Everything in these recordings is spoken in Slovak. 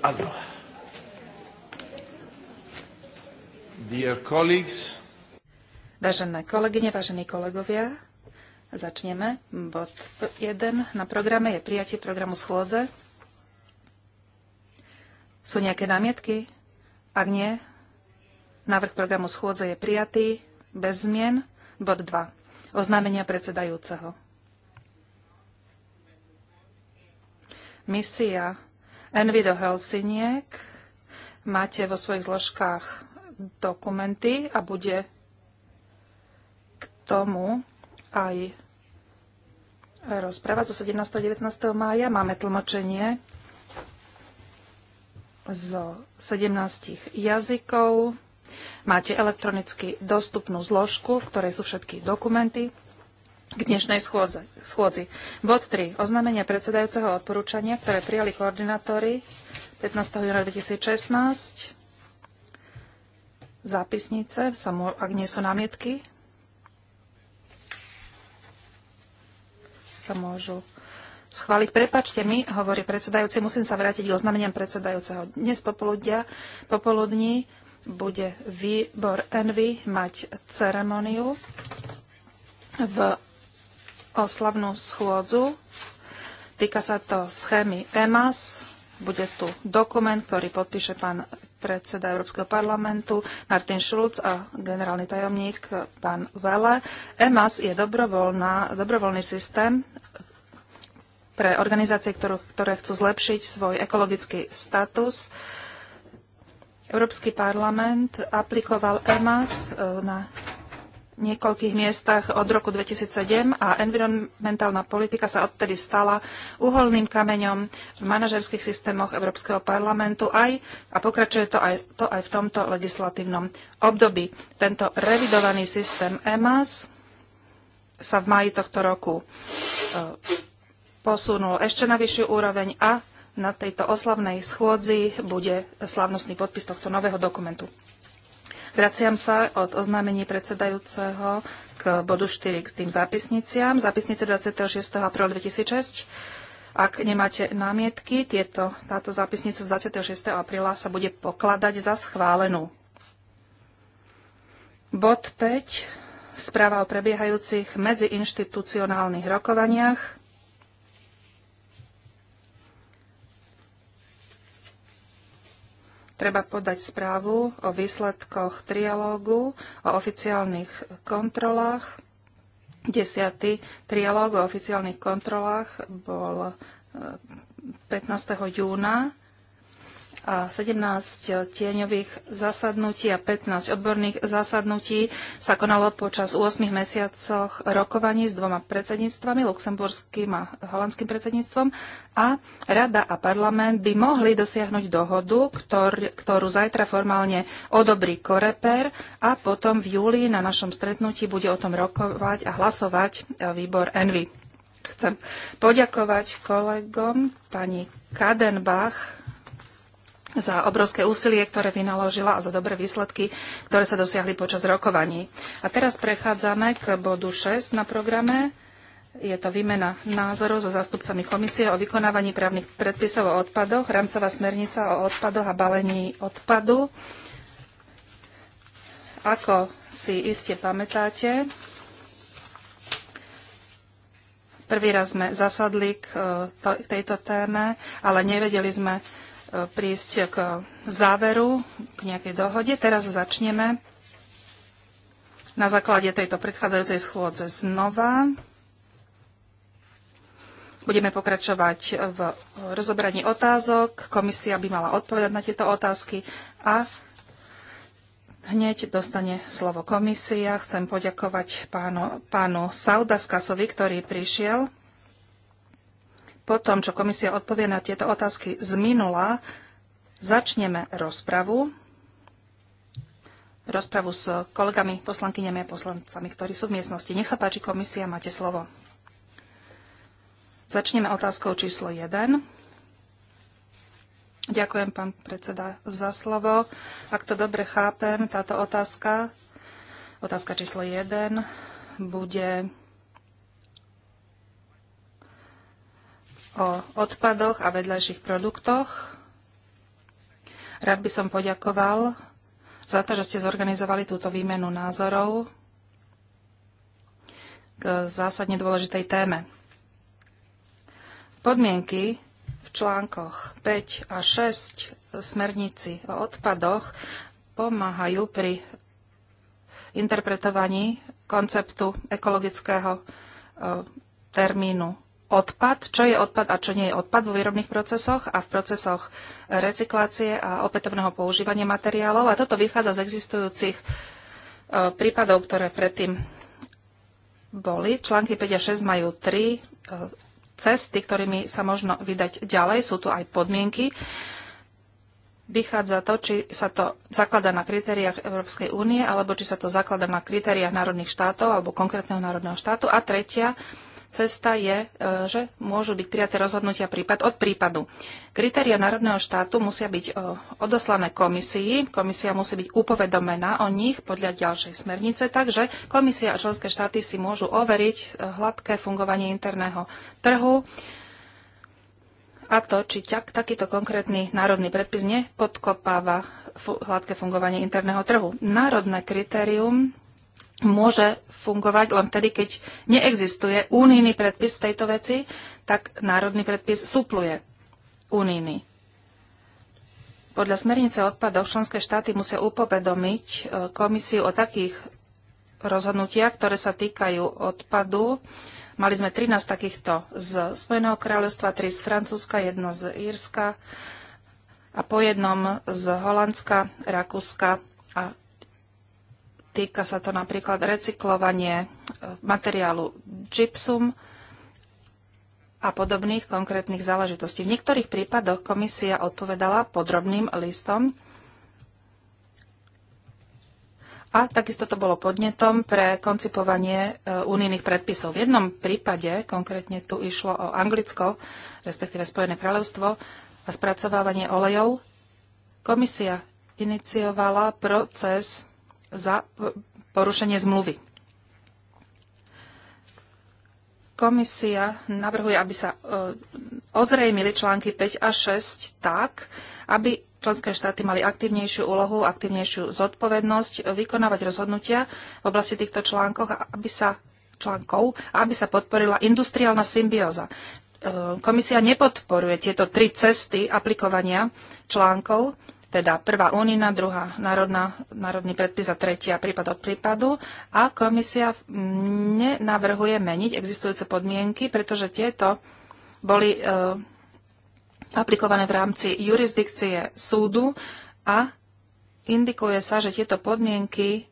Allora. Dear colleagues. Vážené kolegyne, vážení kolegovia, začneme. Bod 1 na programe je prijatie programu schôdze. Sú nejaké námietky? Ak nie, návrh programu schôdze je prijatý bez zmien. Bod 2. Oznámenia predsedajúceho. Misia Envy do Helsiniek. Máte vo svojich zložkách dokumenty a bude k tomu aj rozpráva zo 17. a 19. mája. Máme tlmočenie zo 17 jazykov. Máte elektronicky dostupnú zložku, v ktorej sú všetky dokumenty k dnešnej schôdzi. Bod 3. Oznámenia predsedajúceho odporúčania, ktoré prijali koordinátori 15. júna 2016. Zápisnice, ak nie sú námietky, sa môžu schváliť. Prepačte mi, hovorí predsedajúci, musím sa vrátiť k oznameniam predsedajúceho. Dnes popoludia, popoludní bude výbor Envy mať ceremoniu v oslavnú schôdzu. Týka sa to schémy EMAS. Bude tu dokument, ktorý podpíše pán predseda Európskeho parlamentu Martin Schulz a generálny tajomník pán Vele. EMAS je dobrovoľný systém pre organizácie, ktorú, ktoré chcú zlepšiť svoj ekologický status. Európsky parlament aplikoval EMAS eh, na niekoľkých miestach od roku 2007 a environmentálna politika sa odtedy stala uholným kameňom v manažerských systémoch Európskeho parlamentu aj, a pokračuje to aj, to aj v tomto legislatívnom období. Tento revidovaný systém EMAS sa v maji tohto roku e, posunul ešte na vyššiu úroveň a na tejto oslavnej schôdzi bude slavnostný podpis tohto nového dokumentu. Vraciam sa od oznámení predsedajúceho k bodu 4, k tým zápisniciam. Zápisnice 26. apríla 2006. Ak nemáte námietky, tieto, táto zápisnica z 26. apríla sa bude pokladať za schválenú. Bod 5. Správa o prebiehajúcich medziinštitucionálnych rokovaniach. treba podať správu o výsledkoch trialógu, o oficiálnych kontrolách. Desiatý trialóg o oficiálnych kontrolách bol 15. Eh, júna a 17 eh, tieňových zasadnutí a 15 odborných zasadnutí sa konalo počas 8 mesiacoch rokovaní s dvoma predsedníctvami, luxemburským a holandským predsedníctvom. A Rada a parlament by mohli dosiahnuť dohodu, ktor, ktorú zajtra formálne odobrí Koreper a potom v júli na našom stretnutí bude o tom rokovať a hlasovať eh, výbor Envy. Chcem poďakovať kolegom pani Kadenbach, za obrovské úsilie, ktoré vynaložila a za dobré výsledky, ktoré sa dosiahli počas rokovaní. A teraz prechádzame k bodu 6 na programe. Je to výmena názorov so zástupcami komisie o vykonávaní právnych predpisov o odpadoch, rámcová smernica o odpadoch a balení odpadu. Ako si iste pamätáte, prvý raz sme zasadli k e, tejto téme, ale nevedeli sme, prísť k záveru, k nejakej dohode. Teraz začneme na základe tejto predchádzajúcej schôdze znova. Budeme pokračovať v rozobraní otázok. Komisia by mala odpovedať na tieto otázky a hneď dostane slovo komisia. Chcem poďakovať pánu, pánu Saudaskasovi, ktorý prišiel po tom, čo komisia odpovie na tieto otázky z minula, začneme rozpravu. Rozpravu s kolegami, poslankyňami a poslancami, ktorí sú v miestnosti. Nech sa páči, komisia, máte slovo. Začneme otázkou číslo 1. Ďakujem, pán predseda, za slovo. Ak to dobre chápem, táto otázka, otázka číslo 1, bude o odpadoch a vedľajších produktoch. Rád by som poďakoval za to, že ste zorganizovali túto výmenu názorov k zásadne dôležitej téme. Podmienky v článkoch 5 a 6 smernici o odpadoch pomáhajú pri interpretovaní konceptu ekologického e, termínu odpad, čo je odpad a čo nie je odpad vo výrobných procesoch a v procesoch recyklácie a opätovného používania materiálov. A toto vychádza z existujúcich e, prípadov, ktoré predtým boli. Články 5 a 6 majú tri e, cesty, ktorými sa možno vydať ďalej. Sú tu aj podmienky. Vychádza to, či sa to zaklada na kritériách Európskej únie, alebo či sa to zaklada na kritériách národných štátov alebo konkrétneho národného štátu. A tretia Cesta je, e, že môžu byť prijaté rozhodnutia prípad od prípadu. Kritéria národného štátu musia byť e, odoslané komisii. Komisia musí byť upovedomená o nich podľa ďalšej smernice, takže komisia a členské štáty si môžu overiť e, hladké fungovanie interného trhu a to, či ťak, takýto konkrétny národný predpis nepodkopáva hladké fungovanie interného trhu. Národné kritérium môže fungovať len vtedy, keď neexistuje únijný predpis v tejto veci, tak národný predpis supluje únijný. Podľa smernice odpadov členské štáty musia upovedomiť e, komisiu o takých rozhodnutiach, ktoré sa týkajú odpadu. Mali sme 13 takýchto z Spojeného kráľovstva, 3 z Francúzska, 1 z Írska a po jednom z Holandska, Rakúska a Týka sa to napríklad recyklovanie e, materiálu gypsum a podobných konkrétnych záležitostí. V niektorých prípadoch komisia odpovedala podrobným listom a takisto to bolo podnetom pre koncipovanie e, unijných predpisov. V jednom prípade, konkrétne tu išlo o Anglicko, respektíve Spojené kráľovstvo a spracovávanie olejov, komisia iniciovala proces za porušenie zmluvy. Komisia navrhuje, aby sa e, ozrejmili články 5 a 6 tak, aby členské štáty mali aktívnejšiu úlohu, aktívnejšiu zodpovednosť vykonávať rozhodnutia v oblasti týchto článkoch, aby sa článkov, aby sa podporila industriálna symbióza. E, komisia nepodporuje tieto tri cesty aplikovania článkov, teda prvá únina, druhá národná, národný predpis a tretia prípad od prípadu. A komisia nenavrhuje meniť existujúce podmienky, pretože tieto boli e, aplikované v rámci jurisdikcie súdu a indikuje sa, že tieto podmienky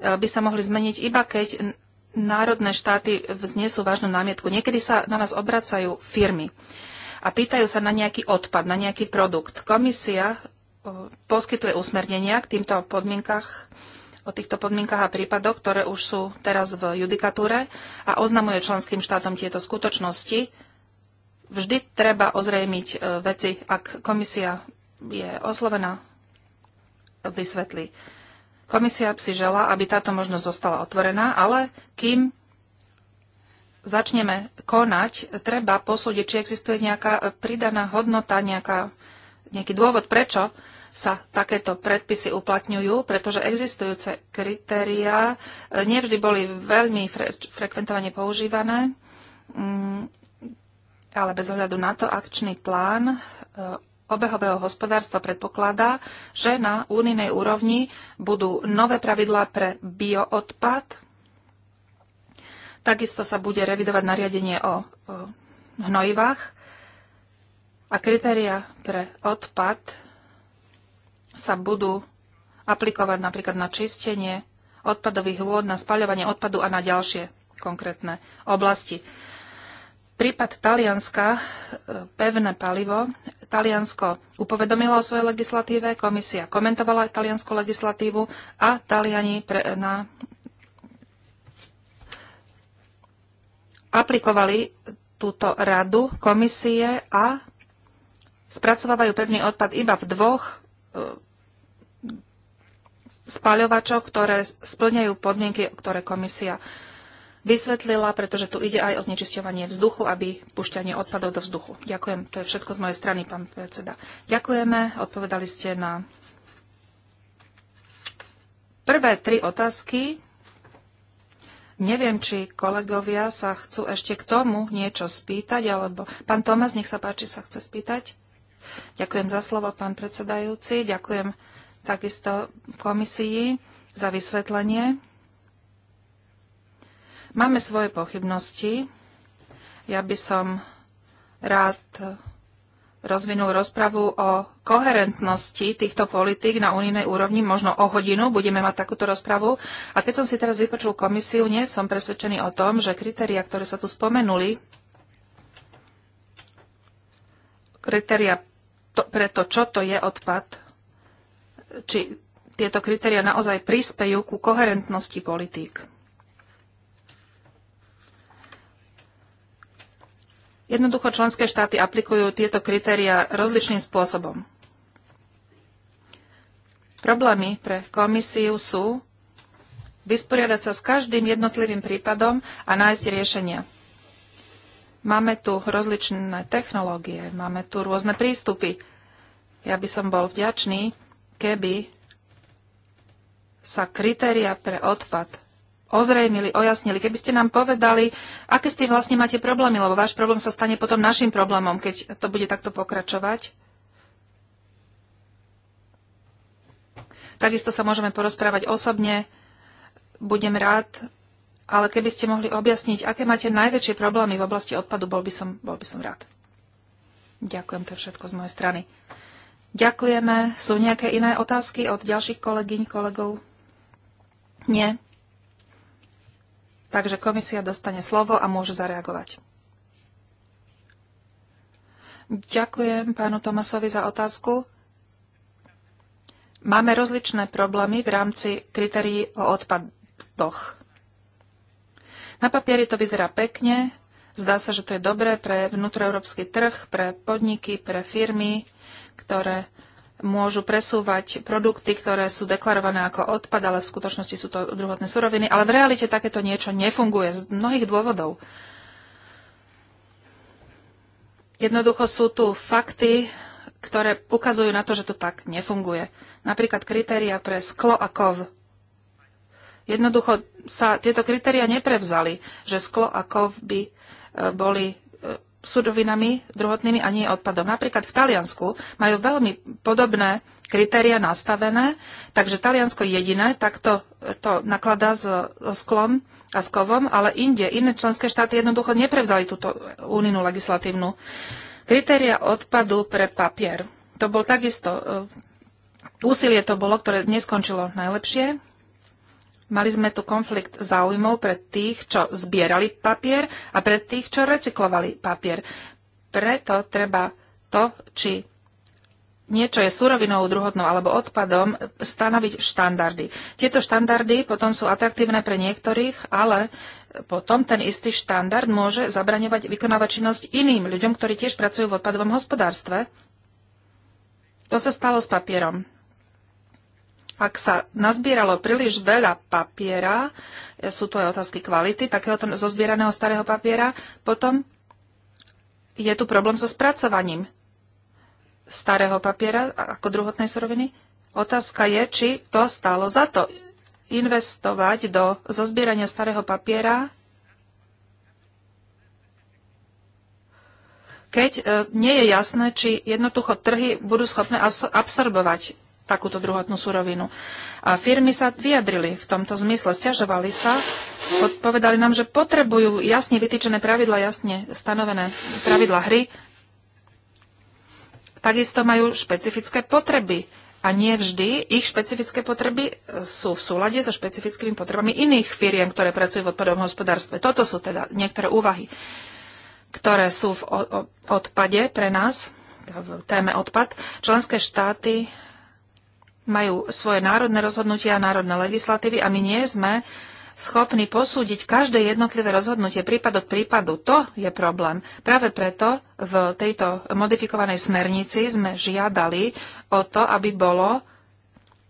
eh, by sa mohli zmeniť iba keď národné štáty vznesú vážnu námietku. Niekedy sa na nás obracajú firmy a pýtajú sa na nejaký odpad, na nejaký produkt. Komisia poskytuje usmernenia k týmto podmienkach, o týchto podmienkach a prípadoch, ktoré už sú teraz v judikatúre a oznamuje členským štátom tieto skutočnosti. Vždy treba ozrejmiť e, veci, ak komisia je oslovená, vysvetlí. Komisia si žela, aby táto možnosť zostala otvorená, ale kým začneme konať, treba posúdiť, či existuje nejaká pridaná hodnota, nejaká, nejaký dôvod, prečo sa takéto predpisy uplatňujú, pretože existujúce kritériá eh, nevždy boli veľmi fre- frekventovane používané, mm, ale bez ohľadu na to akčný plán eh, obehového hospodárstva predpokladá, že na únijnej úrovni budú nové pravidlá pre bioodpad. Takisto sa bude revidovať nariadenie o, hnojivách a kritéria pre odpad sa budú aplikovať napríklad na čistenie odpadových vôd, na spaľovanie odpadu a na ďalšie konkrétne oblasti. Prípad Talianska, e, pevné palivo. Taliansko upovedomilo o svojej legislatíve, komisia komentovala taliansku legislatívu a Taliani pre, na, aplikovali túto radu komisie a spracovávajú pevný odpad iba v dvoch spaľovačoch, ktoré splňajú podmienky, ktoré komisia vysvetlila, pretože tu ide aj o znečisťovanie vzduchu, aby pušťanie odpadov do vzduchu. Ďakujem. To je všetko z mojej strany, pán predseda. Ďakujeme. Odpovedali ste na prvé tri otázky. Neviem, či kolegovia sa chcú ešte k tomu niečo spýtať, alebo pán Tomás, nech sa páči, sa chce spýtať. Ďakujem za slovo, pán predsedajúci. Ďakujem takisto komisii za vysvetlenie. Máme svoje pochybnosti. Ja by som rád rozvinul rozpravu o koherentnosti týchto politík na unijnej úrovni možno o hodinu. Budeme mať takúto rozpravu. A keď som si teraz vypočul komisiu, nie som presvedčený o tom, že kritéria, ktoré sa tu spomenuli, kritéria to, pre to, čo to je odpad, či tieto kritéria naozaj prispejú ku koherentnosti politík. Jednoducho členské štáty aplikujú tieto kritéria rozličným spôsobom. Problémy pre komisiu sú vysporiadať sa s každým jednotlivým prípadom a nájsť riešenia. Máme tu rozličné technológie, máme tu rôzne prístupy. Ja by som bol vďačný, keby sa kritéria pre odpad ozrejmili, ojasnili, keby ste nám povedali, aké s tým vlastne máte problémy, lebo váš problém sa stane potom našim problémom, keď to bude takto pokračovať. Takisto sa môžeme porozprávať osobne. Budem rád, ale keby ste mohli objasniť, aké máte najväčšie problémy v oblasti odpadu, bol by som, bol by som rád. Ďakujem, to je všetko z mojej strany. Ďakujeme. Sú nejaké iné otázky od ďalších kolegyň, kolegov? Nie. Takže komisia dostane slovo a môže zareagovať. Ďakujem pánu Tomasovi za otázku. Máme rozličné problémy v rámci kritérií o odpadoch. Na papieri to vyzerá pekne, zdá sa, že to je dobré pre vnútroeurópsky trh, pre podniky, pre firmy, ktoré môžu presúvať produkty, ktoré sú deklarované ako odpad, ale v skutočnosti sú to druhotné suroviny. Ale v realite takéto niečo nefunguje z mnohých dôvodov. Jednoducho sú tu fakty, ktoré ukazujú na to, že to tak nefunguje. Napríklad kritéria pre sklo a kov. Jednoducho sa tieto kritéria neprevzali, že sklo a kov by e, boli e, surovinami druhotnými a nie odpadom. Napríklad v Taliansku majú veľmi podobné kritéria nastavené, takže Taliansko jediné takto to nakladá s sklom a s kovom, ale inde iné členské štáty jednoducho neprevzali túto úninu legislatívnu kritéria odpadu pre papier. To bol takisto e, úsilie to bolo, ktoré neskončilo najlepšie. Mali sme tu konflikt záujmov pre tých, čo zbierali papier a pre tých, čo recyklovali papier. Preto treba to, či niečo je surovinou, druhotnou alebo odpadom, stanoviť štandardy. Tieto štandardy potom sú atraktívne pre niektorých, ale potom ten istý štandard môže zabraňovať vykonávať činnosť iným ľuďom, ktorí tiež pracujú v odpadovom hospodárstve. To sa stalo s papierom ak sa nazbieralo príliš veľa papiera, e, sú to aj otázky kvality takého zozbieraného starého papiera, potom je tu problém so spracovaním starého papiera ako druhotnej suroviny. Otázka je, či to stálo za to investovať do zozbierania starého papiera, keď e, nie je jasné, či jednoducho trhy budú schopné absorbovať takúto druhotnú surovinu. A firmy sa vyjadrili v tomto zmysle, stiažovali sa, povedali nám, že potrebujú jasne vytýčené pravidla, jasne stanovené pravidla hry. Takisto majú špecifické potreby a nie vždy ich špecifické potreby e, sú v súlade so špecifickými potrebami iných firiem, ktoré pracujú v odpadovom hospodárstve. Toto sú teda niektoré úvahy, ktoré sú v odpade pre nás, teda v téme odpad. Členské štáty majú svoje národné rozhodnutia a národné legislatívy a my nie sme schopní posúdiť každé jednotlivé rozhodnutie prípad od prípadu. To je problém. Práve preto v tejto modifikovanej smernici sme žiadali o to, aby bolo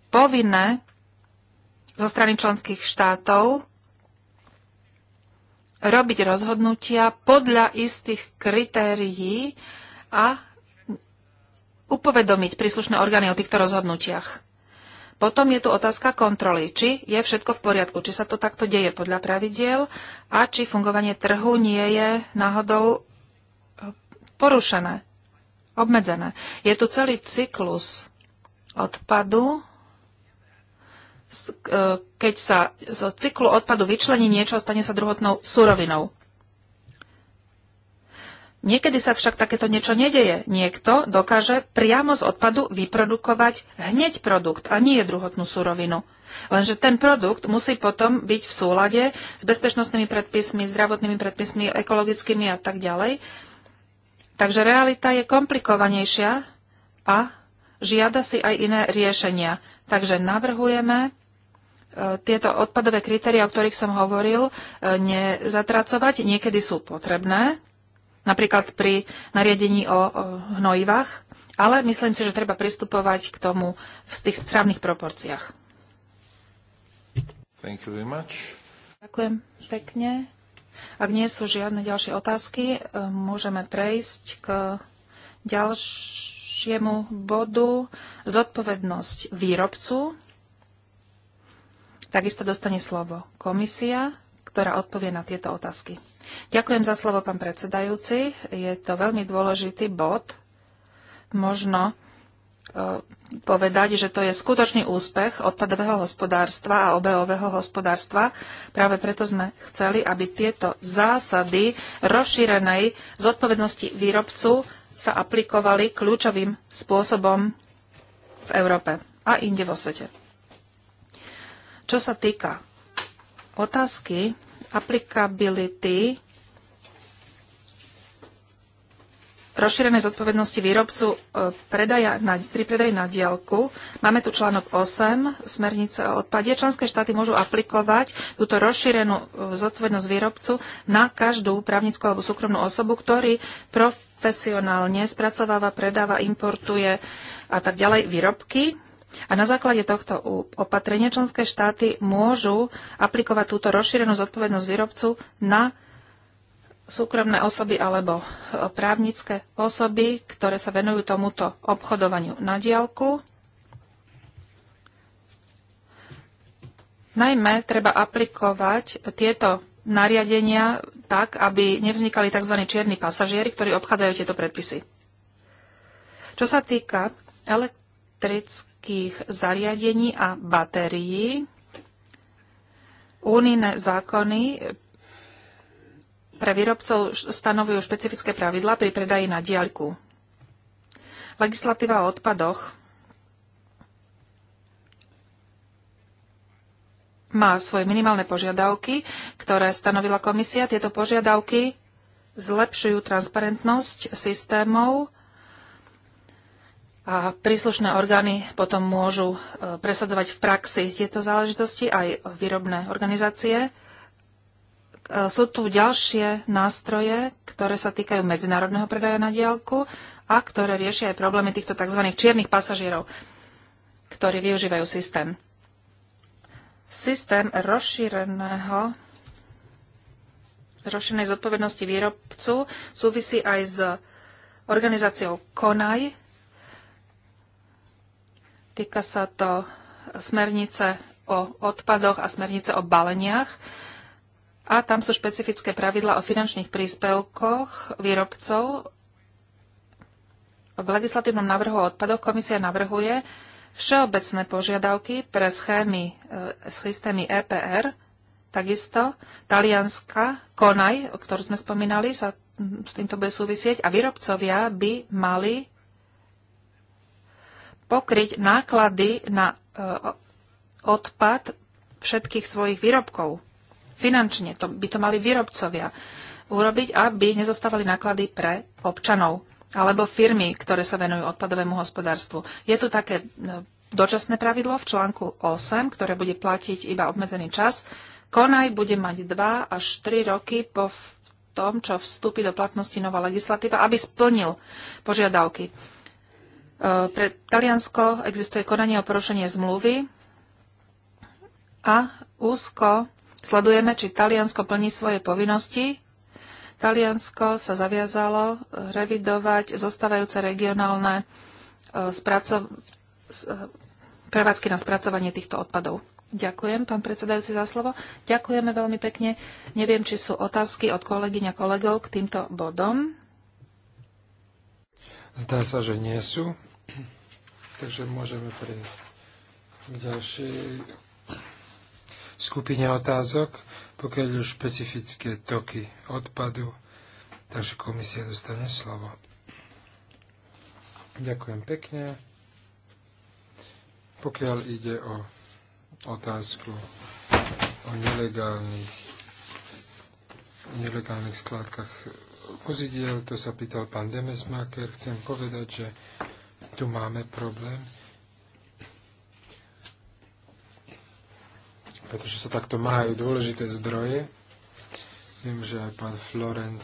povinné zo strany členských štátov robiť rozhodnutia podľa istých kritérií a upovedomiť príslušné orgány o týchto rozhodnutiach. Potom je tu otázka kontroly, či je všetko v poriadku, či sa to takto deje podľa pravidiel a či fungovanie trhu nie je náhodou e, porušené, obmedzené. Je tu celý cyklus odpadu, e, keď sa z cyklu odpadu vyčlení niečo, stane sa druhotnou surovinou. Niekedy sa však takéto niečo nedeje. Niekto dokáže priamo z odpadu vyprodukovať hneď produkt a nie je druhotnú surovinu. Lenže ten produkt musí potom byť v súlade s bezpečnostnými predpismi, zdravotnými predpismi, ekologickými a tak ďalej. Takže realita je komplikovanejšia a žiada si aj iné riešenia. Takže navrhujeme e, tieto odpadové kritéria, o ktorých som hovoril, e, nezatracovať. Niekedy sú potrebné, napríklad pri nariadení o hnojivách, ale myslím si, že treba pristupovať k tomu v tých správnych proporciách. Thank you very much. Ďakujem pekne. Ak nie sú žiadne ďalšie otázky, e, môžeme prejsť k ďalšiemu bodu. Zodpovednosť výrobcu. Takisto dostane slovo komisia, ktorá odpovie na tieto otázky. Ďakujem za slovo, pán predsedajúci. Je to veľmi dôležitý bod. Možno e, povedať, že to je skutočný úspech odpadového hospodárstva a obehového hospodárstva. Práve preto sme chceli, aby tieto zásady rozšírenej zodpovednosti výrobcu sa aplikovali kľúčovým spôsobom v Európe a inde vo svete. Čo sa týka otázky aplikability Rozšírené zodpovednosti výrobcu e, predaja na, pri predaji na diálku. Máme tu článok 8 smernice o odpade. Členské štáty môžu aplikovať túto rozšírenú e, zodpovednosť výrobcu na každú právnickú alebo súkromnú osobu, ktorý profesionálne spracováva, predáva, importuje a tak ďalej výrobky. A na základe tohto opatrenia členské štáty môžu aplikovať túto rozšírenú zodpovednosť výrobcu na súkromné osoby alebo e, právnické osoby, ktoré sa venujú tomuto obchodovaniu na diálku. Najmä treba aplikovať tieto nariadenia tak, aby nevznikali tzv. čierni pasažieri, ktorí obchádzajú tieto predpisy. Čo sa týka elektrických zariadení a batérií, únijné zákony pre výrobcov stanovujú špecifické pravidlá pri predaji na diaľku. Legislatíva o odpadoch má svoje minimálne požiadavky, ktoré stanovila komisia. Tieto požiadavky zlepšujú transparentnosť systémov a príslušné orgány potom môžu e, presadzovať v praxi tieto záležitosti aj výrobné organizácie. Sú tu ďalšie nástroje, ktoré sa týkajú medzinárodného predaja na diálku a ktoré riešia aj problémy týchto tzv. čiernych pasažierov, ktorí využívajú systém. Systém rozšíreného rozšírenej zodpovednosti výrobcu súvisí aj s organizáciou KONAJ. Týka sa to smernice o odpadoch a smernice o baleniach a tam sú špecifické pravidla o finančných príspevkoch výrobcov. V legislatívnom návrhu o odpadoch komisia navrhuje všeobecné požiadavky pre schémy, e, systémy EPR, takisto talianska Konaj, o ktorú sme spomínali, sa s týmto bude súvisieť a výrobcovia by mali pokryť náklady na e, odpad všetkých svojich výrobkov finančne. To by to mali výrobcovia urobiť, aby nezostávali náklady pre občanov alebo firmy, ktoré sa venujú odpadovému hospodárstvu. Je tu také e, dočasné pravidlo v článku 8, ktoré bude platiť iba obmedzený čas. Konaj bude mať 2 až 3 roky po tom, čo vstúpi do platnosti nová legislatíva, aby splnil požiadavky. E, pre Taliansko existuje konanie o porušenie zmluvy a úzko Sledujeme, či Taliansko plní svoje povinnosti. Taliansko sa zaviazalo revidovať zostávajúce regionálne e, e, prevádzky na spracovanie týchto odpadov. Ďakujem, pán predsedajúci, za slovo. Ďakujeme veľmi pekne. Neviem, či sú otázky od kolegyň a kolegov k týmto bodom. Zdá sa, že nie sú. Takže môžeme prejsť k ďalšej skupine otázok, pokiaľ už špecifické toky odpadu, takže komisia dostane slovo. Ďakujem pekne. Pokiaľ ide o otázku o nelegálnych, nelegálnych skládkach vozidiel, to sa pýtal pán Demesmaker, chcem povedať, že tu máme problém pretože sa takto majú dôležité zdroje. Viem, že aj pán Florenc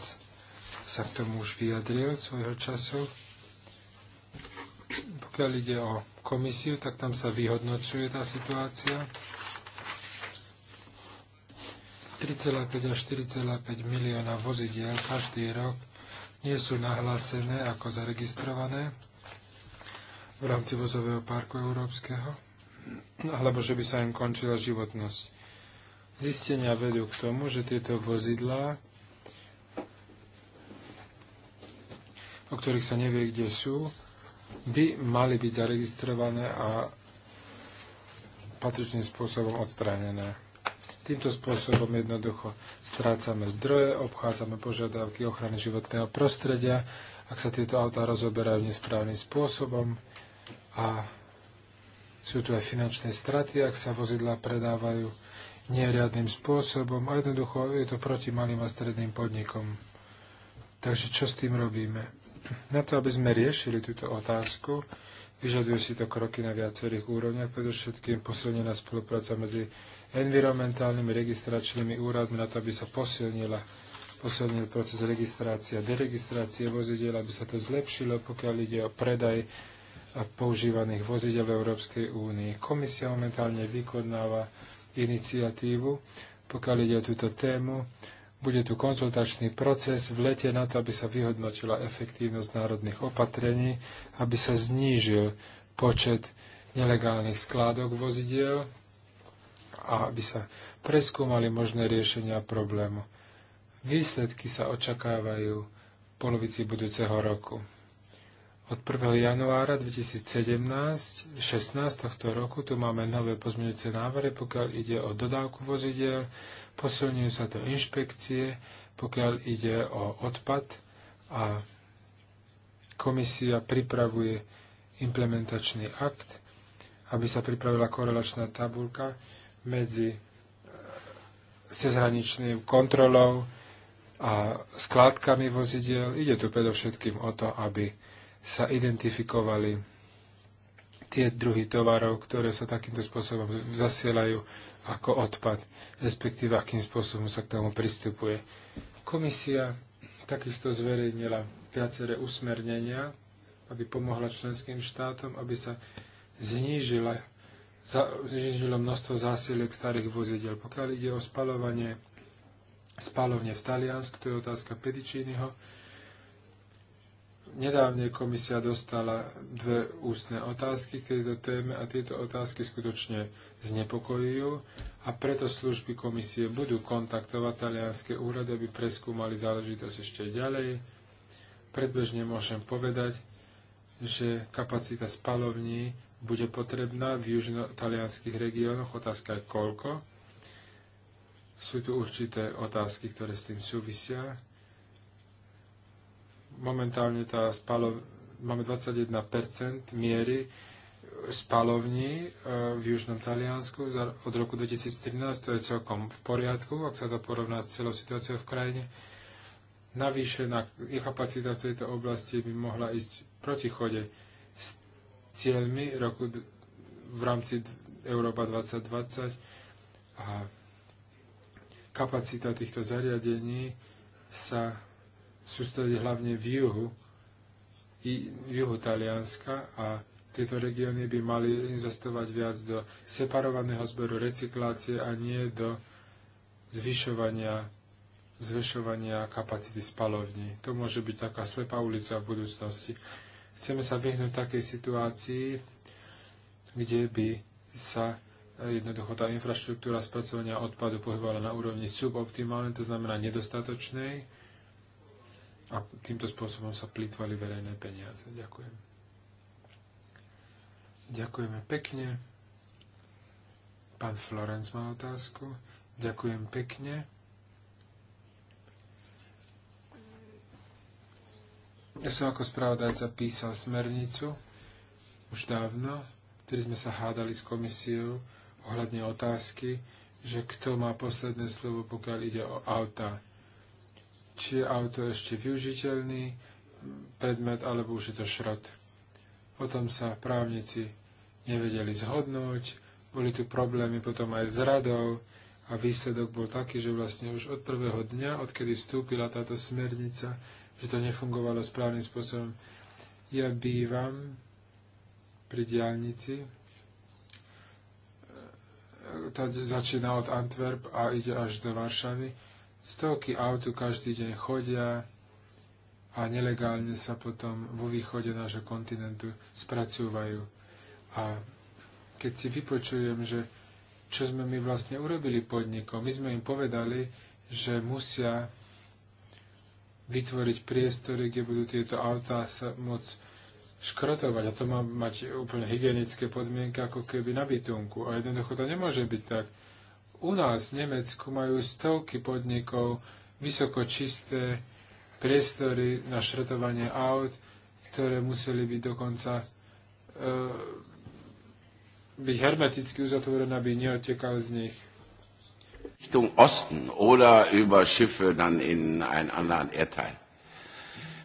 sa k tomu už vyjadril svojho času. Pokiaľ ide o komisiu, tak tam sa vyhodnocuje tá situácia. 3,5 až 4,5 milióna vozidiel každý rok nie sú nahlásené ako zaregistrované v rámci vozového parku európskeho alebo že by sa im končila životnosť. Zistenia vedú k tomu, že tieto vozidlá, o ktorých sa nevie, kde sú, by mali byť zaregistrované a patričným spôsobom odstránené. Týmto spôsobom jednoducho strácame zdroje, obchádzame požiadavky ochrany životného prostredia, ak sa tieto autá rozoberajú nesprávnym spôsobom a sú tu aj finančné straty, ak sa vozidla predávajú neriadným spôsobom a jednoducho je to proti malým a stredným podnikom. Takže čo s tým robíme? Na to, aby sme riešili túto otázku, vyžadujú si to kroky na viacerých úrovniach, predovšetkým posilnená spolupráca medzi environmentálnymi registračnými úradmi na to, aby sa posilnila, posilnil proces registrácie a deregistrácie vozidiel, aby sa to zlepšilo, pokiaľ ide o predaj a používaných vozidel Európskej únii. Komisia momentálne vykonáva iniciatívu, pokiaľ ide o túto tému. Bude tu konzultačný proces v lete na to, aby sa vyhodnotila efektívnosť národných opatrení, aby sa znížil počet nelegálnych skládok vozidiel a aby sa preskúmali možné riešenia problému. Výsledky sa očakávajú v polovici budúceho roku. Od 1. januára 2017, 16 tohto roku tu máme nové pozmeňujúce návrhy, pokiaľ ide o dodávku vozidel, posilňujú sa to inšpekcie, pokiaľ ide o odpad a komisia pripravuje implementačný akt, aby sa pripravila korelačná tabulka medzi sezhraničným e, kontrolou a skládkami vozidel. Ide tu predovšetkým o to, aby sa identifikovali tie druhy tovarov, ktoré sa takýmto spôsobom zasielajú ako odpad, respektíve akým spôsobom sa k tomu pristupuje. Komisia takisto zverejnila viaceré usmernenia, aby pomohla členským štátom, aby sa znížila, znižilo množstvo zásilek starých vozidel. Pokiaľ ide o spalovanie spalovne v Taliansku, to je otázka Pedicínyho, Nedávne komisia dostala dve ústne otázky k tejto téme a tieto otázky skutočne znepokojujú a preto služby komisie budú kontaktovať talianské úrady, aby preskúmali záležitosť ešte ďalej. Predbežne môžem povedať, že kapacita spalovní bude potrebná v južno talianských regiónoch. Otázka je koľko. Sú tu určité otázky, ktoré s tým súvisia momentálne tá spalov, máme 21% miery spalovní e, v južnom Taliansku od roku 2013, to je celkom v poriadku, ak sa to porovná s celou situáciou v krajine. Navýšená je kapacita v tejto oblasti by mohla ísť protichode s cieľmi roku v rámci Európa 2020 a kapacita týchto zariadení sa sústrediť hlavne v juhu, i v juhu Talianska a tieto regióny by mali investovať viac do separovaného zberu recyklácie a nie do zvyšovania, zvyšovania kapacity spalovní. To môže byť taká slepá ulica v budúcnosti. Chceme sa vyhnúť takej situácii, kde by sa e, jednoducho tá infraštruktúra spracovania odpadu pohybovala na úrovni suboptimálnej, to znamená nedostatočnej, a týmto spôsobom sa plýtvali verejné peniaze. Ďakujem. Ďakujeme pekne. Pán Florenc má otázku. Ďakujem pekne. Ja som ako spravodajca písal smernicu už dávno, ktorý sme sa hádali s komisiou ohľadne otázky, že kto má posledné slovo, pokiaľ ide o auta či je auto ešte využiteľný predmet, alebo už je to šrot. O tom sa právnici nevedeli zhodnúť, boli tu problémy potom aj s radou a výsledok bol taký, že vlastne už od prvého dňa, odkedy vstúpila táto smernica, že to nefungovalo správnym spôsobom. Ja bývam pri diálnici, e, e, tá začína od Antwerp a ide až do Varšavy Stovky aut každý deň chodia a nelegálne sa potom vo východe nášho kontinentu spracúvajú. A keď si vypočujem, že čo sme my vlastne urobili podnikom, my sme im povedali, že musia vytvoriť priestory, kde budú tieto autá sa môcť škrotovať a to má mať úplne hygienické podmienky ako keby na bytunku. A jednoducho to nemôže byť tak, u nás v Nemecku majú stovky podnikov vysokočisté priestory na šrotovanie aut, ktoré museli byť dokonca e, byť hermeticky uzatvorené, aby neotekal z nich Richtung Osten oder über Schiffe dann in einen anderen Erdteil.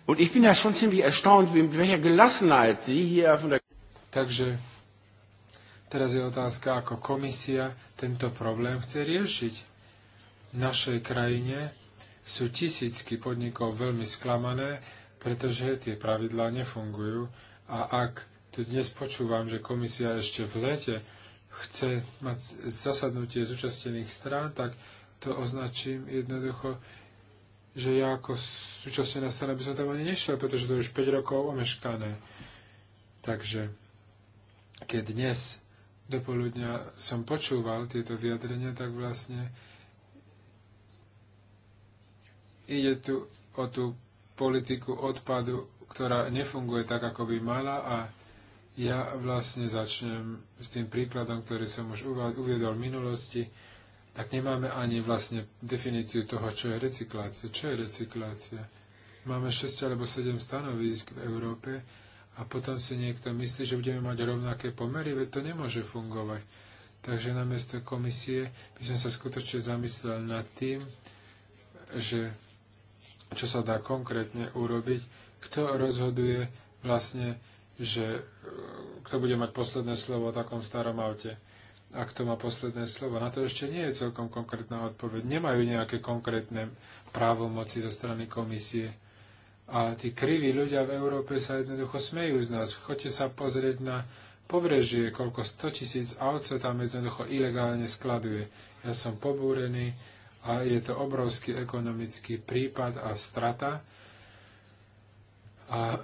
Und ich bin ja schon ziemlich erstaunt, mit welcher Gelassenheit Sie hier von der... Takže Teraz je otázka, ako komisia tento problém chce riešiť. V našej krajine sú tisícky podnikov veľmi sklamané, pretože tie pravidlá nefungujú. A ak tu dnes počúvam, že komisia ešte v lete chce mať zasadnutie zúčastnených strán, tak to označím jednoducho, že ja ako súčasnená strana by som tam ani nešiel, pretože to je už 5 rokov omeškané. Takže keď dnes dopoludňa som počúval tieto vyjadrenia, tak vlastne ide tu o tú politiku odpadu, ktorá nefunguje tak, ako by mala a ja vlastne začnem s tým príkladom, ktorý som už uviedol v minulosti, tak nemáme ani vlastne definíciu toho, čo je recyklácia. Čo je recyklácia? Máme 6 alebo 7 stanovísk v Európe, a potom si niekto myslí, že budeme mať rovnaké pomery, veď to nemôže fungovať. Takže na mesto komisie by som sa skutočne zamyslel nad tým, že čo sa dá konkrétne urobiť, kto rozhoduje vlastne, že e, kto bude mať posledné slovo o takom starom aute a kto má posledné slovo. Na to ešte nie je celkom konkrétna odpoveď. Nemajú nejaké konkrétne právomoci zo strany komisie. A tí kriví ľudia v Európe sa jednoducho smejú z nás. Choďte sa pozrieť na pobrežie, koľko 100 tisíc aut sa tam jednoducho ilegálne skladuje. Ja som pobúrený a je to obrovský ekonomický prípad a strata. A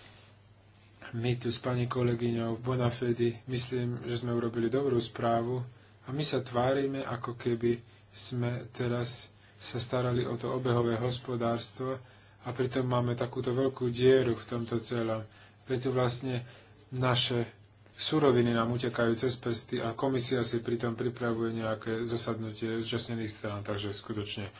my tu s pani kolegyňou Bonafedy myslím, že sme urobili dobrú správu a my sa tvárime, ako keby sme teraz sa starali o to obehové hospodárstvo a pritom máme takúto veľkú dieru v tomto celom. Preto vlastne naše suroviny nám utekajú cez prsty a komisia si pritom pripravuje nejaké zasadnutie zúčastnených strán, takže skutočne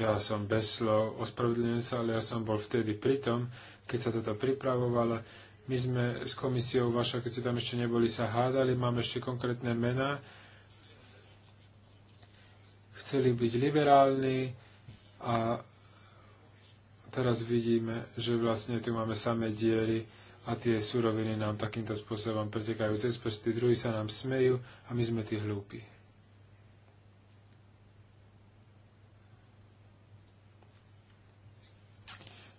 ja som bez slov, ospravedlňujem sa, ale ja som bol vtedy pritom, keď sa toto pripravovalo. My sme s komisiou vaša, keď ste tam ešte neboli, sa hádali, máme ešte konkrétne mená. Chceli byť liberálni a teraz vidíme, že vlastne tu máme samé diery a tie suroviny nám takýmto spôsobom pretekajú cez prsty, druhí sa nám smejú a my sme tí hlúpi.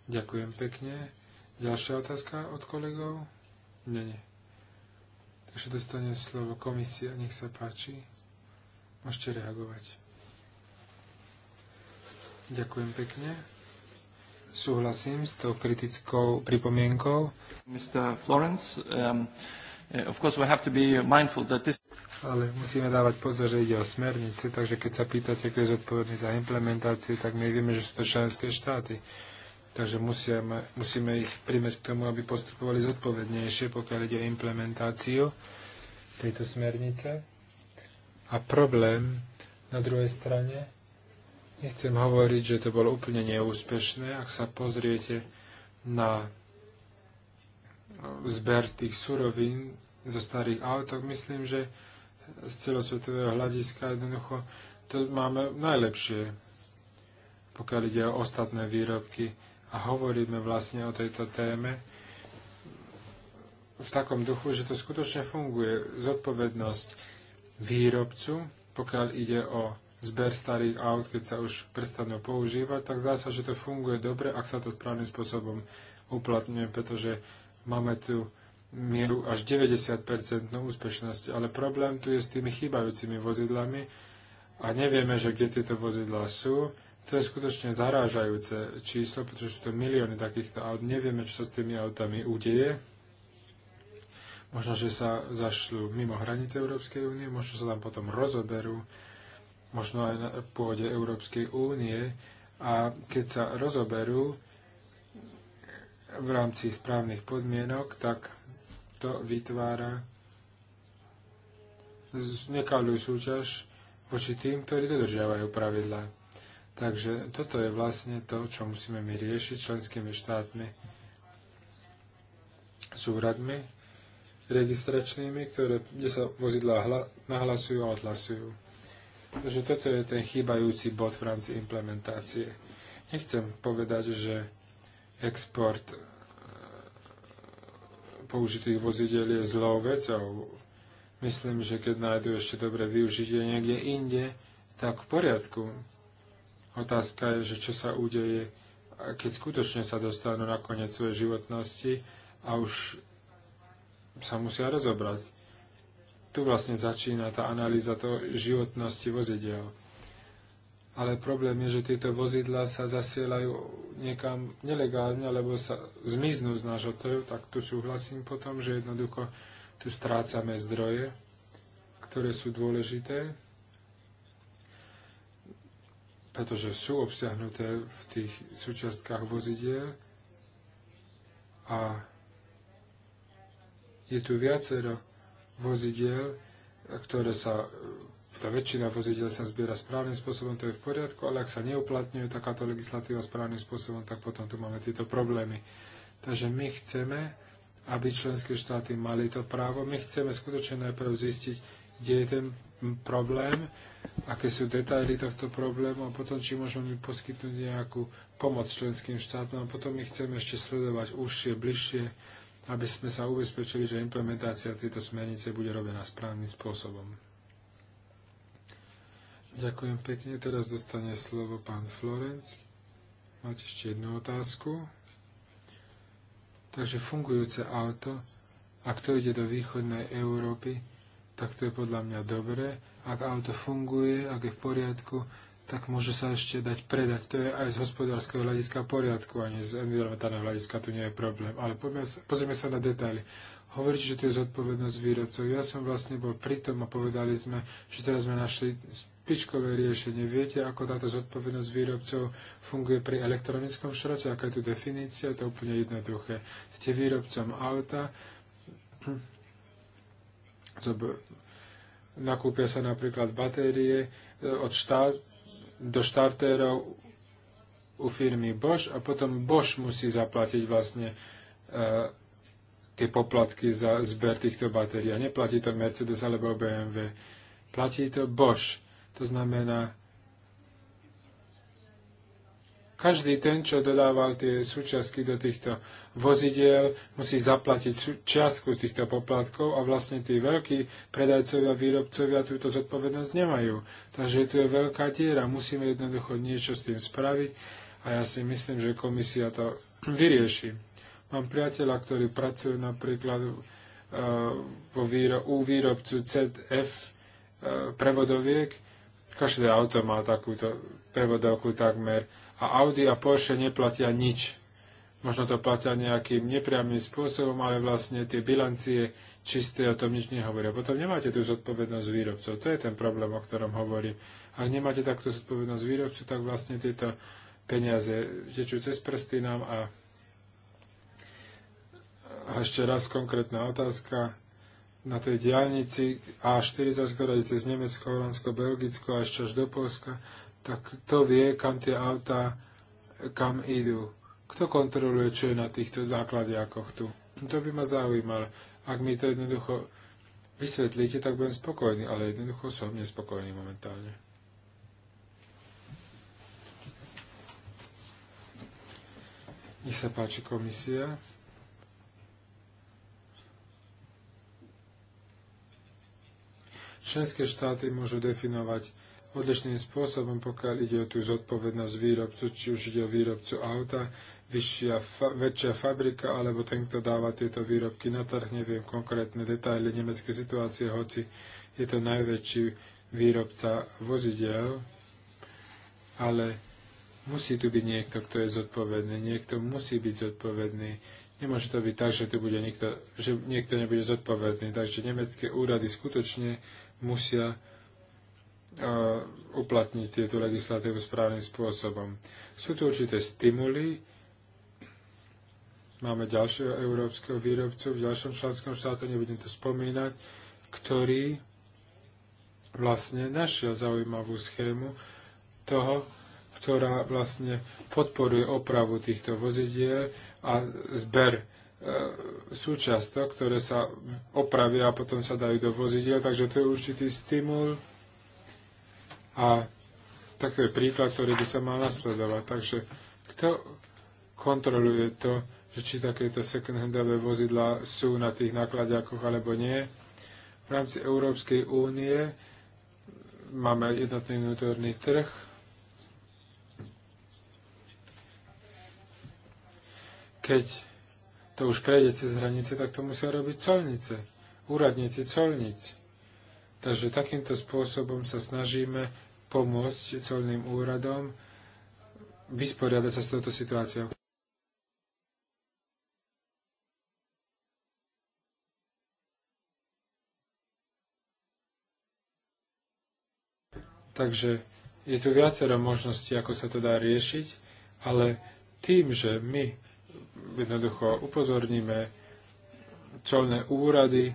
Ďakujem pekne. Ďalšia otázka od kolegov? Nie, nie. Takže dostane slovo komisia, nech sa páči. Môžete reagovať. Ďakujem pekne súhlasím s tou kritickou pripomienkou. Mr. Florence, um, eh, of course we have to be mindful that this... Ale musíme dávať pozor, že ide o smernice, takže keď sa pýtate, kto je zodpovedný za implementáciu, tak my vieme, že sú to členské štáty. Takže musíme, musíme ich prímeť k tomu, aby postupovali zodpovednejšie, pokiaľ ide o implementáciu tejto smernice. A problém na druhej strane Nechcem hovoriť, že to bolo úplne neúspešné. Ak sa pozriete na zber tých surovín zo starých aut, tak myslím, že z celosvetového hľadiska jednoducho to máme najlepšie, pokiaľ ide o ostatné výrobky a hovoríme vlastne o tejto téme v takom duchu, že to skutočne funguje. Zodpovednosť výrobcu, pokiaľ ide o zber starých aut, keď sa už prestanú používať, tak zdá sa, že to funguje dobre, ak sa to správnym spôsobom uplatňuje, pretože máme tu mieru až 90% úspešnosť. Ale problém tu je s tými chýbajúcimi vozidlami a nevieme, že kde tieto vozidlá sú. To je skutočne zarážajúce číslo, pretože sú to milióny takýchto aut. Nevieme, čo sa s tými autami udeje. Možno, že sa zašľú mimo hranice Európskej únie, možno sa tam potom rozoberú možno aj na pôde Európskej únie a keď sa rozoberú v rámci správnych podmienok, tak to vytvára nekalú súťaž voči tým, ktorí dodržiavajú pravidlá. Takže toto je vlastne to, čo musíme my riešiť členskými štátmi, s úradmi registračnými, ktoré, kde sa vozidlá nahlasujú a odhlasujú. Takže toto je ten chýbajúci bod v rámci implementácie. Nechcem povedať, že export e, použitých vozidel je zlou vecou. Myslím, že keď nájdu ešte dobré využitie niekde inde, tak v poriadku. Otázka je, že čo sa udeje, keď skutočne sa dostanú na koniec svojej životnosti a už sa musia rozobrať tu vlastne začína tá analýza to životnosti vozidel. Ale problém je, že tieto vozidla sa zasielajú niekam nelegálne, alebo sa zmiznú z nášho trhu, tak tu súhlasím potom, že jednoducho tu strácame zdroje, ktoré sú dôležité, pretože sú obsiahnuté v tých súčiastkách vozidiel a je tu viacero vozidiel, ktoré sa tá väčšina vozidel sa zbiera správnym spôsobom, to je v poriadku, ale ak sa neuplatňuje takáto legislatíva správnym spôsobom, tak potom tu máme tieto problémy. Takže my chceme, aby členské štáty mali to právo, my chceme skutočne najprv zistiť, kde je ten problém, aké sú detaily tohto problému a potom, či môžeme poskytnúť nejakú pomoc členským štátom a potom my chceme ešte sledovať užšie, bližšie aby sme sa ubezpečili, že implementácia tejto smernice bude robená správnym spôsobom. Ďakujem pekne. Teraz dostane slovo pán Florenc. Máte ešte jednu otázku. Takže fungujúce auto, ak to ide do východnej Európy, tak to je podľa mňa dobré. Ak auto funguje, ak je v poriadku, tak môžu sa ešte dať predať. To je aj z hospodárskeho hľadiska poriadku, ani z environmentálneho hľadiska tu nie je problém. Ale pozrieme sa na detaily. Hovoríte, že tu je zodpovednosť výrobcov. Ja som vlastne bol pritom a povedali sme, že teraz sme našli špičkové riešenie. Viete, ako táto zodpovednosť výrobcov funguje pri elektronickom šrote? Aká je tu definícia? To je úplne jednoduché. Ste výrobcom auta, nakúpia sa napríklad batérie e, od štátu, do štartérov u firmy Bosch a potom Bosch musí zaplatiť vlastne e, tie poplatky za zber týchto batérií. A neplatí to Mercedes alebo BMW. Platí to Bosch. To znamená, každý ten, čo dodával tie súčiastky do týchto vozidiel, musí zaplatiť čiastku z týchto poplatkov a vlastne tí veľkí predajcovia, výrobcovia túto zodpovednosť nemajú. Takže tu je veľká diera, musíme jednoducho niečo s tým spraviť a ja si myslím, že komisia to vyrieši. Mám priateľa, ktorý pracuje napríklad e, vo výro- u výrobcu ZF e, prevodoviek. Každé auto má takúto prevodovku takmer a Audi a Porsche neplatia nič. Možno to platia nejakým nepriamým spôsobom, ale vlastne tie bilancie čisté o tom nič nehovoria. Potom nemáte tú zodpovednosť výrobcov. To je ten problém, o ktorom hovorím. Ak nemáte takto zodpovednosť výrobcu, tak vlastne tieto peniaze tečú cez prsty nám a a ešte raz konkrétna otázka. Na tej diálnici A40, ktorá ide cez Nemecko, Holandsko, Belgicko a ešte až do Polska, tak to vie, kam tie autá, kam idú. Kto kontroluje, čo je na týchto základiakoch tu? To by ma zaujímalo. Ak mi to jednoducho vysvetlíte, tak budem spokojný, ale jednoducho som nespokojný momentálne. Nech sa páči komisia. Členské štáty môžu definovať odlišným spôsobom, pokiaľ ide o tú zodpovednosť výrobcu, či už ide o výrobcu auta, vyššia, fa, väčšia fabrika, alebo ten, kto dáva tieto výrobky na trh, neviem konkrétne detaily nemeckej situácie, hoci je to najväčší výrobca vozidel, ale musí tu byť niekto, kto je zodpovedný, niekto musí byť zodpovedný. Nemôže to byť tak, že, tu bude niekto, že niekto nebude zodpovedný. Takže nemecké úrady skutočne musia uplatniť tieto legislatívu správnym spôsobom. Sú tu určité stimuly. Máme ďalšieho európskeho výrobcu v ďalšom členskom štáte, nebudem to spomínať, ktorý vlastne našiel zaujímavú schému toho, ktorá vlastne podporuje opravu týchto vozidiel a zber e, súčastok, ktoré sa opravia a potom sa dajú do vozidiel. Takže to je určitý stimul a taký je príklad, ktorý by sa mal nasledovať. Takže kto kontroluje to, že či takéto second-handové vozidla sú na tých nakladiakoch alebo nie? V rámci Európskej únie máme jednotný vnútorný trh, keď to už prejde cez hranice, tak to musia robiť colnice, úradníci colnic. Takže takýmto spôsobom sa snažíme pomôcť colným úradom vysporiadať sa s touto situáciou. Takže je tu viacero možností, ako sa to dá riešiť, ale tým, že my jednoducho upozorníme colné úrady,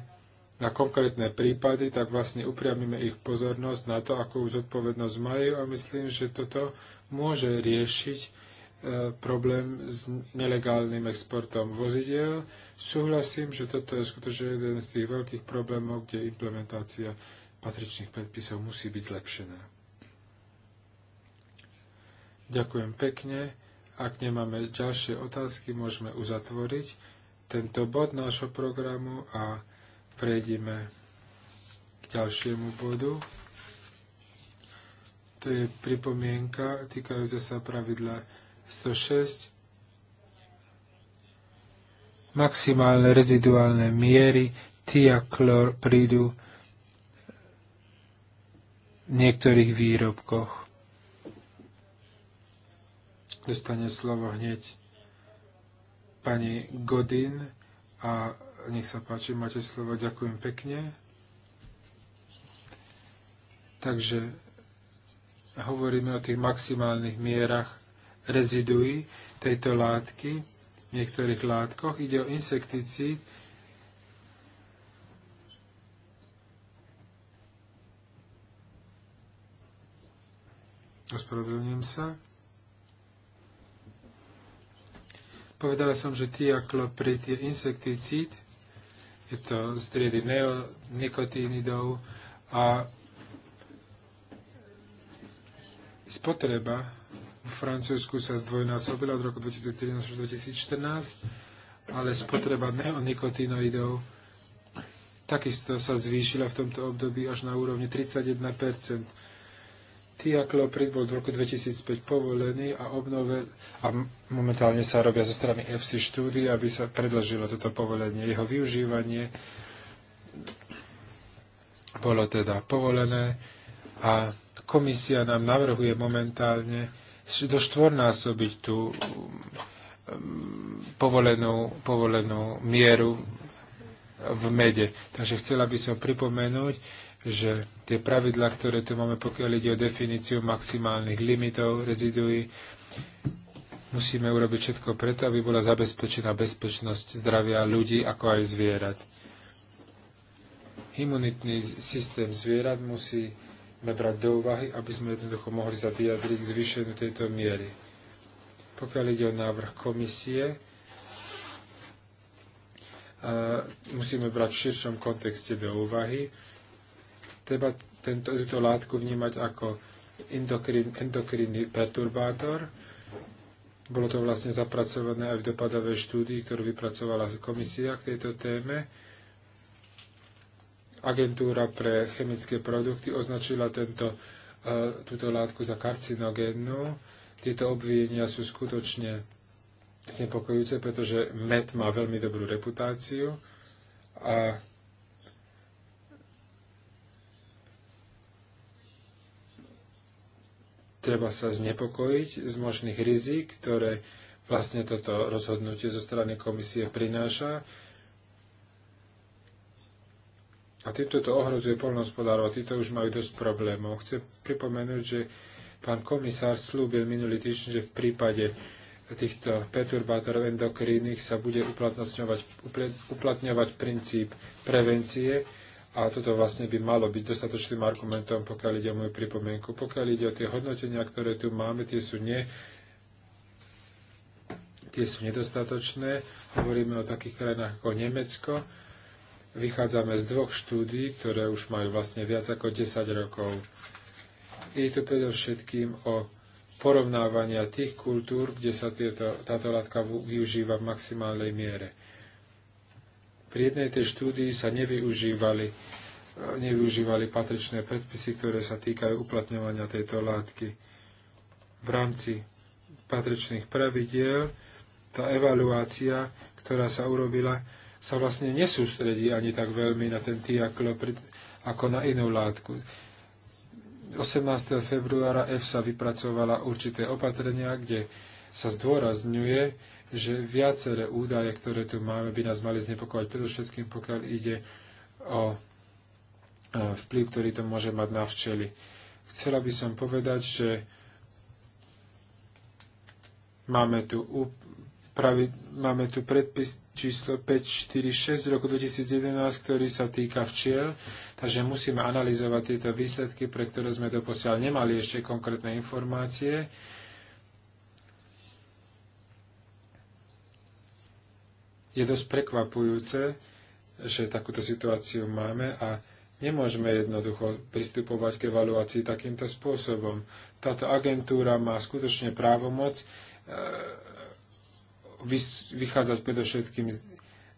na konkrétne prípady, tak vlastne upriamíme ich pozornosť na to, akú zodpovednosť majú a myslím, že toto môže riešiť e, problém s nelegálnym exportom vozidel. Súhlasím, že toto je skutočne jeden z tých veľkých problémov, kde implementácia patričných predpisov musí byť zlepšená. Ďakujem pekne. Ak nemáme ďalšie otázky, môžeme uzatvoriť tento bod nášho programu a Prejdeme k ďalšiemu bodu. To je pripomienka týkajúca sa pravidla 106 maximálne reziduálne miery tiaklor prídu v niektorých výrobkoch. Dostane slovo hneď pani Godin a nech sa páči, máte slovo. Ďakujem pekne. Takže hovoríme o tých maximálnych mierach reziduí tejto látky v niektorých látkoch. Ide o insekticíd, Ospravedlňujem sa. Povedala som, že tiakloprid je insekticíd, je to z triedy neonikotínidov a spotreba v Francúzsku sa zdvojnásobila od roku 2013 až 2014, ale spotreba neonikotinoidov takisto sa zvýšila v tomto období až na úrovni 31 Tiaklopryt bol v roku 2005 povolený a obnovil a momentálne sa robia zo strany FC štúdie, aby sa predložilo toto povolenie. Jeho využívanie bolo teda povolené a komisia nám navrhuje momentálne do štvornásobiť tú mm, povolenú, povolenú mieru v mede. Takže chcela by som pripomenúť, že tie pravidla, ktoré tu máme, pokiaľ ide o definíciu maximálnych limitov reziduí, musíme urobiť všetko preto, aby bola zabezpečená bezpečnosť zdravia ľudí, ako aj zvierat. Imunitný systém zvierat musí brať do úvahy, aby sme jednoducho mohli sa vyjadriť k zvýšeniu tejto miery. Pokiaľ ide o návrh komisie, musíme brať v širšom kontexte do úvahy treba tento, túto látku vnímať ako endokrín, endokrinný perturbátor. Bolo to vlastne zapracované aj v dopadovej štúdii, ktorú vypracovala komisia k tejto téme. Agentúra pre chemické produkty označila tento, e, túto látku za karcinogénnu. Tieto obvinenia sú skutočne znepokojúce, pretože med má veľmi dobrú reputáciu a treba sa znepokojiť z možných rizik, ktoré vlastne toto rozhodnutie zo strany komisie prináša. A týmto to ohrozuje polnohospodárov, a títo už majú dosť problémov. Chcem pripomenúť, že pán komisár slúbil minulý týždeň, že v prípade týchto perturbátorov endokrínnych sa bude uplatňovať, uplatňovať princíp prevencie, a toto vlastne by malo byť dostatočným argumentom, pokiaľ ide o moju pripomienku. Pokiaľ ide o tie hodnotenia, ktoré tu máme, tie sú, ne, tie sú nedostatočné. Hovoríme o takých krajinách ako Nemecko. Vychádzame z dvoch štúdí, ktoré už majú vlastne viac ako 10 rokov. Je to predovšetkým o porovnávania tých kultúr, kde sa tieto, táto látka využíva v maximálnej miere. Pri jednej tej štúdii sa nevyužívali, nevyužívali patričné predpisy, ktoré sa týkajú uplatňovania tejto látky. V rámci patričných pravidiel tá evaluácia, ktorá sa urobila, sa vlastne nesústredí ani tak veľmi na ten tiaklo ako na inú látku. 18. februára EFSA vypracovala určité opatrenia, kde sa zdôrazňuje, že viaceré údaje, ktoré tu máme, by nás mali znepokovať, predovšetkým pokiaľ ide o e, vplyv, ktorý to môže mať na včely. Chcela by som povedať, že máme tu Pravi, máme tu predpis číslo 546 z roku 2011, ktorý sa týka včiel, takže musíme analyzovať tieto výsledky, pre ktoré sme doposiaľ nemali ešte konkrétne informácie. je dosť prekvapujúce, že takúto situáciu máme a nemôžeme jednoducho pristupovať k evaluácii takýmto spôsobom. Táto agentúra má skutočne právomoc e, vychádzať predovšetkým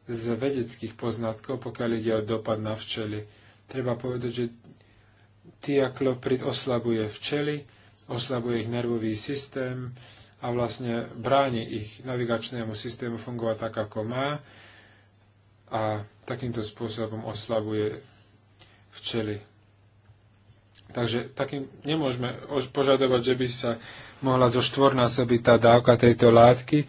z vedeckých poznatkov, pokiaľ ide o dopad na včely. Treba povedať, že tiaklo oslabuje včely, oslabuje ich nervový systém, a vlastne bráni ich navigačnému systému fungovať tak, ako má a takýmto spôsobom oslabuje včely. Takže takým nemôžeme požadovať, že by sa mohla zo štvornásobiť tá dávka tejto látky.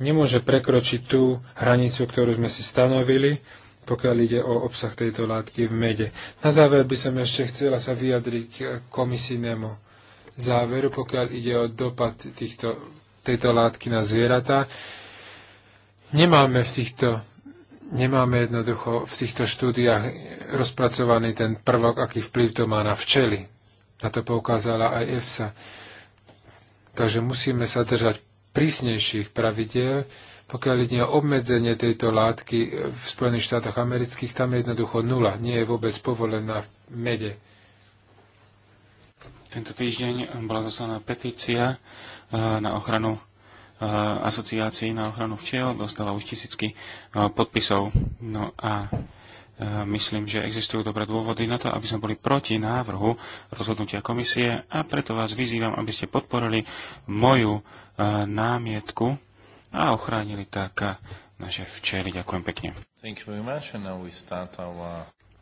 Nemôže prekročiť tú hranicu, ktorú sme si stanovili, pokiaľ ide o obsah tejto látky v mede. Na záver by som ešte chcela sa vyjadriť k komisijnému záveru, pokiaľ ide o dopad týchto, tejto látky na zvieratá. Nemáme v týchto nemáme jednoducho v týchto štúdiách rozpracovaný ten prvok, aký vplyv to má na včely. Na to poukázala aj EFSA. Takže musíme sa držať prísnejších pravidiel, pokiaľ ide o obmedzenie tejto látky v Spojených štátoch amerických, tam je jednoducho nula, nie je vôbec povolená v mede. Tento týždeň bola zaslaná petícia eh, na ochranu eh, asociácií na ochranu včiel, dostala už tisícky eh, podpisov. No a myslím, že existujú dobré dôvody na to, aby sme boli proti návrhu rozhodnutia komisie a preto vás vyzývam, aby ste podporili moju námietku a ochránili tak naše včely. Ďakujem pekne.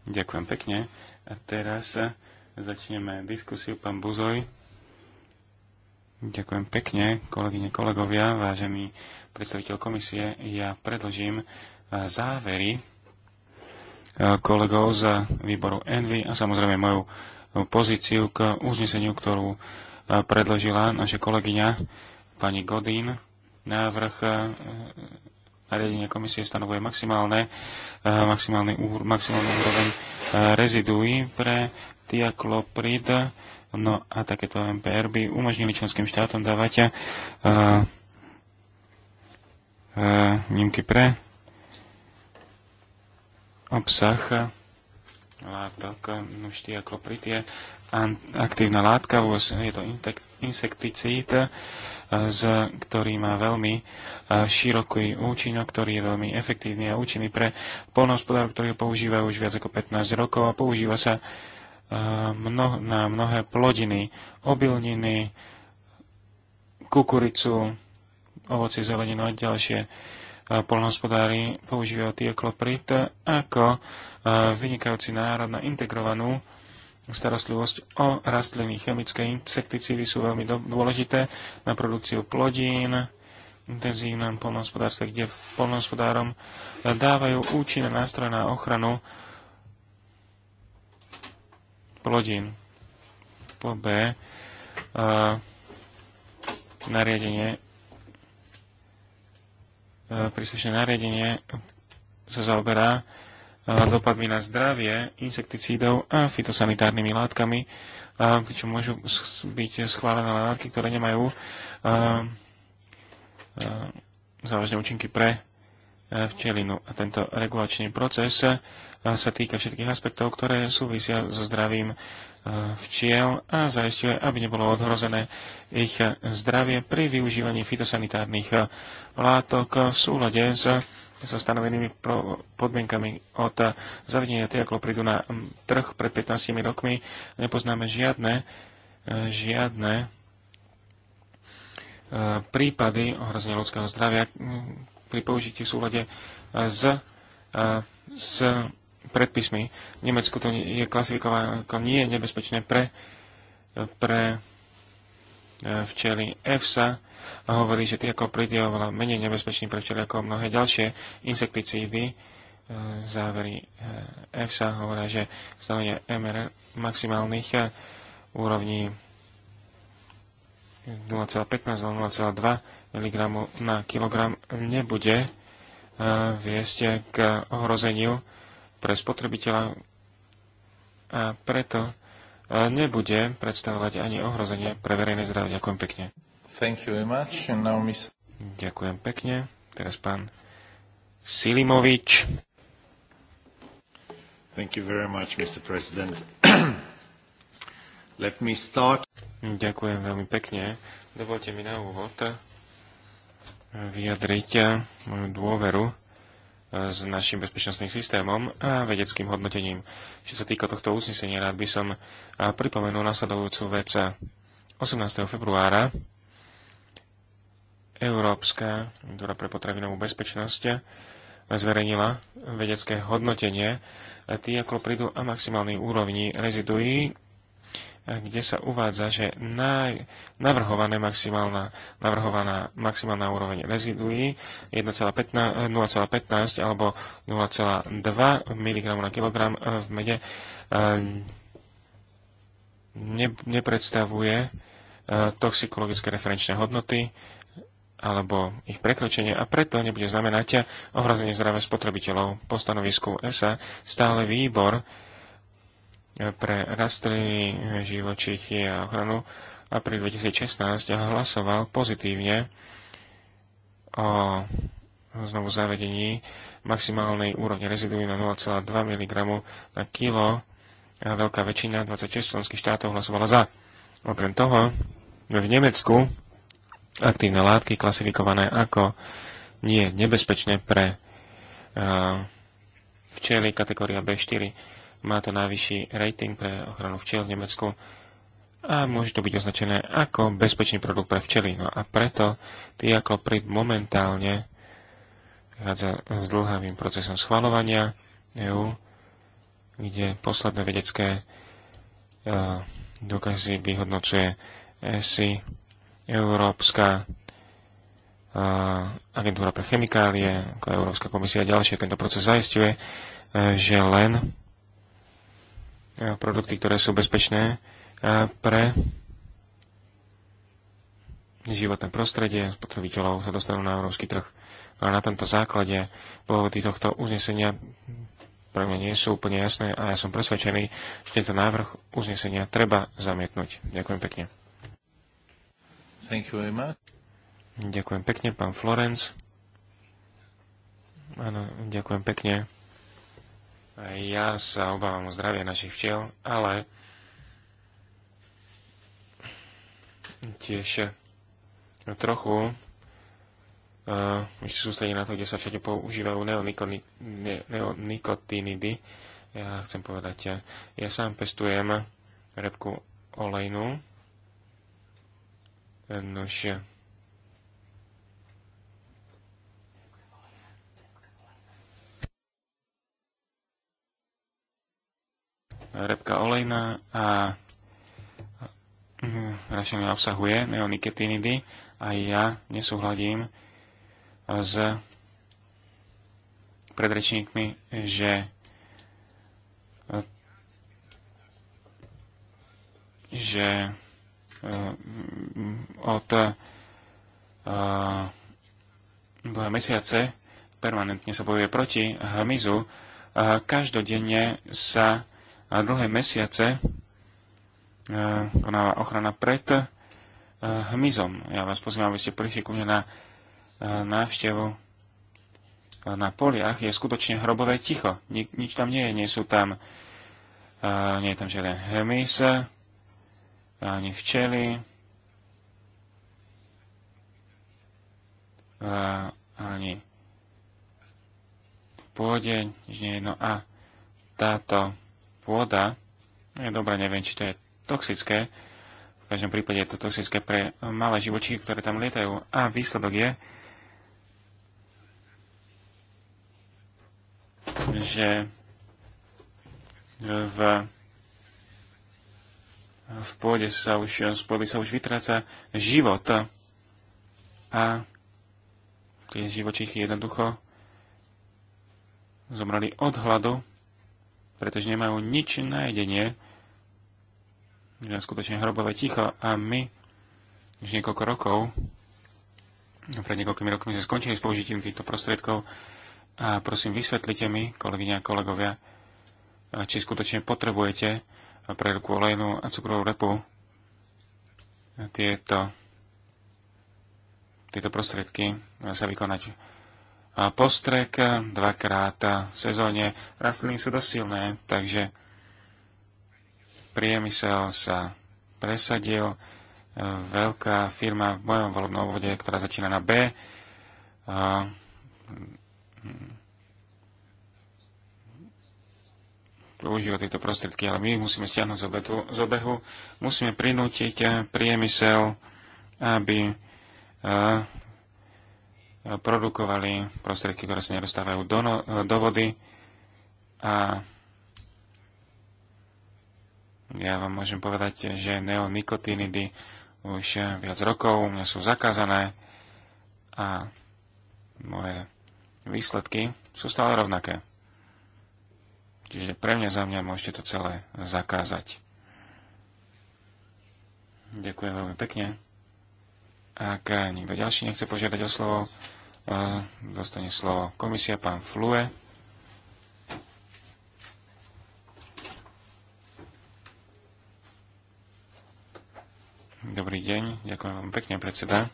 Ďakujem pekne. A teraz Začneme diskusiu. Pán Buzoj. Ďakujem pekne, kolegyne, kolegovia, vážený predstaviteľ komisie. Ja predložím eh, závery eh, kolegov z výboru Envy a samozrejme moju eh, pozíciu k uzneseniu, ktorú predložila naša kolegyňa pani Godín. Návrh nariadenia komisie stanovuje maximálne, maximálny, maximálny úroveň reziduí pre tiakloprid, no a takéto MPR by umožnili členským štátom dávať a, a, nímky pre obsah látok, štiakloprid je aktívna látka, je to insekticíd, eh, z, ktorý má veľmi eh, široký účinok, ktorý je veľmi efektívny a účinný pre polnohospodárov, ktorí ho používajú už viac ako 15 rokov a používa sa na mnohé plodiny, obilniny, kukuricu, ovoci, zeleninu a ďalšie. Polnohospodári používajú tiekloprit ako vynikajúci národ na integrovanú starostlivosť o rastliny. Chemické insekticídy sú veľmi dôležité na produkciu plodín, intenzívnom polnohospodárstve, kde polnohospodárom dávajú účinné nástroje na ochranu plodín. Po B uh, nariadenie uh, príslušné nariadenie sa zaoberá eh, dopadmi na zdravie insekticídov a fitosanitárnymi látkami, pričom môžu byť schválené látky, ktoré nemajú závažné účinky pre E, včelinu. A tento regulačný proces e, sa týka všetkých aspektov, ktoré súvisia so zdravím e, včiel a zajistuje, aby nebolo odhrozené ich zdravie pri využívaní fitosanitárnych látok v súlade s so stanovenými podmienkami od zavedenia tiaklopridu na trh pred 15 rokmi. Nepoznáme žiadne, žiadne prípady ohrozenia ľudského zdravia, pri použití v súlade eh, s, eh, s predpismi. V Nemecku to je klasifikované ako nie je nebezpečné pre, pre eh, včely EFSA a hovorí, že tie je oveľa menej nebezpečný pre včely ako mnohé ďalšie insekticídy. Závery EFSA hovoria, že stanovenie MR maximálnych úrovní 0,15 0,2 mg na kilogram nebude eh, viesť k ohrozeniu pre spotrebiteľa a preto eh, nebude predstavovať ani ohrozenie pre verejné zdravie. Ďakujem pekne. Thank you very much. And now miss... Ďakujem pekne. Teraz pán Silimovič. Thank you very much, Mr. President. Let me start. Ďakujem veľmi pekne. Dovolte mi na úvod vyjadriť eh, moju dôveru eh, s našim bezpečnostným systémom a vedeckým hodnotením. Čo sa týka tohto uznesenia, rád by som eh, pripomenul nasledujúcu vec. 18. februára Európska agentúra pre potravinovú bezpečnosť zverejnila vedecké hodnotenie tie, ako prídu a maximálnej úrovni reziduí kde sa uvádza, že navrhované maximálna, navrhovaná maximálna úroveň reziduí 0,15 alebo 0,2 mg na kilogram e, v mede e, ne, nepredstavuje e, toxikologické referenčné hodnoty alebo ich prekročenie a preto nebude znamenať ohrozenie zdravia spotrebiteľov. Po stanovisku ESA stále výbor pre rastliny, živočichy a ochranu v apríli 2016 hlasoval pozitívne o znovu zavedení maximálnej úrovne rezidu na 0,2 mg na kilo. A veľká väčšina 26 členských štátov hlasovala za. Okrem toho, v Nemecku aktívne látky klasifikované ako nie nebezpečné pre včely kategória B4 má to najvyšší rating pre ochranu včiel v Nemecku a môže to byť označené ako bezpečný produkt pre včely. No a preto tiakloprid momentálne prechádza s dlhavým procesom schvalovania EU, kde posledné vedecké uh, dokazy vyhodnocuje ESI, Európska e, agentúra pre chemikálie, ako Európska komisia a ďalšie, tento proces zaistuje, e, že len produkty, ktoré sú bezpečné pre životné prostredie spotrebiteľov sa dostanú na európsky trh. A na tomto základe dôvody tohto uznesenia pre mňa nie sú úplne jasné a ja som presvedčený, že tento návrh uznesenia treba zamietnúť. Ďakujem pekne. Thank you very much. Ďakujem pekne, pán Florenc. Áno, ďakujem pekne. Ja sa obávam o zdravie našich včiel, ale tiež eh, trochu uh, eh, ešte sústredí na to, kde sa všade používajú neonikotinidy. Ja chcem povedať, ja, eh, ja sám pestujem repku olejnú. Nož, repka olejná a mm, rašelina obsahuje neoniketinidy a ja nesúhľadím s predrečníkmi, že že e, od e, dva mesiace permanentne sa bojuje proti hmyzu. Každodenne sa a dlhé mesiace eh, konáva ochrana pred eh, hmyzom. Ja vás pozývam, aby ste prišli ku mne na eh, návštevu na poliach. Je skutočne hrobové ticho. Ni- nič tam nie je. Nie sú tam nie je tam žiaden hmyz, ani včely, ani v pôde, nič nie je. No a táto pôda je dobre neviem, či to je toxické. V každom prípade je to toxické pre malé živočíky, ktoré tam lietajú. A výsledok je, že e, v, v pôde sa už, z pôdy sa už vytráca život a tie živočichy jednoducho zomreli od hladu pretože nemajú nič na jedenie. Je skutočne hrobové ticho a my už niekoľko rokov, pred niekoľkými rokmi sme skončili s použitím týchto prostriedkov a prosím vysvetlite mi, kolegyne a kolegovia, či skutočne potrebujete pre ruku olejnú a cukrovú repu tieto, tieto prostriedky sa vykonať postrek eh, dvakrát eh, v sezóne. Rastliny sú dosť silné, takže priemysel sa presadil. Eh, veľká firma v mojom volebnom obvode, ktorá začína na B, používa tieto prostriedky, ale my ich musíme stiahnuť z obehu. Musíme prinútiť priemysel, aby produkovali prostriedky, ktoré sa nedostávajú do, no-, do vody. A ja vám môžem povedať, že neonikotinidy už viac rokov mňa sú zakázané a moje výsledky sú stále rovnaké. Čiže pre mňa za mňa môžete to celé zakázať. Ďakujem veľmi pekne. Ak nikto ďalší nechce požiadať o slovo, dostane slovo komisia, pán Flue. Dobrý deň, ďakujem vám pekne, predseda.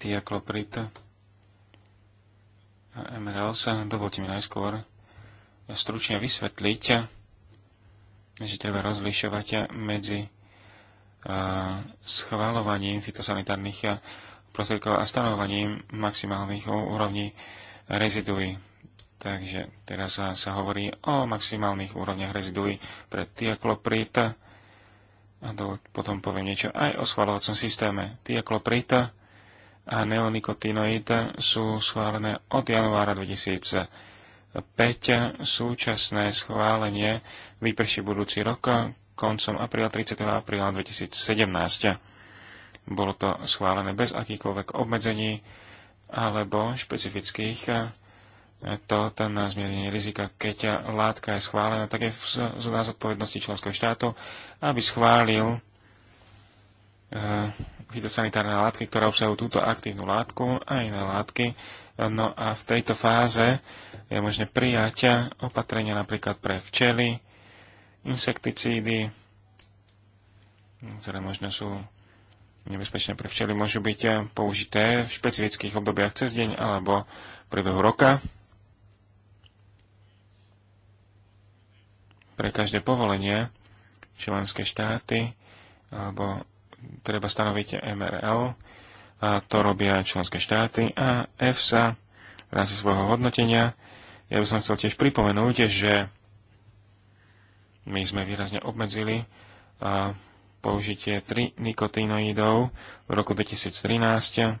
Tia Kloprit a Emerals, dovolte mi najskôr stručne vysvetliť, že treba rozlišovať medzi schváľovaním fitosanitárnych prostriedkov a stanovaním maximálnych úrovní reziduí. Takže teraz sa, hovorí o maximálnych úrovniach reziduí pre tiakloprit a do, potom poviem niečo aj o schváľovacom systéme. Tiakloprit a neonikotinoid sú schválené od januára 2005. Súčasné schválenie vyprší budúci rok koncom apríla, 30. apríla 2017. Bolo to schválené bez akýchkoľvek obmedzení alebo špecifických to ten zmiernenie rizika, keď látka je schválená, tak je z nás odpovednosti členského štátu, aby schválil eh, fitosanitárne látky, ktoré obsahujú túto aktívnu látku a iné látky. No a v tejto fáze je možné prijať opatrenia napríklad pre včely, insekticídy, ktoré možno sú nebezpečné pre včely, môžu byť eh, použité v špecifických obdobiach cez deň alebo v priebehu roka. Pre každé povolenie členské štáty alebo treba stanoviť MRL, a to robia členské štáty a EFSA v rámci svojho hodnotenia. Ja by som chcel tiež pripomenúť, že my sme výrazne obmedzili použitie tri nikotinoidov v roku 2013.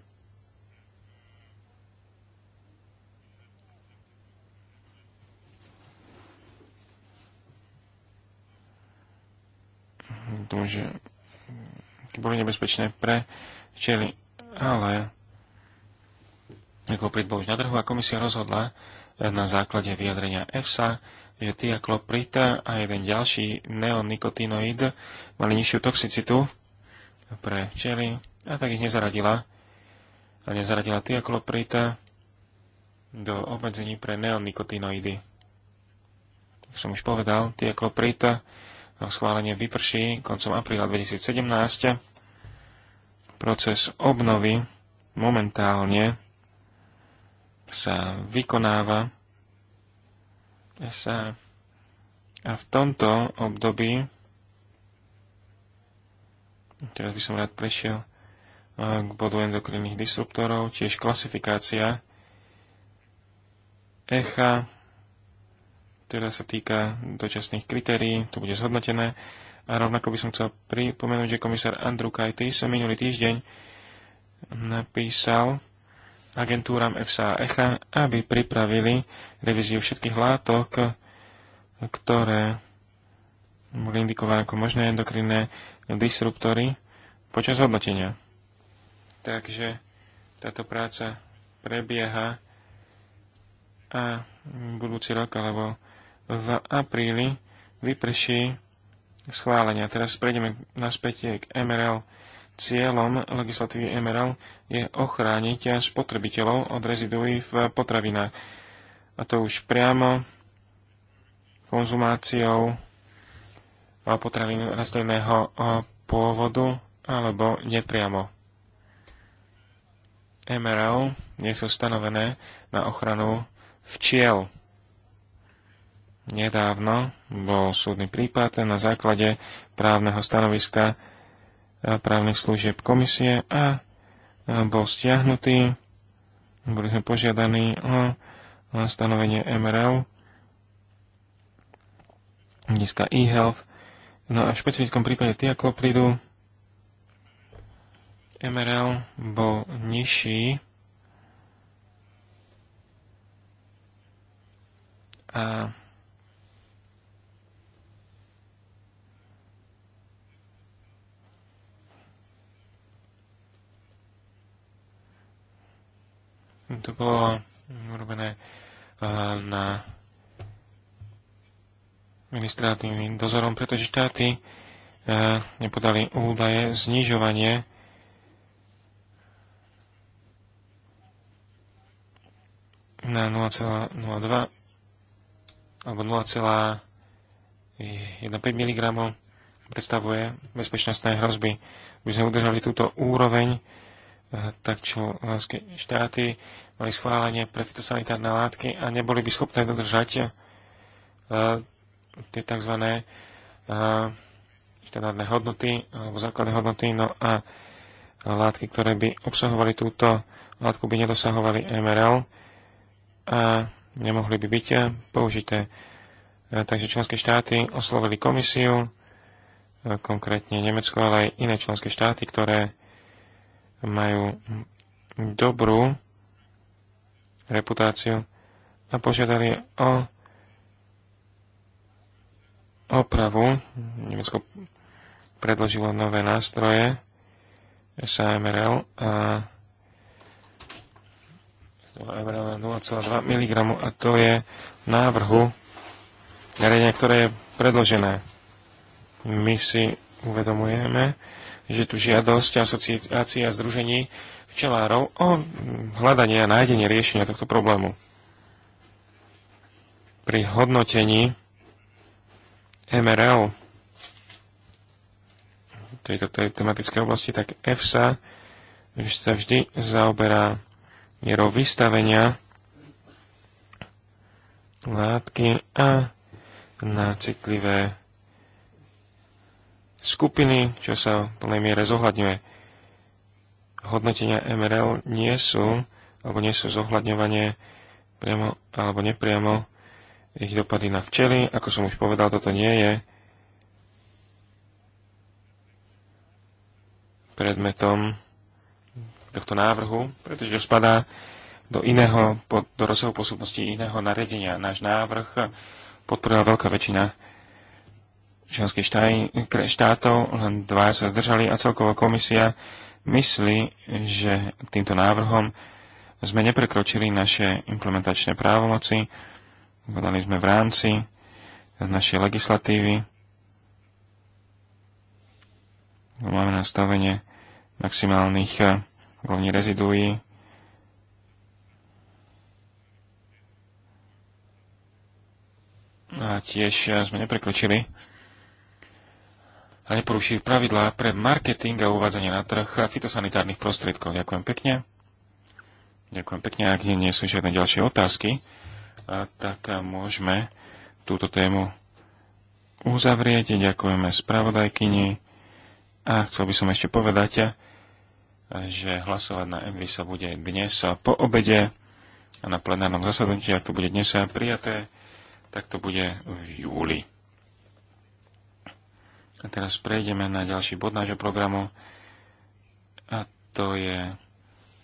Tomu, že boli nebezpečné pre včely, ale ako pridbo už na trhu a komisia rozhodla na základe vyjadrenia EFSA, že tiakloprid a jeden ďalší neonikotinoid mali nižšiu toxicitu pre včely a tak ich nezaradila. A nezaradila tiakloprid do obmedzení pre neonikotinoidy. Ako som už povedal, tiakloprid schválenie vyprší koncom apríla 2017. Proces obnovy momentálne sa vykonáva sa a v tomto období teraz by som rád prešiel e, k bodu endokrinných disruptorov, tiež klasifikácia ECHA, ktorá sa týka dočasných kritérií, to bude zhodnotené. A rovnako by som chcel pripomenúť, že komisár Andrew sa minulý týždeň napísal agentúram EFSA a ECHA, aby pripravili revíziu všetkých látok, ktoré boli indikované ako možné endokrinné disruptory počas hodnotenia. Takže táto práca prebieha a budúci rok alebo v apríli vyprší schválenia. Teraz prejdeme naspäť k MRL Cieľom legislatívy MRL je ochrániť spotrebiteľov od reziduí v potravinách. A to už priamo konzumáciou potravín rastlinného pôvodu alebo nepriamo. MRL nie sú stanovené na ochranu včiel. Nedávno bol súdny prípad na základe právneho stanoviska právnych služieb komisie a bol stiahnutý. Boli sme požiadaní o stanovenie MRL, dneska e-health. No a v špecifickom prípade tiaklopridu MRL bol nižší a To bolo urobené eh, na administratívnym dozorom, pretože štáty eh, nepodali údaje znižovanie na 0,02 alebo 0,15 mg predstavuje bezpečnostné hrozby. By sme udržali túto úroveň, eh, tak čo štáty mali schválenie pre fitosanitárne látky a neboli by schopné dodržať uh, tie tzv. E, štandardné hodnoty alebo základné hodnoty, no a látky, ktoré by obsahovali túto látku, by nedosahovali MRL a nemohli by byť e, použité. Takže členské štáty oslovili komisiu, konkrétne Nemecko, ale aj iné členské štáty, ktoré majú dobrú reputáciu a požiadali o opravu. Nemecko predložilo nové nástroje SAMRL a 0,2 mg a to je návrhu nariadenia, ktoré je predložené. My si uvedomujeme, že tu žiadosť asociácií a združení včelárov o hľadanie a nájdenie riešenia tohto problému. Pri hodnotení MRL tejto tematickej oblasti, tak EFSA sa vždy zaoberá mierou vystavenia látky a na citlivé skupiny, čo sa v plnej miere zohľadňuje hodnotenia MRL nie sú alebo nie sú zohľadňovanie priamo alebo nepriamo ich dopady na včely. Ako som už povedal, toto nie je predmetom tohto návrhu, pretože spadá do iného, do rozsahu posúbnosti iného nariadenia. Náš návrh podporila veľká väčšina členských štátov, len dva sa zdržali a celková komisia myslí, že týmto návrhom sme neprekročili naše implementačné právomoci, podali sme v rámci našej legislatívy, máme nastavenie maximálnych eh, úrovní reziduí, a tiež eh, sme neprekročili a neporuší pravidlá pre marketing a uvádzanie na trh fitosanitárnych prostriedkov. Ďakujem pekne. Ďakujem pekne. Ak nie sú žiadne ďalšie otázky, a tak môžeme túto tému uzavrieť. Ďakujeme spravodajkyni. A chcel by som ešte povedať, že hlasovať na MV sa bude dnes po obede a na plenárnom zasadnutí, ak to bude dnes prijaté, tak to bude v júli. A teraz prejdeme na ďalší bod nášho programu a to je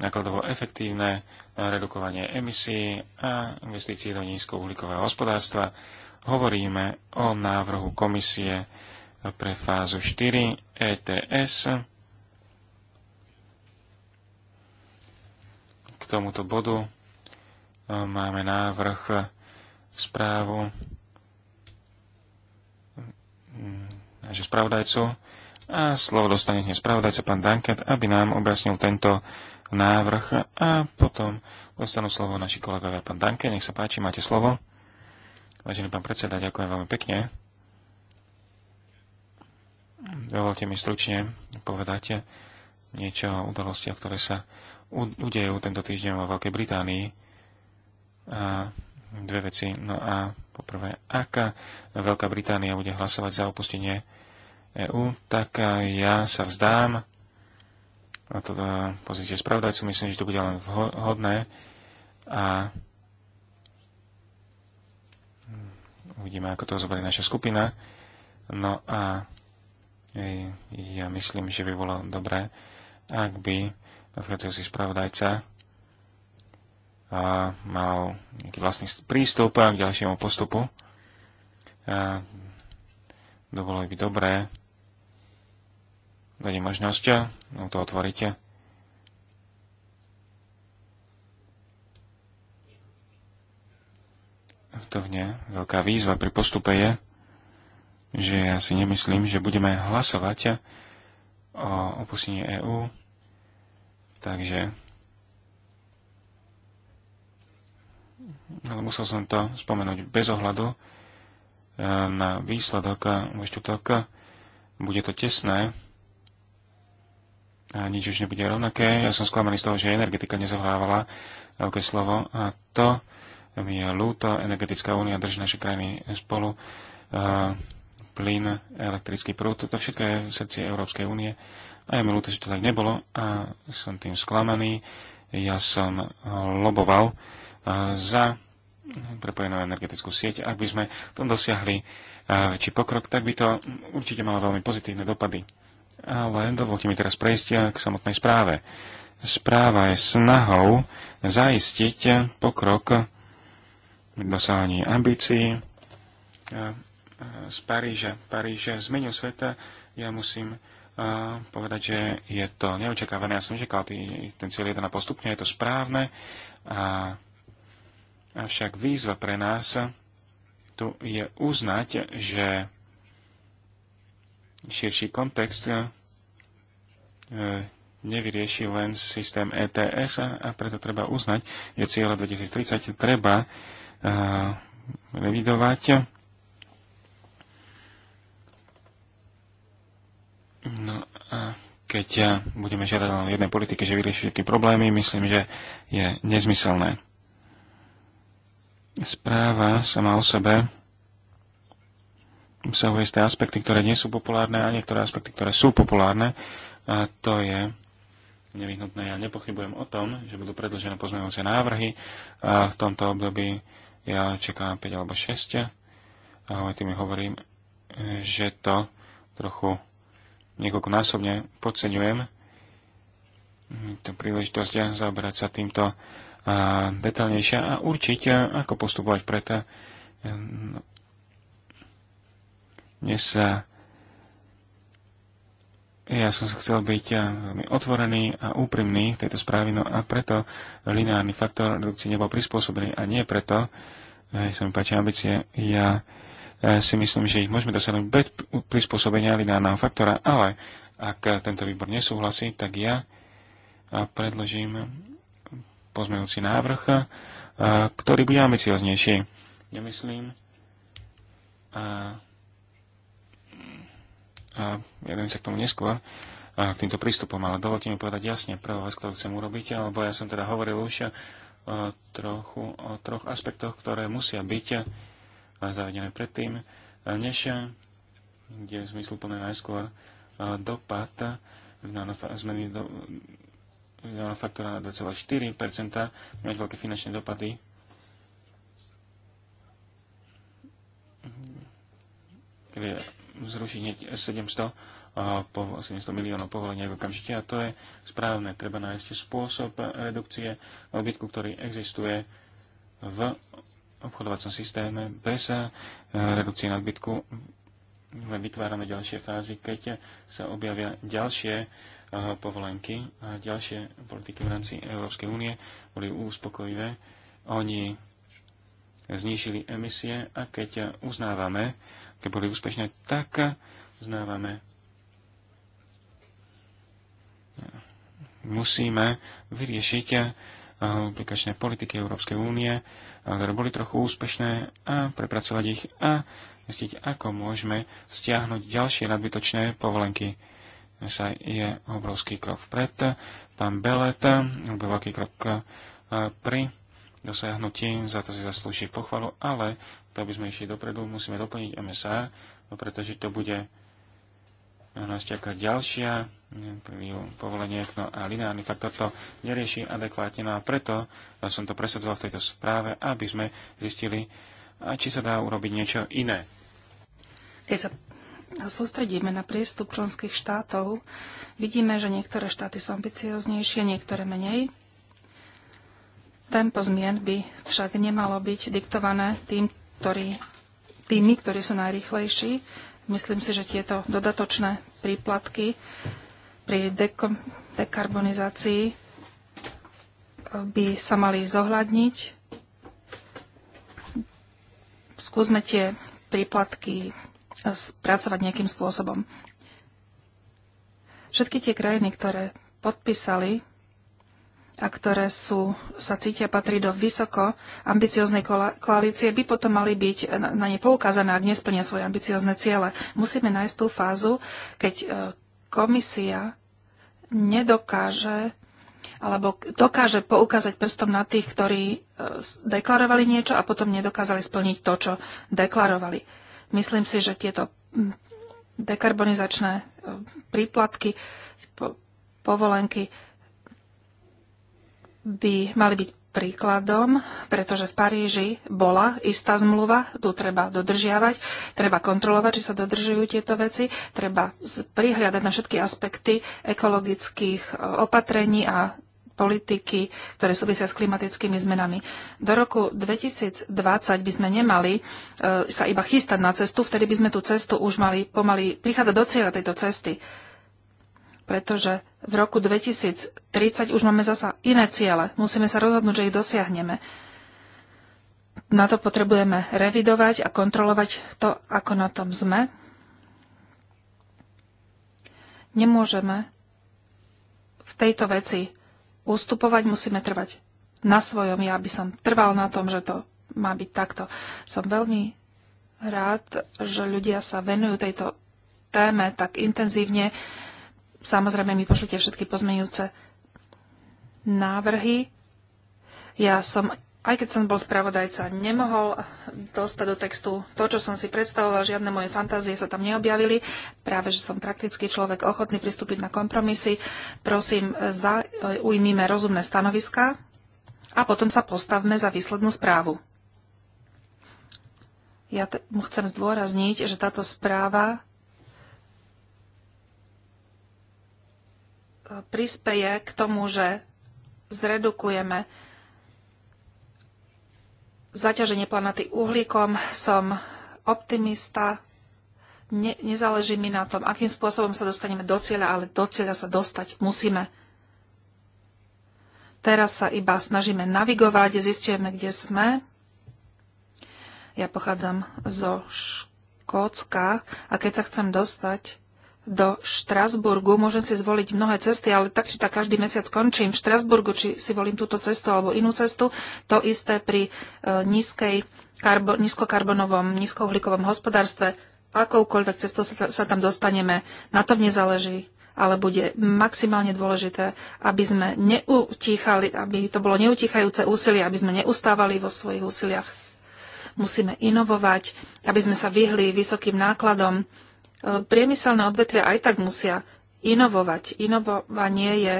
nákladovo efektívne redukovanie emisí a investície do nízkouhlíkového hospodárstva. Hovoríme o návrhu komisie pre fázu 4 ETS. K tomuto bodu e, máme návrh e, správu mm, nášho spravodajcu. A slovo dostane hneď spravodajca pán Danket, aby nám objasnil tento návrh a potom dostanú slovo naši kolegovia. Pán Danke, nech sa páči, máte slovo. Vážený pán predseda, ďakujem veľmi pekne. Dovolte mi stručne povedať niečo o udalostiach, ktoré sa udejú tento týždeň vo Veľkej Británii. A dve veci. No a poprvé, aká Veľká Británia bude hlasovať za opustenie EÚ, tak ja sa vzdám a toto e, pozície spravodajcu, myslím, že to bude len vhodné a uvidíme, ako to zoberie naša skupina. No a ja myslím, že by bolo dobré, ak by nadchádzajúci spravodajca mal nejaký vlastný prístup k ďalšiemu postupu dovolí by dobré. Dať možnosť, no to otvoríte. To vne veľká výzva pri postupe je, že ja si nemyslím, že budeme hlasovať o opustení EÚ. Takže ale musel som to spomenúť bez ohľadu na výsledok vo štvrtok. Bude to tesné a nič už nebude rovnaké. Ja som sklamaný z toho, že energetika nezohrávala veľké slovo a to mi je ľúto. Energetická únia drží naše krajiny spolu. Plyn, elektrický prúd, toto všetko je v srdci Európskej únie. A je mi ľúto, že to tak nebolo a som tým sklamaný. Ja som loboval za prepojenú energetickú sieť. Ak by sme tom dosiahli eh, väčší pokrok, tak by to určite malo veľmi pozitívne dopady. Ale dovolte mi teraz prejsť eh, k samotnej správe. Správa je snahou zaistiť pokrok v ambícií eh, z Paríža. Paríž zmenil sveta. Ja musím povedať, že je to neočakávané. Ja som nečakal ten cieľ 1 postupne, je to správne. A Avšak výzva pre nás tu je uznať, že širší kontext e, nevyrieši len systém ETS a preto treba uznať, že cieľa 2030 treba e, revidovať. No a keď budeme žiadať len jednej politike, že vyrieši všetky problémy, myslím, že je nezmyselné správa sama o sebe obsahuje isté aspekty, ktoré nie sú populárne a niektoré aspekty, ktoré sú populárne. A to je nevyhnutné. Ja nepochybujem o tom, že budú predložené pozmeňujúce návrhy. A v tomto období ja čakám 5 alebo 6. A tým hovorím, že to trochu niekoľkonásobne podceňujem. tú príležitosť zaoberať sa týmto detaľnejšia a určiť, ako postupovať preto. No, dnes sa ja som sa chcel byť veľmi otvorený a úprimný v tejto správe, no a preto lineárny faktor redukcie nebol prispôsobený a nie preto, že sa mi páči ambície, ja si myslím, že ich môžeme dosiahnuť bez prispôsobenia lineárneho faktora, ale ak tento výbor nesúhlasí, tak ja predložím pozmeňujúci návrh, ktorý bude ambicioznejší. Nemyslím. A, a jeden sa k tomu neskôr a k týmto prístupom, ale dovolte mi povedať jasne prvú vec, ktorú chcem urobiť, alebo ja som teda hovoril už o, trochu, o troch aspektoch, ktoré musia byť zavedené predtým, než kde je zmysluplné najskôr dopad na zmeny do, faktora na 2,4 mať veľké finančné dopady. Kde zrušiť 700, po 700 miliónov povolenia okamžite a to je správne. Treba nájsť spôsob redukcie odbytku, ktorý existuje v obchodovacom systéme bez eh, redukcie nadbytku vytvárame ďalšie fázy, keď sa objavia ďalšie povolenky a ďalšie politiky v rámci Európskej únie boli uspokojivé. Oni znížili emisie a keď uznávame, keď boli úspešné, tak uznávame. Musíme vyriešiť eh, aplikačné politiky Európskej únie, eh, ktoré boli trochu úspešné a prepracovať ich a zistiť, ako môžeme stiahnuť ďalšie nadbytočné povolenky sa je obrovský krok vpred. Pán Belet robil veľký krok e, pri dosiahnutí, za to si zaslúži pochvalu, ale to, aby sme išli dopredu, musíme doplniť MSR, no, pretože to bude nás čaká ďalšia povolenie, no a lineárny faktor to nerieši adekvátne, no a preto som to presadzoval v tejto správe, aby sme zistili, či sa dá urobiť niečo iné. Keď sa sústredíme na prístup členských štátov, vidíme, že niektoré štáty sú ambicioznejšie, niektoré menej. Tempo zmien by však nemalo byť diktované tým, ktorý, tými, ktorí sú najrychlejší. Myslím si, že tieto dodatočné príplatky pri dekarbonizácii eh, by sa mali zohľadniť. Skúsme tie príplatky spracovať nejakým spôsobom. Všetky tie krajiny, ktoré podpísali a ktoré sú, sa cítia patrí do vysoko ambicioznej koalície, by potom mali byť na ne poukázané, ak nesplnia svoje ambiciozne ciele. Musíme nájsť tú fázu, keď e, komisia nedokáže alebo dokáže poukázať prstom na tých, ktorí e, deklarovali niečo a potom nedokázali splniť to, čo deklarovali. Myslím si, že tieto mm, dekarbonizačné e, príplatky, povolenky by mali byť príkladom, pretože v Paríži bola istá zmluva, tu treba dodržiavať, treba kontrolovať, či sa dodržujú tieto veci, treba prihľadať na všetky aspekty ekologických e, opatrení a politiky, ktoré súvisia s klimatickými zmenami. Do roku 2020 by sme nemali e, sa iba chystať na cestu, vtedy by sme tú cestu už mali pomaly prichádzať do cieľa tejto cesty. Pretože v roku 2030 už máme zasa iné ciele. Musíme sa rozhodnúť, že ich dosiahneme. Na to potrebujeme revidovať a kontrolovať to, ako na tom sme. Nemôžeme v tejto veci ustupovať, musíme trvať na svojom. Ja by som trval na tom, že to má byť takto. Som veľmi rád, že ľudia sa venujú tejto téme tak intenzívne. Samozrejme, mi pošlite všetky pozmeňujúce návrhy. Ja som aj keď som bol spravodajca, nemohol dostať do textu to, čo som si predstavoval, žiadne moje fantázie sa tam neobjavili. Práve, že som praktický človek ochotný pristúpiť na kompromisy. Prosím, zaujmíme rozumné stanoviska a potom sa postavme za výslednú správu. Ja chcem zdôrazniť, že táto správa e, prispeje k tomu, že zredukujeme zaťaženie planety uhlíkom. Som optimista. Ne, nezáleží mi na tom, akým spôsobom sa dostaneme do cieľa, ale do cieľa sa dostať musíme. Teraz sa iba snažíme navigovať, zistujeme, kde sme. Ja pochádzam zo Škótska a keď sa chcem dostať do Štrasburgu. Môžem si zvoliť mnohé cesty, ale tak či tak každý mesiac končím v Štrasburgu, či si volím túto cestu alebo inú cestu. To isté pri e, nízkej, karbo, nízkokarbonovom, nízkouhlíkovom hospodárstve. Akoukoľvek cestou sa, sa tam dostaneme, na to nezáleží ale bude maximálne dôležité, aby sme neutíchali, aby to bolo neutíchajúce úsilie, aby sme neustávali vo svojich úsiliach. Musíme inovovať, aby sme sa vyhli vysokým nákladom, E, priemyselné odvetvia aj tak musia inovovať. Inovovanie je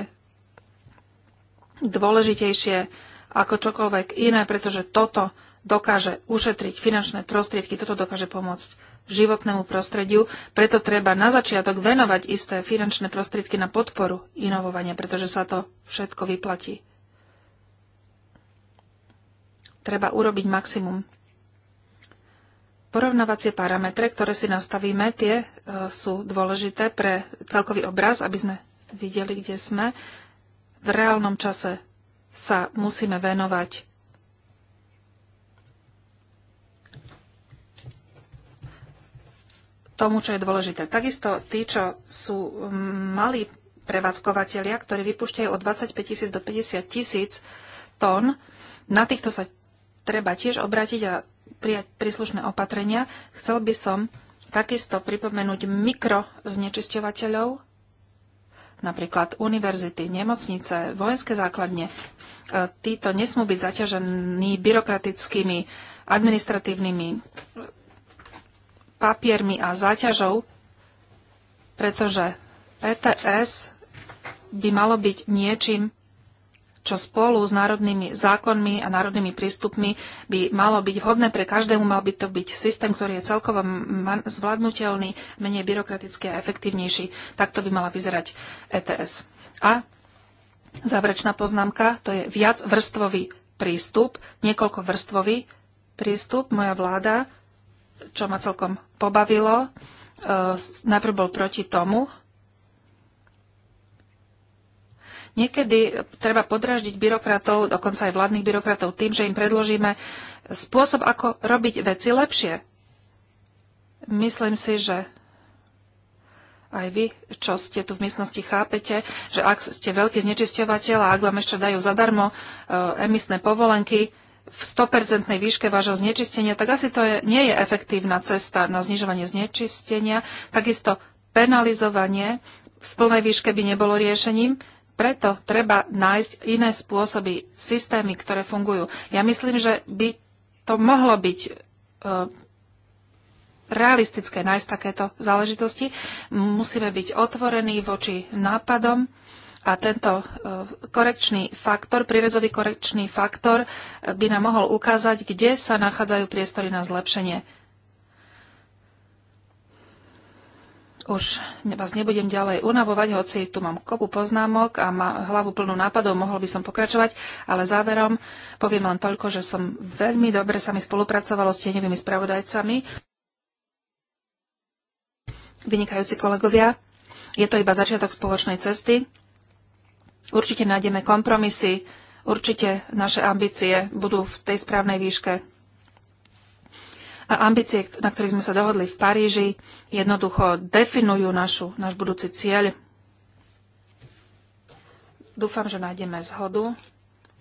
dôležitejšie ako čokoľvek iné, pretože toto dokáže ušetriť finančné prostriedky, toto dokáže pomôcť životnému prostrediu. Preto treba na začiatok venovať isté finančné prostriedky na podporu inovovania, pretože sa to všetko vyplatí. Treba urobiť maximum Porovnávacie parametre, ktoré si nastavíme, tie e, sú dôležité pre celkový obraz, aby sme videli, kde sme. V reálnom čase sa musíme venovať tomu, čo je dôležité. Takisto tí, čo sú malí prevádzkovateľia, ktorí vypúšťajú od 25 tisíc do 50 tisíc tón, na týchto sa treba tiež obrátiť a prijať príslušné opatrenia. Chcel by som takisto pripomenúť mikroznečisťovateľov, napríklad univerzity, nemocnice, vojenské základne. E, títo nesmú byť zaťažení byrokratickými, administratívnymi papiermi a záťažou, pretože ETS by malo byť niečím, čo spolu s národnými zákonmi a národnými prístupmi by malo byť hodné pre každému, mal by to byť systém, ktorý je celkovo zvládnutelný, menej byrokratický a efektívnejší. Takto by mala vyzerať ETS. A záverečná poznámka, to je viac vrstvový prístup, niekoľko vrstvový prístup. Moja vláda, čo ma celkom pobavilo, e, najprv bol proti tomu, Niekedy treba podraždiť byrokratov, dokonca aj vládnych byrokratov, tým, že im predložíme spôsob, ako robiť veci lepšie. Myslím si, že aj vy, čo ste tu v miestnosti, chápete, že ak ste veľký znečisťovateľ a ak vám ešte dajú zadarmo e, emisné povolenky v 100% výške vášho znečistenia, tak asi to je, nie je efektívna cesta na znižovanie znečistenia. Takisto penalizovanie v plnej výške by nebolo riešením. Preto treba nájsť iné spôsoby, systémy, ktoré fungujú. Ja myslím, že by to mohlo byť e, realistické nájsť takéto záležitosti. Musíme byť otvorení voči nápadom a tento e, korekčný faktor, prírezový korekčný faktor by nám mohol ukázať, kde sa nachádzajú priestory na zlepšenie. Už vás nebudem ďalej unavovať, hoci tu mám kopu poznámok a má hlavu plnú nápadov, mohol by som pokračovať, ale záverom poviem len toľko, že som veľmi dobre sa mi spolupracovalo s tieňovými spravodajcami. Vynikajúci kolegovia, je to iba začiatok spoločnej cesty. Určite nájdeme kompromisy, určite naše ambície budú v tej správnej výške a ambície, na ktorých sme sa dohodli v Paríži, jednoducho definujú našu, náš budúci cieľ. Dúfam, že nájdeme zhodu,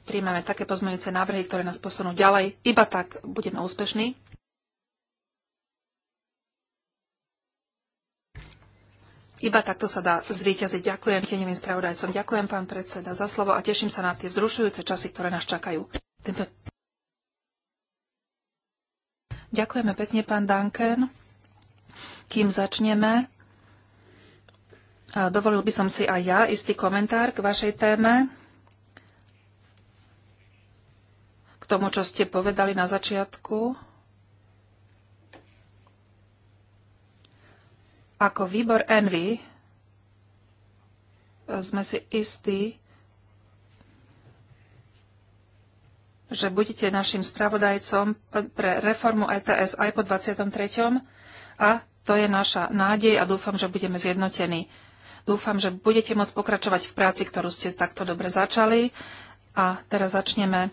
príjmeme také pozmeňujúce návrhy, ktoré nás posunú ďalej. Iba tak budeme úspešní. Iba takto sa dá zvíťaziť. Ďakujem tieňovým spravodajcom, ďakujem pán predseda za slovo a teším sa na tie zrušujúce časy, ktoré nás čakajú. Tento Ďakujeme pekne, pán Duncan. Kým začneme, dovolil by som si aj ja istý komentár k vašej téme, k tomu, čo ste povedali na začiatku. Ako výbor Envy sme si istí, že budete našim spravodajcom pre reformu ETS aj po 23. A to je naša nádej a dúfam, že budeme zjednotení. Dúfam, že budete môcť pokračovať v práci, ktorú ste takto dobre začali. A teraz začneme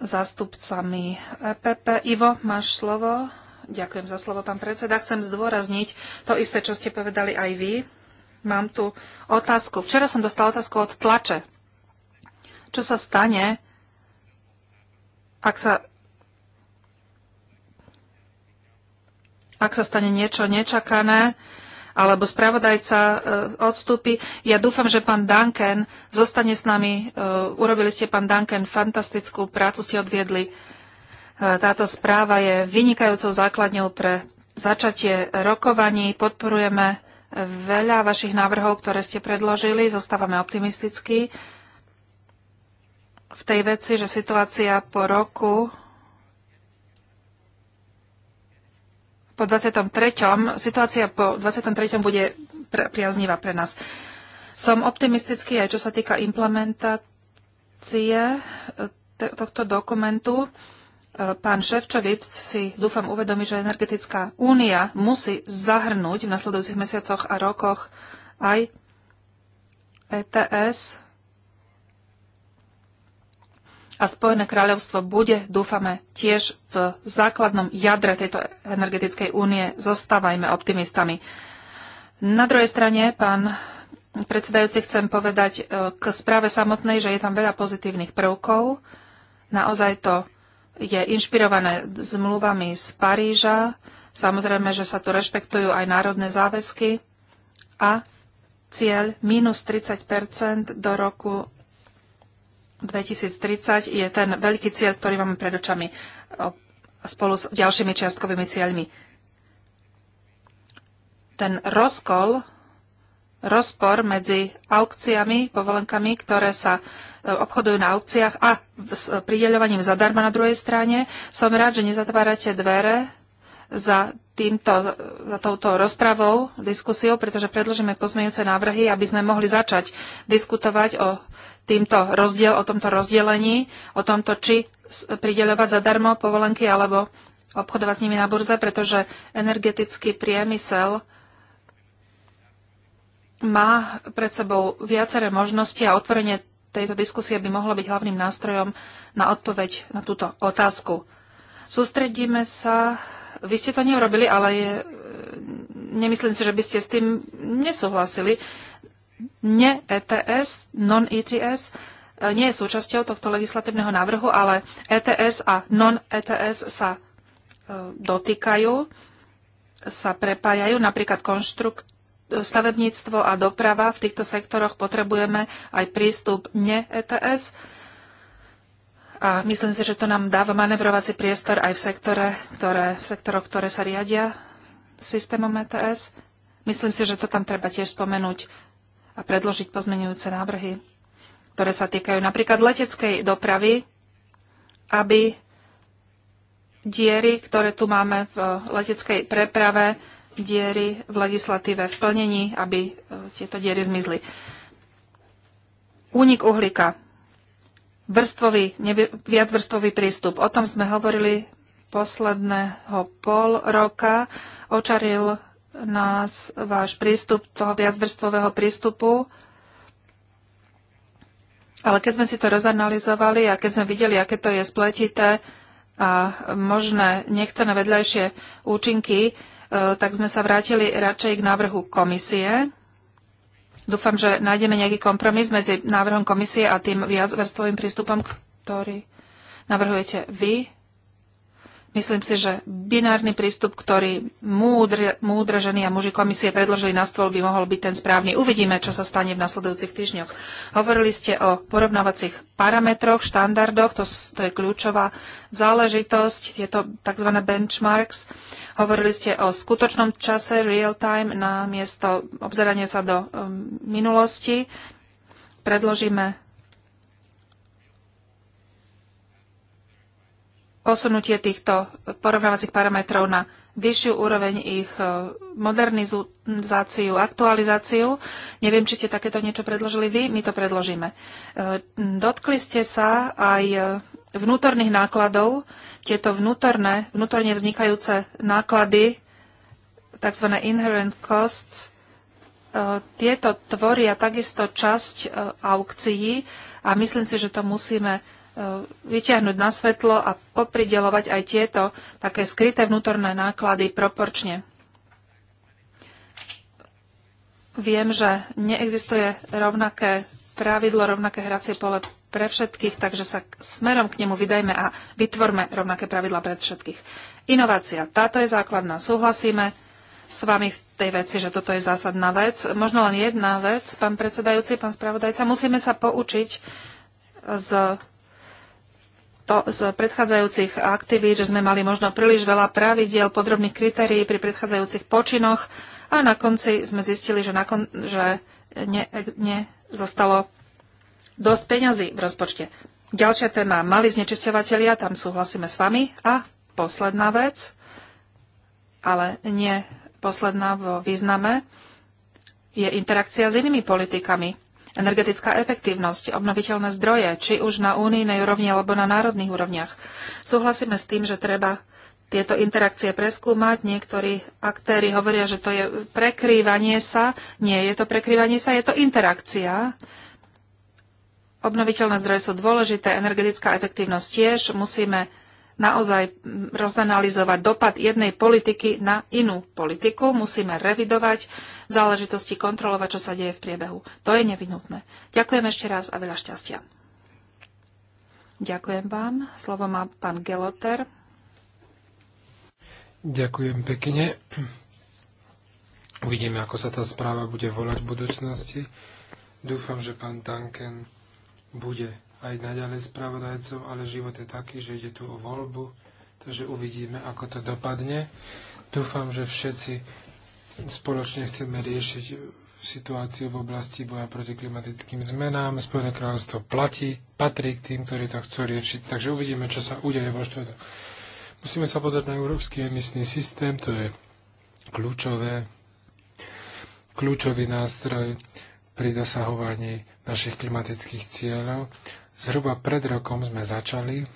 zástupcami EPP. Ivo, máš slovo. Ďakujem za slovo, pán predseda. Chcem zdôrazniť to isté, čo ste povedali aj vy. Mám tu otázku. Včera som dostal otázku od tlače. Čo sa stane, ak sa ak sa stane niečo nečakané, alebo spravodajca e, odstúpi. Ja dúfam, že pán Duncan zostane s nami. E, urobili ste, pán Duncan, fantastickú prácu ste odviedli. E, táto správa je vynikajúcou základňou pre začatie rokovaní. Podporujeme veľa vašich návrhov, ktoré ste predložili. Zostávame optimistickí v tej veci, že situácia po roku po 23. situácia po 23. bude priaznivá pre nás. Som optimistický aj čo sa týka implementácie eh, tohto dokumentu. Eh, pán Ševčovic si dúfam uvedomí, že energetická únia musí zahrnúť v nasledujúcich mesiacoch a rokoch aj ETS, a Spojené kráľovstvo bude, dúfame, tiež v základnom jadre tejto energetickej únie. Zostávajme optimistami. Na druhej strane, pán predsedajúci, chcem povedať e, k správe samotnej, že je tam veľa pozitívnych prvkov. Naozaj to je inšpirované zmluvami z Paríža. Samozrejme, že sa tu rešpektujú aj národné záväzky a cieľ minus 30 do roku 2030 je ten veľký cieľ, ktorý máme pred očami spolu s ďalšími čiastkovými cieľmi. Ten rozkol, rozpor medzi aukciami, povolenkami, ktoré sa e, obchodujú na aukciách a s e, prideľovaním zadarma na druhej strane. Som rád, že nezatvárate dvere za, týmto, za touto rozpravou, diskusiou, pretože predložíme pozmeňujúce návrhy, aby sme mohli začať diskutovať o týmto rozdiel, o tomto rozdelení, o tomto, či prideľovať zadarmo povolenky alebo obchodovať s nimi na burze, pretože energetický priemysel má pred sebou viaceré možnosti a otvorenie tejto diskusie by mohlo byť hlavným nástrojom na odpoveď na túto otázku. Sústredíme sa vy ste to neurobili, ale je, nemyslím si, že by ste s tým nesúhlasili. Nie ETS, non-ETS e, nie je súčasťou tohto legislatívneho návrhu, ale ETS a non-ETS sa e, dotýkajú, sa prepájajú. Napríklad konštrukt, stavebníctvo a doprava. V týchto sektoroch potrebujeme aj prístup ne ETS a myslím si, že to nám dáva manevrovací priestor aj v, sektore, ktoré, v sektoroch, ktoré sa riadia systémom ETS. Myslím si, že to tam treba tiež spomenúť a predložiť pozmenujúce návrhy, ktoré sa týkajú napríklad leteckej dopravy, aby diery, ktoré tu máme v leteckej preprave, diery v legislatíve, v plnení, aby e, tieto diery zmizli. Únik uhlíka vrstvový, viacvrstvový prístup. O tom sme hovorili posledného pol roka. Očaril nás váš prístup toho viacvrstvového prístupu. Ale keď sme si to rozanalizovali a keď sme videli, aké to je spletité a možné nechcené vedľajšie účinky, e, tak sme sa vrátili radšej k návrhu komisie, Dúfam, že nájdeme nejaký kompromis medzi návrhom komisie a tým viacvrstvovým prístupom, ktorý navrhujete vy. Myslím si, že binárny prístup, ktorý múdre, múdre ženy a muži komisie predložili na stôl, by mohol byť ten správny. Uvidíme, čo sa stane v nasledujúcich týždňoch. Hovorili ste o porovnávacích parametroch, štandardoch, to, to je kľúčová záležitosť, tieto tzv. benchmarks. Hovorili ste o skutočnom čase, real time, na miesto obzerania sa do um, minulosti. Predložíme posunutie týchto porovnávacích parametrov na vyššiu úroveň ich e, modernizáciu, aktualizáciu. Neviem, či ste takéto niečo predložili vy, my to predložíme. E, dotkli ste sa aj e, vnútorných nákladov. Tieto vnútorné, vnútorne vznikajúce náklady, tzv. inherent costs, tieto tvoria takisto časť aukcií a myslím si, že to musíme E, vyťahnuť na svetlo a popridelovať aj tieto také skryté vnútorné náklady proporčne. Viem, že neexistuje rovnaké pravidlo, rovnaké hracie pole pre všetkých, takže sa smerom k nemu vydajme a vytvorme rovnaké pravidla pre všetkých. Inovácia. Táto je základná. Súhlasíme s vami v tej veci, že toto je zásadná vec. Možno len jedna vec, pán predsedajúci, pán spravodajca. Musíme sa poučiť z to z predchádzajúcich aktivít, že sme mali možno príliš veľa pravidiel, podrobných kritérií pri predchádzajúcich počinoch a na konci sme zistili, že, nakon, že ne, ne zostalo dosť peňazí v rozpočte. Ďalšia téma, mali znečisťovateľia, tam súhlasíme s vami. A posledná vec, ale nie posledná vo význame, je interakcia s inými politikami energetická efektívnosť, obnoviteľné zdroje, či už na únijnej úrovni alebo na národných úrovniach. Súhlasíme s tým, že treba tieto interakcie preskúmať. Niektorí aktéry hovoria, že to je prekrývanie sa. Nie je to prekrývanie sa, je to interakcia. Obnoviteľné zdroje sú dôležité, energetická efektívnosť tiež. Musíme naozaj rozanalizovať dopad jednej politiky na inú politiku. Musíme revidovať záležitosti kontrolovať, čo sa deje v priebehu. To je nevinutné. Ďakujem ešte raz a veľa šťastia. Ďakujem vám. Slovo má pán Geloter. Ďakujem pekne. Uvidíme, ako sa tá správa bude volať v budúcnosti. Dúfam, že pán Duncan bude aj naďalej spravodajcov, ale život je taký, že ide tu o voľbu, takže uvidíme, ako to dopadne. Dúfam, že všetci Spoločne chceme riešiť situáciu v oblasti boja proti klimatickým zmenám. Spojené kráľovstvo platí, patrí k tým, ktorí to chcú riešiť. Takže uvidíme, čo sa udeje vo štvrtok. Musíme sa pozrieť na európsky emisný systém, to je kľúčové, kľúčový nástroj pri dosahovaní našich klimatických cieľov. Zhruba pred rokom sme začali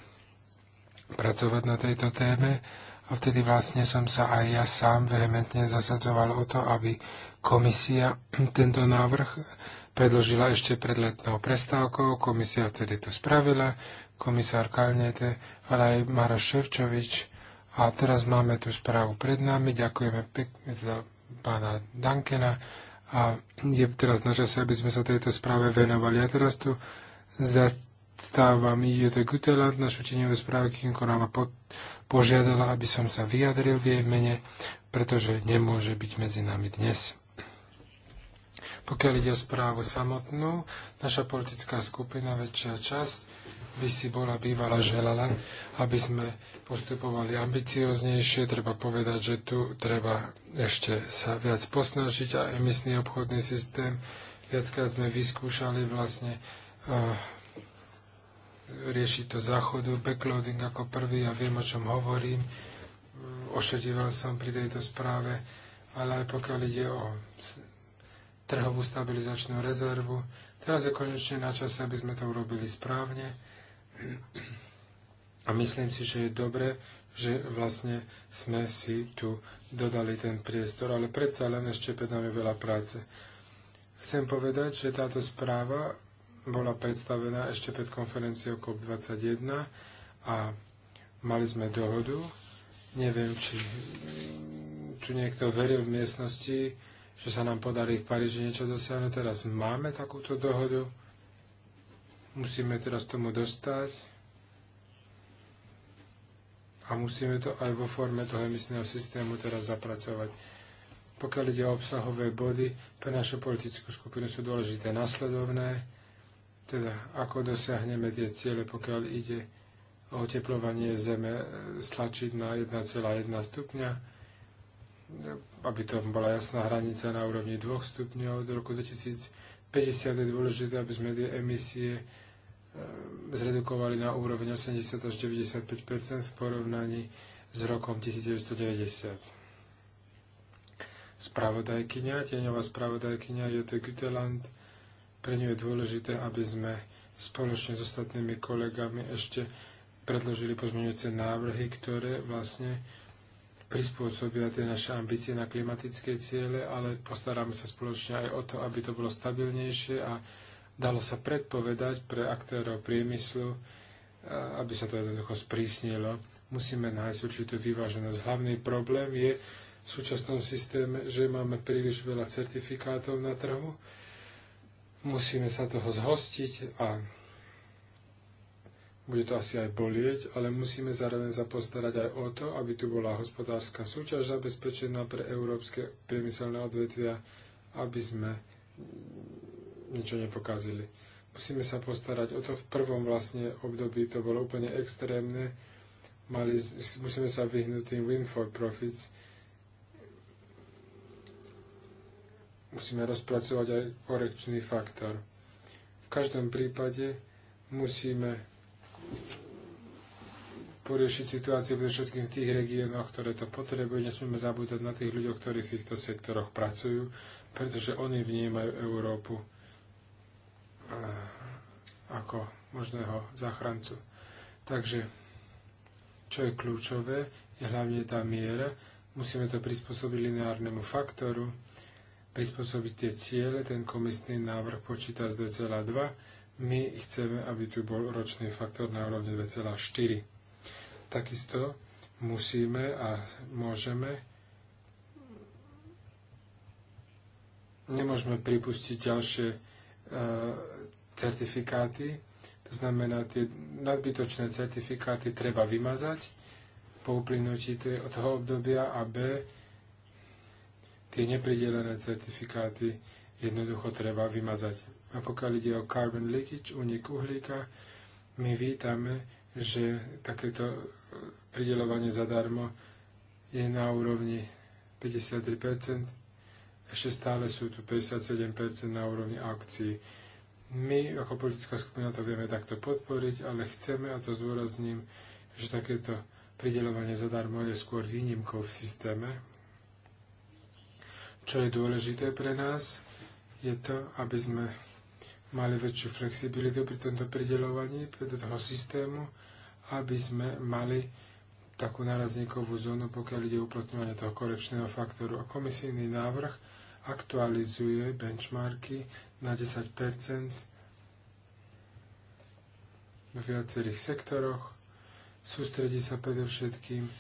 pracovať na tejto téme a vtedy vlastne som sa aj ja sám vehementne zasadzoval o to, aby komisia tento návrh predložila ešte pred letnou prestávkou. Komisia vtedy to spravila, komisár Kalnete, ale aj Mara Ševčovič. A teraz máme tú správu pred nami. Ďakujeme pekne za pána Dankena. A je teraz na čase, aby sme sa tejto správe venovali. A teraz tu zastávam Jute Guteland, našu tenevú správu, kým konáma pod požiadala, aby som sa vyjadril v jej mene, pretože nemôže byť medzi nami dnes. Pokiaľ ide o správu samotnú, naša politická skupina, väčšia časť, by si bola bývala želala, aby sme postupovali ambicioznejšie. Treba povedať, že tu treba ešte sa viac posnažiť a emisný obchodný systém. Viackrát sme vyskúšali vlastne eh, riešiť to záchodu, backloading ako prvý, ja viem, o čom hovorím, ošetíval som pri tejto správe, ale aj pokiaľ ide o trhovú stabilizačnú rezervu, teraz je konečne na čase, aby sme to urobili správne a myslím si, že je dobre, že vlastne sme si tu dodali ten priestor, ale predsa len ešte pred nami veľa práce. Chcem povedať, že táto správa bola predstavená ešte pred konferenciou COP21 a mali sme dohodu. Neviem, či tu niekto veril v miestnosti, že sa nám podarí v Paríži niečo dosiahnuť. Teraz máme takúto dohodu. Musíme teraz tomu dostať. A musíme to aj vo forme toho emisného systému teraz zapracovať. Pokiaľ ide o obsahové body, pre našu politickú skupinu sú dôležité nasledovné teda ako dosiahneme tie ciele, pokiaľ ide o oteplovanie Zeme, e, stlačiť na 1,1 stupňa, aby to bola jasná hranica na úrovni 2 stupňov. Do roku 2050 je dôležité, aby sme tie emisie e, zredukovali na úroveň 80 až 95 v porovnaní s rokom 1990. Spravodajkyňa, tieňová spravodajkyňa Jote Guteland. Pre ňu je dôležité, aby sme spoločne s ostatnými kolegami ešte predložili pozmeňujúce návrhy, ktoré vlastne prispôsobia tie naše ambície na klimatické ciele, ale postaráme sa spoločne aj o to, aby to bolo stabilnejšie a dalo sa predpovedať pre aktérov priemyslu, aby sa to jednoducho sprísnilo. Musíme nájsť určitú vyváženosť. Hlavný problém je v súčasnom systéme, že máme príliš veľa certifikátov na trhu, Musíme sa toho zhostiť a bude to asi aj bolieť, ale musíme zároveň sa postarať aj o to, aby tu bola hospodárska súťaž zabezpečená pre európske priemyselné odvetvia, aby sme niečo nepokázili. Musíme sa postarať o to. V prvom vlastne období to bolo úplne extrémne. Mali, musíme sa vyhnúť tým win for profits, musíme rozpracovať aj korekčný faktor. V každom prípade musíme poriešiť situáciu všetkým v tých regiónoch, ktoré to potrebujú. Nesmieme zabúdať na tých ľuďoch, ktorí v týchto sektoroch pracujú, pretože oni vnímajú Európu eh, ako možného záchrancu. Takže, čo je kľúčové, je hlavne tá miera. Musíme to prispôsobiť lineárnemu faktoru, prispôsobiť tie ciele. Ten komisný návrh počíta z 2,2. My chceme, aby tu bol ročný faktor na úrovni 2,4. Takisto musíme a môžeme nemôžeme pripustiť ďalšie e, certifikáty, to znamená, tie nadbytočné certifikáty treba vymazať po uplynutí toho obdobia a B, tie nepridelené certifikáty jednoducho treba vymazať. A pokiaľ ide o carbon leakage, unik uhlíka, my vítame, že takéto e, pridelovanie zadarmo je na úrovni 53%, ešte stále sú tu 57% na úrovni akcií. My ako politická skupina to vieme takto podporiť, ale chceme, a to zdôrazním, že takéto pridelovanie zadarmo je skôr výnimkou v systéme, čo je dôležité pre nás, je to, aby sme mali väčšiu flexibilitu pri tomto prideľovaní, pri toho systému, aby sme mali takú narazníkovú zónu, pokiaľ ide uplatňovanie toho korekčného faktoru. A komisijný návrh aktualizuje benchmarky na 10 v viacerých sektoroch, sústredí sa predovšetkým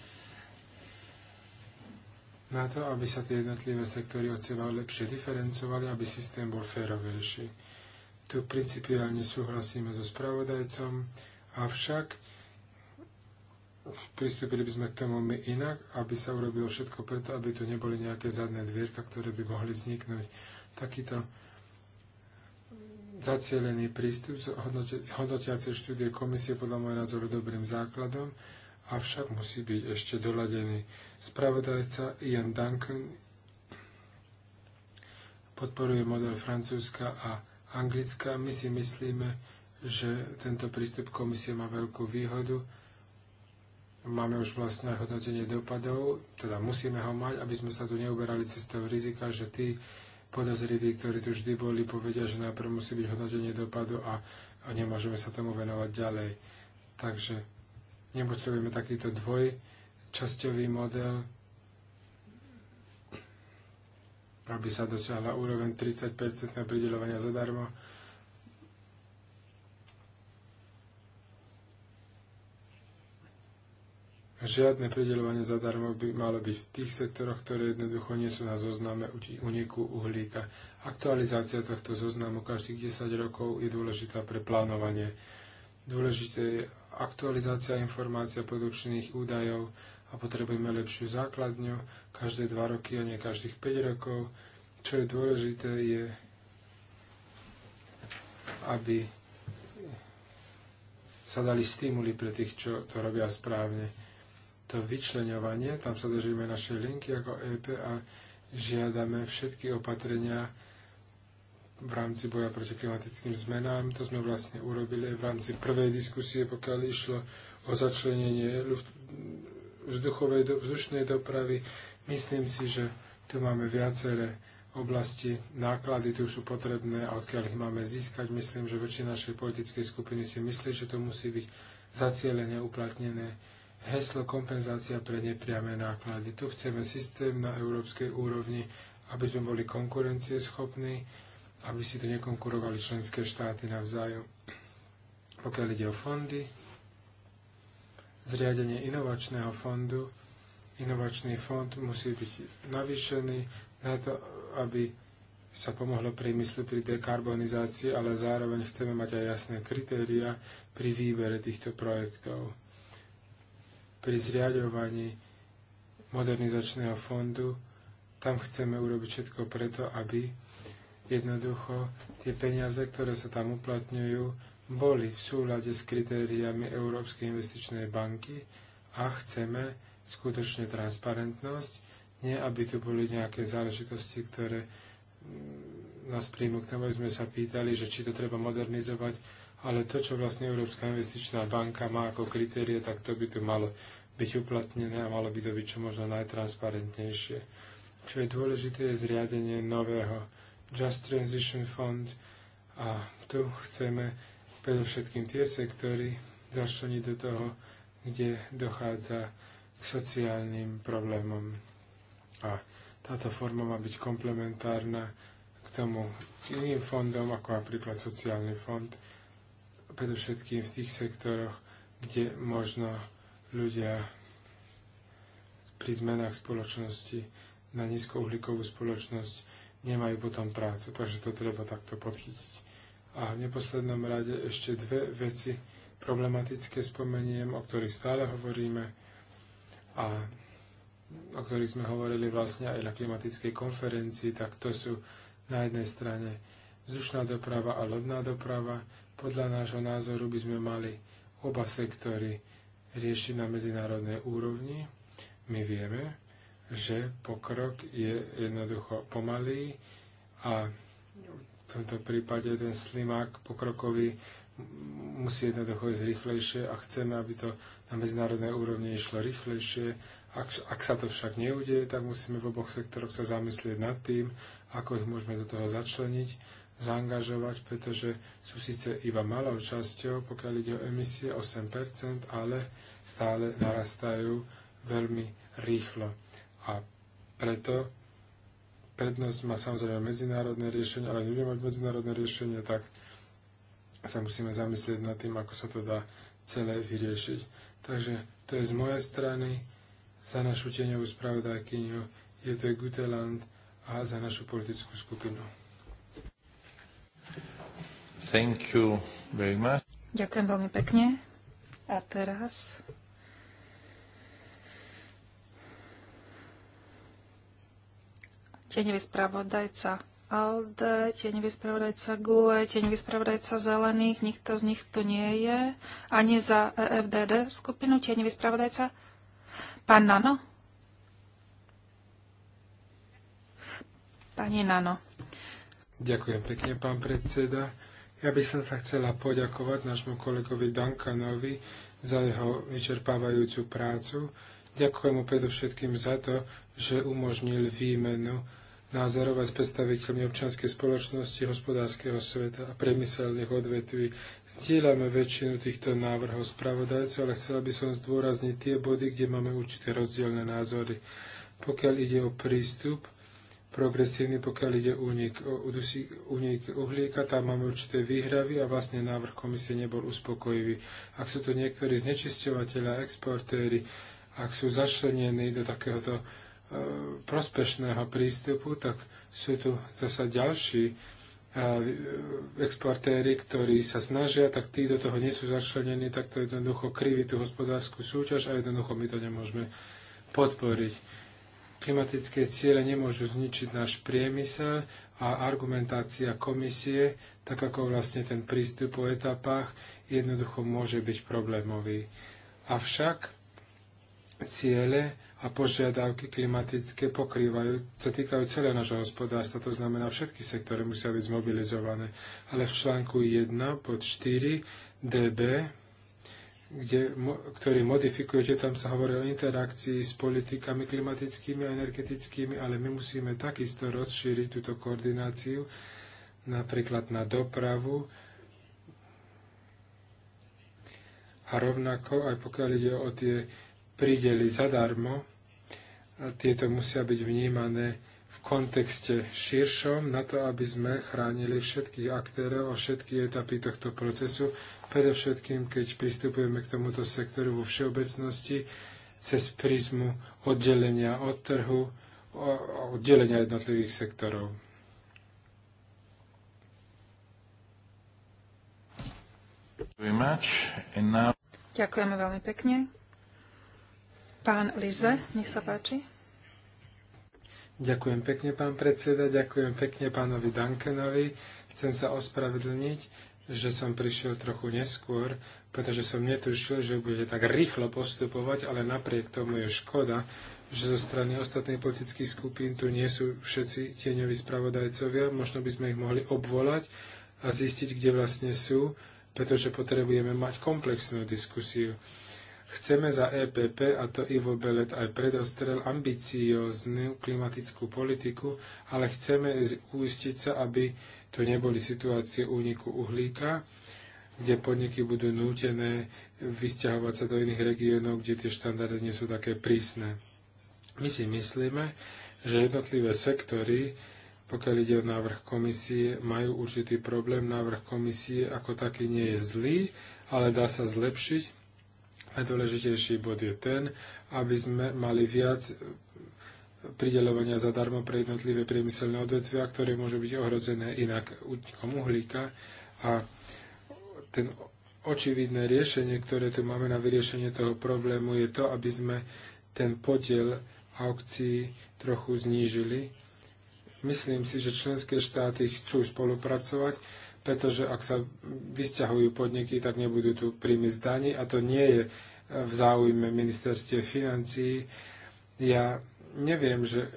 na to, aby sa tie jednotlivé sektory od seba lepšie diferencovali, aby systém bol férovejší. Tu principiálne súhlasíme so spravodajcom, avšak pristúpili by sme k tomu my inak, aby sa urobilo všetko preto, aby tu neboli nejaké zadné dvierka, ktoré by mohli vzniknúť. Takýto zacielený prístup, hodnotiace štúdie komisie podľa môjho názoru dobrým základom, avšak musí byť ešte doladený. Spravodajca Ian Duncan podporuje model Francúzska a anglická. My si myslíme, že tento prístup komisie má veľkú výhodu. Máme už vlastne hodnotenie dopadov, teda musíme ho mať, aby sme sa tu neuberali cestou rizika, že tí podozriví, ktorí tu vždy boli, povedia, že najprv musí byť hodnotenie dopadu a, a nemôžeme sa tomu venovať ďalej. Takže Nepotrebujeme takýto dvojčasťový model, aby sa dosiahla úroveň 30% pridelovania zadarmo. Žiadne pridelovanie zadarmo by malo byť v tých sektoroch, ktoré jednoducho nie sú na zozname uniku uhlíka. Aktualizácia tohto zoznamu každých 10 rokov je dôležitá pre plánovanie. Dôležité je, aktualizácia informácia produkčných údajov a potrebujeme lepšiu základňu každé 2 roky a nie každých 5 rokov. Čo je dôležité je, aby sa dali stimuly pre tých, čo to robia správne. To vyčleňovanie, tam sa držíme naše linky ako EP a žiadame všetky opatrenia, v rámci boja proti klimatickým zmenám. To sme vlastne urobili aj v rámci prvej diskusie, pokiaľ išlo o začlenenie vzduchovej, do, vzdušnej dopravy. Myslím si, že tu máme viaceré oblasti, náklady tu sú potrebné a odkiaľ ich máme získať. Myslím, že väčšina našej politickej skupiny si myslí, že to musí byť zacielené, uplatnené heslo kompenzácia pre nepriame náklady. Tu chceme systém na európskej úrovni, aby sme boli konkurencieschopní aby si to nekonkurovali členské štáty navzájom. Pokiaľ ide o fondy, zriadenie inovačného fondu, inovačný fond musí byť navýšený na to, aby sa pomohlo priemyslu pri dekarbonizácii, ale zároveň chceme mať aj jasné kritéria pri výbere týchto projektov. Pri zriadovaní modernizačného fondu tam chceme urobiť všetko preto, aby Jednoducho tie peniaze, ktoré sa tam uplatňujú, boli v súlade s kritériami Európskej investičnej banky a chceme skutočne transparentnosť, nie aby tu boli nejaké záležitosti, ktoré mm, nás príjmu k tomu, sme sa pýtali, že či to treba modernizovať, ale to, čo vlastne Európska investičná banka má ako kritérie, tak to by tu malo byť uplatnené a malo by to byť čo možno najtransparentnejšie. Čo je dôležité, je zriadenie nového Just Transition Fund a tu chceme predovšetkým tie sektory začleniť do toho, kde dochádza k sociálnym problémom. A táto forma má byť komplementárna k tomu iným fondom, ako napríklad sociálny fond, predovšetkým v tých sektoroch, kde možno ľudia pri zmenách spoločnosti na nízkouhlíkovú spoločnosť nemajú potom prácu. Takže to treba takto podchytiť. A v neposlednom rade ešte dve veci problematické spomeniem, o ktorých stále hovoríme a o ktorých sme hovorili vlastne aj na klimatickej konferencii, tak to sú na jednej strane vzdušná doprava a lodná doprava. Podľa nášho názoru by sme mali oba sektory riešiť na medzinárodnej úrovni. My vieme, že pokrok je jednoducho pomalý a v tomto prípade ten slimák pokrokový musí jednoducho ísť rýchlejšie a chceme, aby to na medzinárodnej úrovni išlo rýchlejšie. Ak, ak sa to však neudeje, tak musíme v oboch sektoroch sa zamyslieť nad tým, ako ich môžeme do toho začleniť, zaangažovať, pretože sú síce iba malou časťou, pokiaľ ide o emisie 8%, ale stále narastajú veľmi rýchlo a preto prednosť má samozrejme medzinárodné riešenie, ale nebudeme mať medzinárodné riešenie, tak sa musíme zamyslieť nad tým, ako sa to dá celé vyriešiť. Takže to je z mojej strany za našu tieňovú spravodajkyniu je to Guteland a za našu politickú skupinu. Thank you very much. Ďakujem veľmi pekne. A teraz tieňový spravodajca ALDE, tieňový spravodajca GUE, tieňový spravodajca Zelených, nikto z nich tu nie je, ani za EFDD skupinu, tieňový spravodajca pán Nano. Pani Nano. Ďakujem pekne, pán predseda. Ja by som sa chcela poďakovať nášmu kolegovi Duncanovi za jeho vyčerpávajúcu prácu. Ďakujem mu predovšetkým za to, že umožnil výmenu názorovať s predstaviteľmi občianskej spoločnosti, hospodárskeho sveta a priemyselných odvetví. Zdieľame väčšinu týchto návrhov spravodajcov, ale chcela by som zdôrazniť tie body, kde máme určité rozdielne názory. Pokiaľ ide o prístup, progresívny, pokiaľ ide o únik uhlíka, tam máme určité výhravy a vlastne návrh komisie nebol uspokojivý. Ak sú to niektorí znečisťovateľa, exportéry, ak sú zašlenení do takéhoto E, prospešného prístupu, tak sú tu zasa ďalší e, exportéry, ktorí sa snažia, tak tí do toho nie sú začlenení, tak to jednoducho kriví tú hospodárskú súťaž a jednoducho my to nemôžeme podporiť. Klimatické ciele nemôžu zničiť náš priemysel a argumentácia komisie, tak ako vlastne ten prístup po etapách, jednoducho môže byť problémový. Avšak ciele a požiadavky klimatické pokrývajú, sa týkajú celého nášho hospodárstva, to znamená všetky sektory musia byť zmobilizované. Ale v článku 1 pod 4 DB, kde, ktorý modifikujete, tam sa hovorí o interakcii s politikami klimatickými a energetickými, ale my musíme takisto rozšíriť túto koordináciu napríklad na dopravu, a rovnako aj pokiaľ ide o tie prideli zadarmo, a tieto musia byť vnímané v kontexte širšom, na to, aby sme chránili všetkých aktérov a všetky etapy tohto procesu, predovšetkým, keď pristupujeme k tomuto sektoru vo všeobecnosti, cez prízmu oddelenia od trhu, oddelenia jednotlivých sektorov. Ďakujeme veľmi pekne. Pán Lize, nech sa páči. Ďakujem pekne, pán predseda, ďakujem pekne pánovi Duncanovi. Chcem sa ospravedlniť, že som prišiel trochu neskôr, pretože som netušil, že bude tak rýchlo postupovať, ale napriek tomu je škoda, že zo strany ostatných politických skupín tu nie sú všetci tieňoví spravodajcovia. Možno by sme ich mohli obvolať a zistiť, kde vlastne sú, pretože potrebujeme mať komplexnú diskusiu. Chceme za EPP, a to Ivo Belet aj predostrel, ambicióznu klimatickú politiku, ale chceme uistiť sa, aby to neboli situácie úniku uhlíka, kde podniky budú nútené vysťahovať sa do iných regiónov, kde tie štandardy nie sú také prísne. My si myslíme, že jednotlivé sektory, pokiaľ ide o návrh komisie, majú určitý problém. Návrh komisie ako taký nie je zlý, ale dá sa zlepšiť Najdôležitejší bod je ten, aby sme mali viac prideľovania zadarmo pre jednotlivé priemyselné odvetvia, ktoré môžu byť ohrozené inak únikom uhlíka. A ten očividné riešenie, ktoré tu máme na vyriešenie toho problému, je to, aby sme ten podiel aukcií trochu znížili. Myslím si, že členské štáty chcú spolupracovať, pretože ak sa vysťahujú podniky, tak nebudú tu príjmy z daní a to nie je v záujme ministerstie financií. Ja neviem, že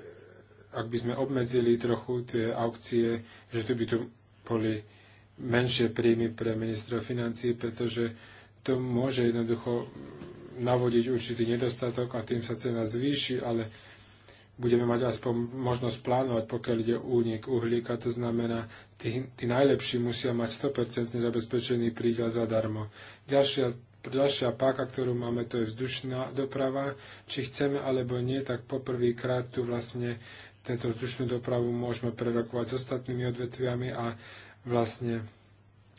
ak by sme obmedzili trochu tie aukcie, že tu by tu boli menšie príjmy pre ministrov financií, pretože to môže jednoducho navodiť určitý nedostatok a tým sa cena zvýši, ale budeme mať aspoň možnosť plánovať, pokiaľ ide únik uhlíka, to znamená, tí, tí najlepší musia mať 100% zabezpečený prídel zadarmo. Ďalšia, ďalšia páka, ktorú máme, to je vzdušná doprava. Či chceme alebo nie, tak poprvýkrát tu vlastne tento vzdušnú dopravu môžeme prerokovať s ostatnými odvetviami a vlastne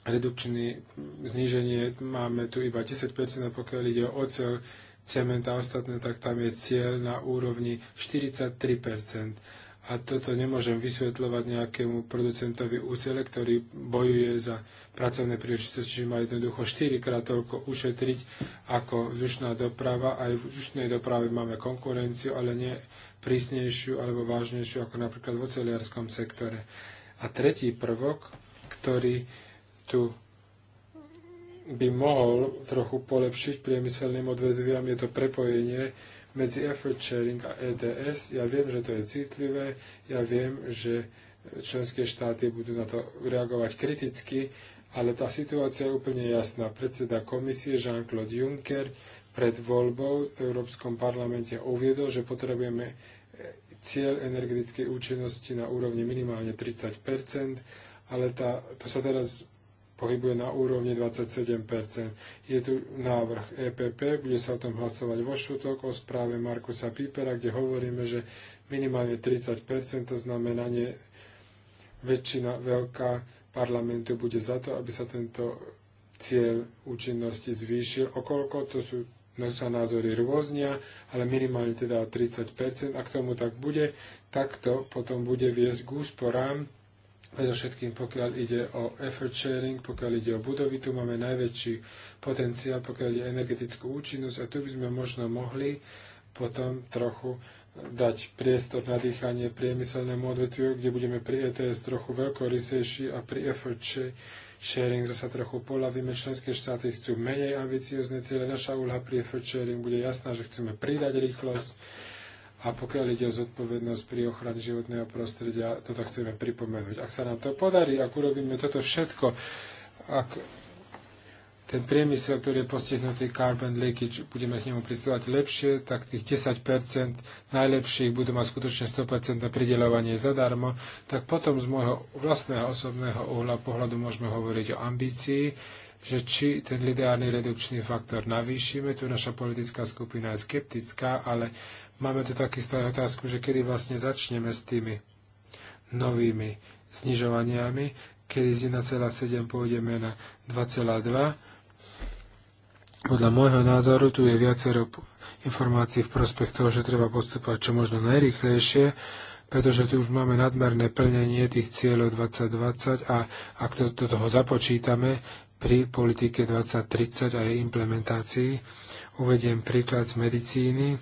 redukčný zníženie máme tu iba 10%, pokiaľ ide o oceľ, cement a ostatné, tak tam je cieľ na úrovni 43 a toto nemôžem vysvetľovať nejakému producentovi úcele, ktorý bojuje za pracovné príležitosti, čiže má jednoducho 4 krát toľko ušetriť ako vzdušná doprava. Aj v vzdušnej doprave máme konkurenciu, ale nie prísnejšiu alebo vážnejšiu ako napríklad v oceliarskom sektore. A tretí prvok, ktorý tu by mohol trochu polepšiť priemyselným odvedviam, je to prepojenie medzi effort sharing a EDS. Ja viem, že to je citlivé, ja viem, že členské štáty budú na to reagovať kriticky, ale tá situácia je úplne jasná. Predseda komisie Jean-Claude Juncker pred voľbou v Európskom parlamente uviedol, že potrebujeme cieľ energetickej účinnosti na úrovni minimálne 30 ale tá, to sa teraz pohybuje na úrovni 27%. Je tu návrh EPP, bude sa o tom hlasovať vo šutok o správe Markusa Pípera, kde hovoríme, že minimálne 30%, to znamená, nie väčšina veľká parlamentu bude za to, aby sa tento cieľ účinnosti zvýšil. Okolko to sú no sa názory rôznia, ale minimálne teda 30%. Ak tomu tak bude, tak to potom bude viesť k úsporám Predovšetkým pokiaľ ide o effort sharing, pokiaľ ide o budovy, tu máme najväčší potenciál, pokiaľ ide energetickú účinnosť a tu by sme možno mohli potom trochu dať priestor na dýchanie priemyselnému odvetviu, kde budeme pri ETS trochu veľkorysejší a pri effort sharing zasa trochu polavíme. Členské štáty chcú menej ambiciozne cieľe. Naša úloha pri effort sharing bude jasná, že chceme pridať rýchlosť, a pokiaľ ide o zodpovednosť pri ochrane životného prostredia, toto chceme pripomenúť. Ak sa nám to podarí, ak urobíme toto všetko, ak ten priemysel, ktorý je postihnutý carbon leakage, budeme k nemu pristúvať lepšie, tak tých 10% najlepších budú mať skutočne 100% pridelovanie zadarmo, tak potom z môjho vlastného osobného uhla pohľadu môžeme hovoriť o ambícii, že či ten lineárny redukčný faktor navýšime, tu naša politická skupina je skeptická, ale Máme tu takisto aj otázku, že kedy vlastne začneme s tými novými znižovaniami, kedy z 1,7 pôjdeme na 2,2. Podľa môjho názoru tu je viacero informácií v prospech toho, že treba postupovať čo možno najrychlejšie, pretože tu už máme nadmerné plnenie tých cieľov 2020 a ak to, to toho započítame pri politike 2030 a jej implementácii, uvediem príklad z medicíny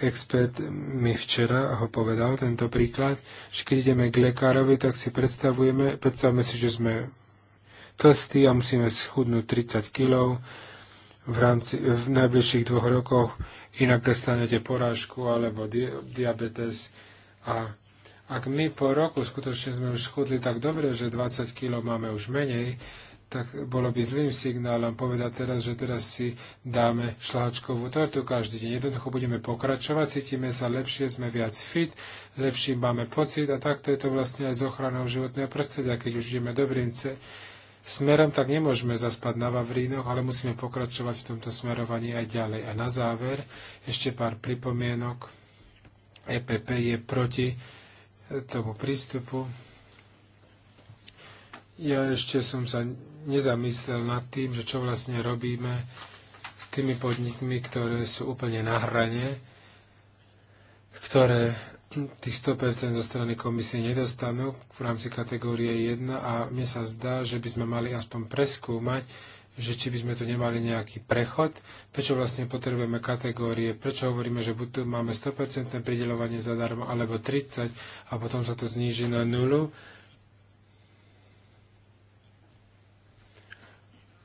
expert mi včera ho povedal, tento príklad, že keď ideme k lekárovi, tak si predstavujeme, predstavme si, že sme tlstí a musíme schudnúť 30 kg v, rámci, v najbližších dvoch rokoch, inak dostanete porážku alebo di, diabetes. A ak my po roku skutočne sme už schudli tak dobre, že 20 kg máme už menej, tak bolo by zlým signálom povedať teraz, že teraz si dáme šláčkovú tortu každý deň. Jednoducho budeme pokračovať, cítime sa lepšie, sme viac fit, lepší máme pocit a takto je to vlastne aj s ochranou životného prostredia. Keď už ideme dobrým smerom, tak nemôžeme zaspať na Vavrínoch, ale musíme pokračovať v tomto smerovaní aj ďalej. A na záver ešte pár pripomienok. EPP je proti e, tomu prístupu. Ja ešte som sa nezamyslel nad tým, že čo vlastne robíme s tými podnikmi, ktoré sú úplne na hrane, ktoré tých 100% zo strany komisie nedostanú v rámci kategórie 1 a mne sa zdá, že by sme mali aspoň preskúmať, že či by sme tu nemali nejaký prechod, prečo vlastne potrebujeme kategórie, prečo hovoríme, že buď tu máme 100% pridelovanie zadarmo, alebo 30 a potom sa to zníži na nulu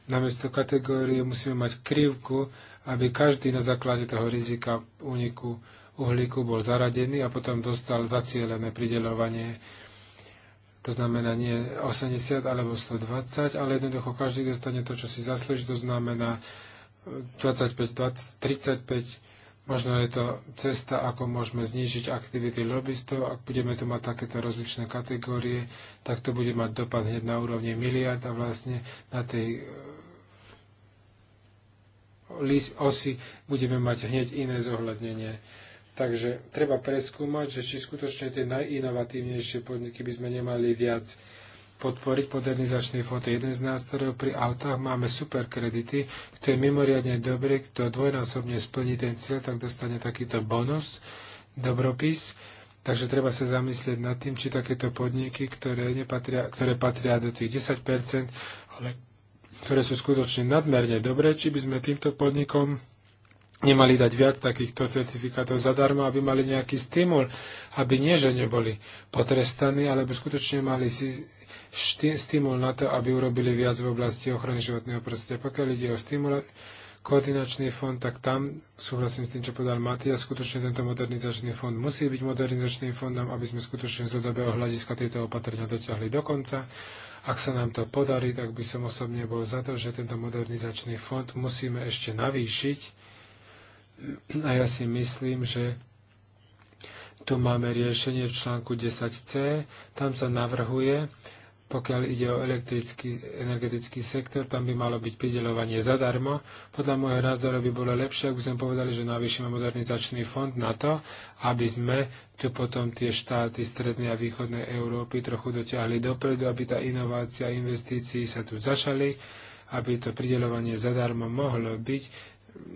Namiesto kategórie musíme mať krivku, aby každý na základe toho rizika úniku uhlíku bol zaradený a potom dostal zacielené prideľovanie. To znamená nie 80 alebo 120, ale jednoducho každý dostane to, čo si zaslúži. To znamená 25, 20, 35. Možno je to cesta, ako môžeme znížiť aktivity lobbystov. Ak budeme tu mať takéto rozličné kategórie, tak to bude mať dopad hneď na úrovni miliard a vlastne na tej osy budeme mať hneď iné zohľadnenie. Takže treba preskúmať, že či skutočne tie najinovatívnejšie podniky by sme nemali viac podporiť modernizačný fond je jeden z nástrojov. Pri autách máme super kredity, kto je mimoriadne dobrý, kto dvojnásobne splní ten cieľ, tak dostane takýto bonus, dobropis. Takže treba sa zamyslieť nad tým, či takéto podniky, ktoré, nepatria, ktoré patria do tých 10%, ale ktoré sú skutočne nadmerne dobré, či by sme týmto podnikom nemali dať viac takýchto certifikátov zadarmo, aby mali nejaký stimul, aby nie, že neboli potrestaní, alebo skutočne mali si stimul na to, aby urobili viac v oblasti ochrany životného prostredia. Pokiaľ ide o stimul, koordinačný fond, tak tam súhlasím s tým, čo povedal Matias, skutočne tento modernizačný fond musí byť modernizačným fondom, aby sme skutočne z dlhodobého hľadiska tieto opatrenia dotiahli do konca ak sa nám to podarí, tak by som osobne bol za to, že tento modernizačný fond musíme ešte navýšiť. A ja si myslím, že tu máme riešenie v článku 10c. Tam sa navrhuje, pokiaľ ide o elektrický, energetický sektor, tam by malo byť pridelovanie zadarmo. Podľa môjho názoru by bolo lepšie, ak by sme povedali, že navýšime modernizačný fond na to, aby sme tu potom tie štáty strednej a východnej Európy trochu dotiahli dopredu, aby tá inovácia investícií sa tu zašali, aby to pridelovanie zadarmo mohlo byť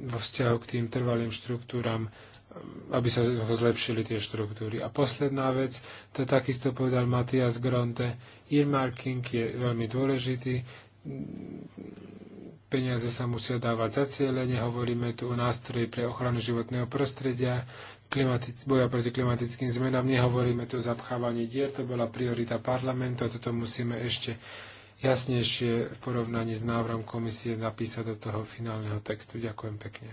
vo vzťahu k tým trvalým štruktúram Um, aby sa zlepšili tie štruktúry. A posledná vec, to takisto povedal Matias Gronte, earmarking je veľmi dôležitý, peniaze sa musia dávať za cieľenie, nehovoríme tu o nástroji pre ochranu životného prostredia, klimatic, boja proti klimatickým zmenám, nehovoríme tu o zapchávaní dier, to bola priorita parlamentu a toto musíme ešte jasnejšie v porovnaní s návrhom komisie napísať do toho finálneho textu. Ďakujem pekne.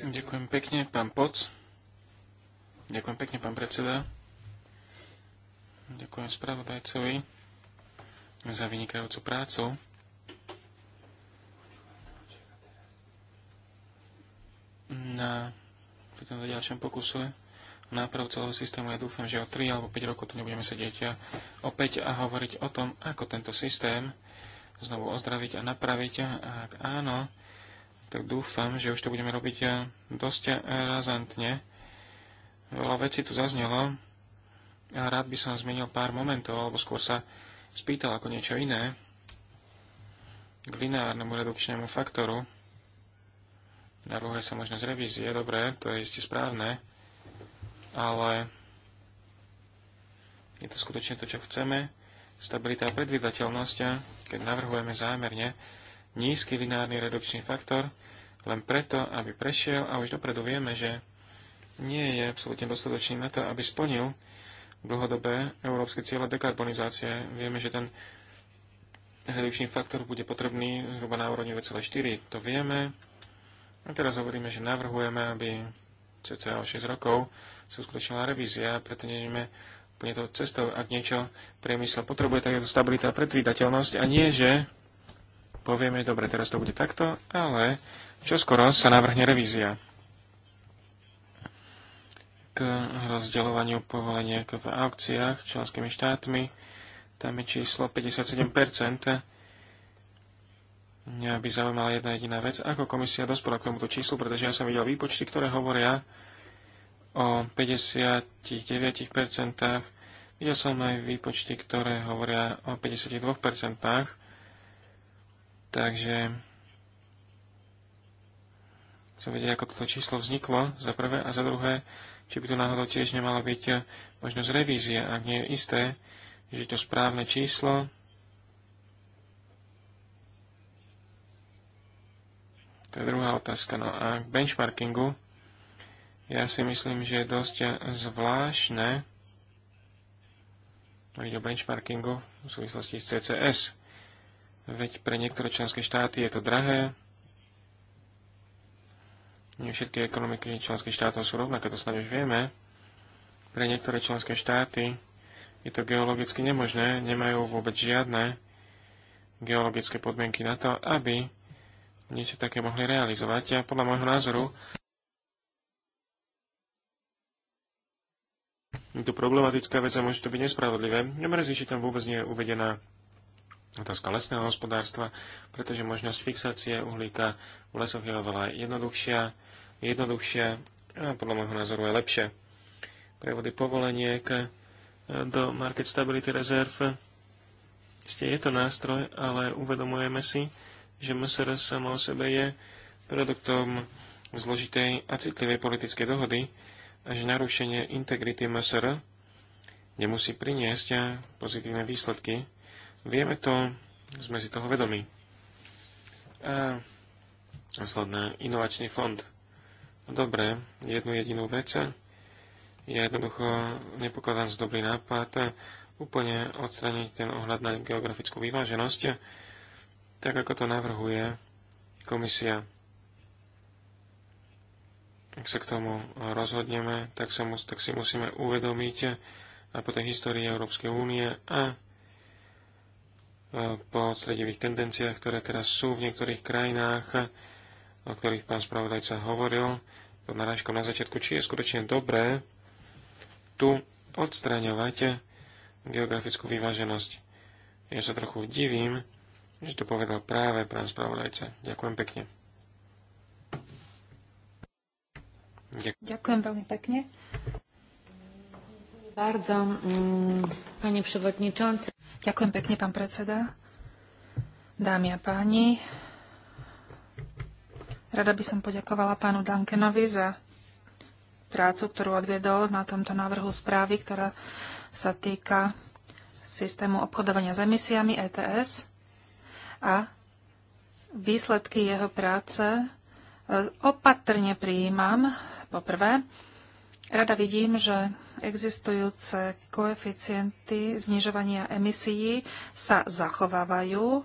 Ďakujem pekne, pán Poc. Ďakujem pekne, pán predseda. Ďakujem spravodajcovi za vynikajúcu prácu. Na pri tomto ďalšom pokuse náprav celého systému. Ja dúfam, že o 3 alebo 5 rokov tu nebudeme sedieť a opäť a hovoriť o tom, ako tento systém znovu ozdraviť a napraviť. A ak áno, tak dúfam, že už to budeme robiť eh, dosť eh, razantne. Veľa vecí tu zaznelo a rád by som zmenil pár momentov, alebo skôr sa spýtal ako niečo iné k lineárnemu redukčnému faktoru. Navrhuje sa možnosť revízie, dobre, to je isté správne, ale je to skutočne to, čo chceme. Stabilita a predvydateľnosť, eh, keď navrhujeme zámerne nízky lineárny redukčný faktor len preto, aby prešiel a už dopredu vieme, že nie je absolútne dostatočný na to, aby splnil dlhodobé európske cieľe dekarbonizácie. Vieme, že ten redukčný faktor bude potrebný zhruba na úrovni 2,4. To vieme. A teraz hovoríme, že navrhujeme, aby cca o 6 rokov sa uskutočnila revízia, preto nevieme úplne to cestou, ak niečo priemysel potrebuje, tak je to stabilita a predvídateľnosť a nie, že povieme, dobre, teraz to bude takto, ale čo skoro sa navrhne revízia k rozdeľovaniu povolenia v aukciách členskými štátmi. Tam je číslo 57%. Mňa by zaujímala jedna jediná vec, ako komisia dospela k tomuto číslu, pretože ja som videl výpočty, ktoré hovoria o 59%. Videl som aj výpočty, ktoré hovoria o 52%. Takže chcem vedieť, ako toto číslo vzniklo, za prvé, a za druhé, či by to náhodou tiež nemala byť možnosť revízie, ak nie je isté, že je to správne číslo. To je druhá otázka. No a k benchmarkingu. Ja si myslím, že je dosť zvláštne hovoriť o benchmarkingu v súvislosti s CCS. Veď pre niektoré členské štáty je to drahé. Nie všetky ekonomiky členských štátov sú rovnaké, to snad už vieme. Pre niektoré členské štáty je to geologicky nemožné, nemajú vôbec žiadne geologické podmienky na to, aby niečo také mohli realizovať. A podľa môjho názoru je to problematická vec a môže to byť nespravodlivé. Nemrzí, že tam vôbec nie je uvedená otázka lesného hospodárstva, pretože možnosť fixácie uhlíka v lesoch je oveľa jednoduchšia, jednoduchšia a podľa môjho názoru je lepšia. Prevody povoleniek do Market Stability Reserve ste, je to nástroj, ale uvedomujeme si, že MSR sama o sebe je produktom zložitej a citlivej politickej dohody a že narušenie integrity MSR nemusí priniesť pozitívne výsledky Vieme to, sme si toho vedomi. A následná inovačný fond. No dobre, jednu jedinú vec. Ja jednoducho nepokladám za dobrý nápad úplne odstraniť ten ohľad na geografickú vyváženosť, tak ako to navrhuje komisia. Ak sa k tomu rozhodneme, tak, sa mus, tak si musíme uvedomiť a po tej histórii Európskej únie a po stredivých tendenciách, ktoré teraz sú v niektorých krajinách, o ktorých pán spravodajca hovoril, to narážkou na začiatku, či je skutočne dobré tu odstraňovať geografickú vyváženosť. Ja sa trochu divím, že to povedal práve pán spravodajca. Ďakujem pekne. Ďakujem veľmi pekne. Bardzo, mm, przewodniczący. Ďakujem pekne, pán predseda. Dámy a páni, rada by som poďakovala pánu Dankenovi za prácu, ktorú odviedol na tomto návrhu správy, ktorá sa týka systému obchodovania s emisiami ETS a výsledky jeho práce e, opatrne prijímam. Poprvé, rada vidím, že existujúce koeficienty znižovania emisií sa zachovávajú.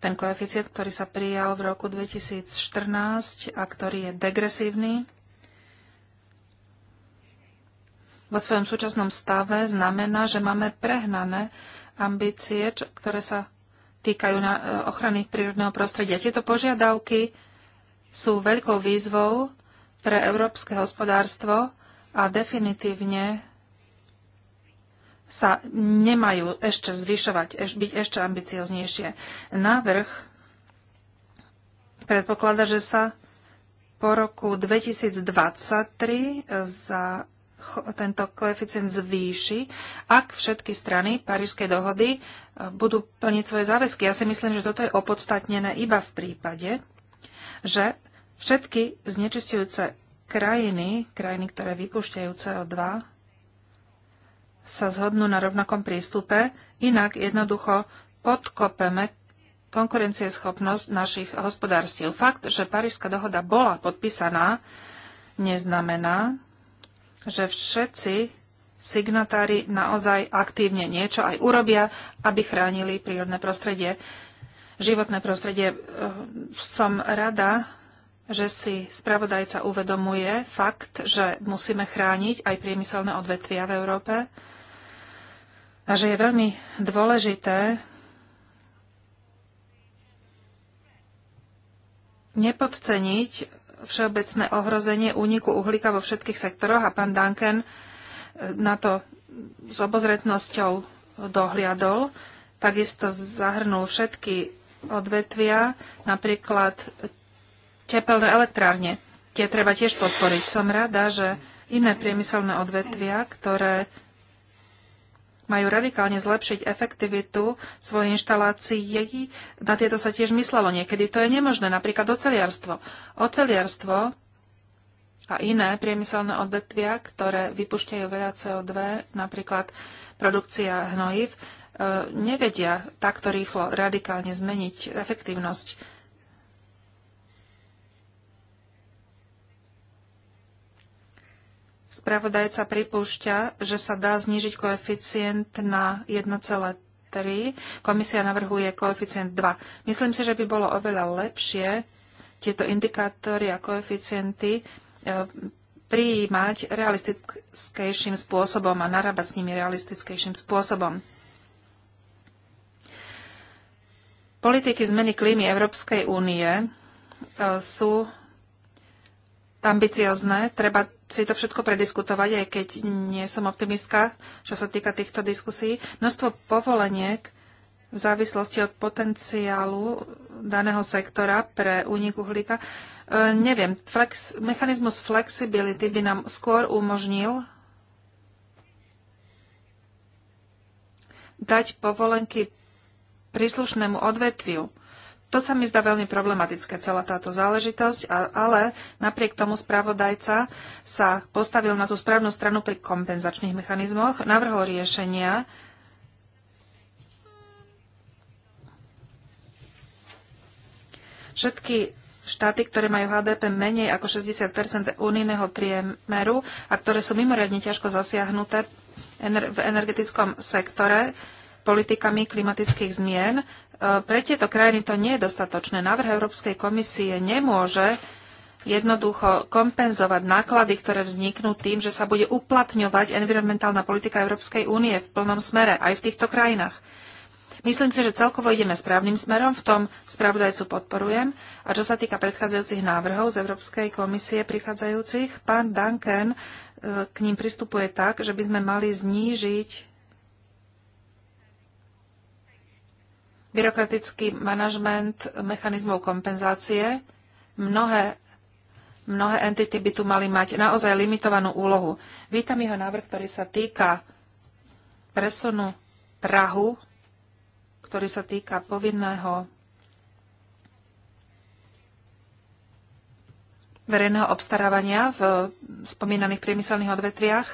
Ten koeficient, ktorý sa prijal v roku 2014 a ktorý je degresívny, vo svojom súčasnom stave znamená, že máme prehnané ambície, ktoré sa týkajú na e, ochrany prírodného prostredia. Tieto požiadavky sú veľkou výzvou pre európske hospodárstvo, a definitívne sa nemajú ešte zvyšovať, byť ešte ambicioznejšie. Návrh predpokladá, že sa po roku 2023 za tento koeficient zvýši, ak všetky strany Parížskej dohody e, budú plniť svoje záväzky. Ja si myslím, že toto je opodstatnené iba v prípade, že všetky znečistujúce krajiny, krajiny, ktoré vypúšťajú CO2, sa zhodnú na rovnakom prístupe, inak jednoducho podkopeme konkurencieschopnosť našich hospodárstiev. Fakt, že Parížská dohoda bola podpísaná, neznamená, že všetci signatári naozaj aktívne niečo aj urobia, aby chránili prírodné prostredie. Životné prostredie ehm, som rada, že si spravodajca uvedomuje fakt, že musíme chrániť aj priemyselné odvetvia v Európe a že je veľmi dôležité nepodceniť všeobecné ohrozenie úniku uhlíka vo všetkých sektoroch a pán Duncan e, na to s obozretnosťou dohliadol. Takisto zahrnul všetky odvetvia, napríklad tepelné elektrárne. Tie treba tiež podporiť. Som rada, že iné priemyselné odvetvia, ktoré majú radikálne zlepšiť efektivitu svojej inštalácií, na tieto sa tiež myslelo niekedy. To je nemožné, napríklad oceliarstvo. Oceliarstvo a iné priemyselné odvetvia, ktoré vypušťajú veľa CO2, napríklad produkcia hnojiv, e, nevedia takto rýchlo radikálne zmeniť efektívnosť Spravodajca pripúšťa, že sa dá znížiť koeficient na 1,3. Komisia navrhuje koeficient 2. Myslím si, že by bolo oveľa lepšie tieto indikátory a koeficienty e, prijímať realistickejším spôsobom a narábať s nimi realistickejším spôsobom. Politiky zmeny klímy Európskej únie e, sú ambiciozne. Treba si to všetko prediskutovať, aj keď nie som optimistka, čo sa týka týchto diskusí. Množstvo povoleniek v závislosti od potenciálu daného sektora pre únik uhlíka. E, neviem, flex, mechanizmus flexibility by nám skôr umožnil dať povolenky príslušnému odvetviu to sa mi zdá veľmi problematické, celá táto záležitosť, ale napriek tomu spravodajca sa postavil na tú správnu stranu pri kompenzačných mechanizmoch, navrhol riešenia, Všetky štáty, ktoré majú HDP menej ako 60 unijného priemeru a ktoré sú mimoriadne ťažko zasiahnuté v energetickom sektore, politikami klimatických zmien. E, pre tieto krajiny to nie je dostatočné. Návrh Európskej komisie nemôže jednoducho kompenzovať náklady, ktoré vzniknú tým, že sa bude uplatňovať environmentálna politika Európskej únie v plnom smere aj v týchto krajinách. Myslím si, že celkovo ideme správnym smerom, v tom spravodajcu podporujem. A čo sa týka predchádzajúcich návrhov z Európskej komisie prichádzajúcich, pán Duncan e, k ním pristupuje tak, že by sme mali znížiť byrokratický manažment mechanizmov kompenzácie. Mnohé, mnohé entity by tu mali mať naozaj limitovanú úlohu. Vítam jeho návrh, ktorý sa týka presunu Prahu, ktorý sa týka povinného verejného obstarávania v spomínaných priemyselných odvetviach.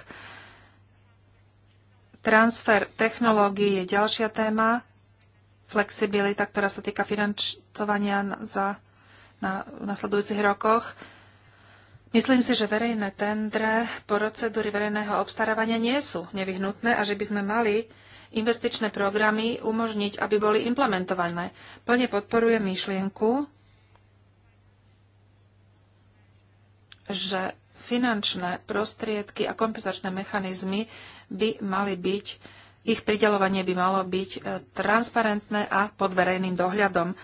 Transfer technológií je ďalšia téma flexibilita, ktorá sa týka financovania za, na nasledujúcich rokoch. Myslím si, že verejné tendre, procedúry verejného obstarávania nie sú nevyhnutné a že by sme mali investičné programy umožniť, aby boli implementované. Plne podporujem myšlienku, že finančné prostriedky a kompenzačné mechanizmy by mali byť ich pridelovanie by malo byť e, transparentné a pod verejným dohľadom.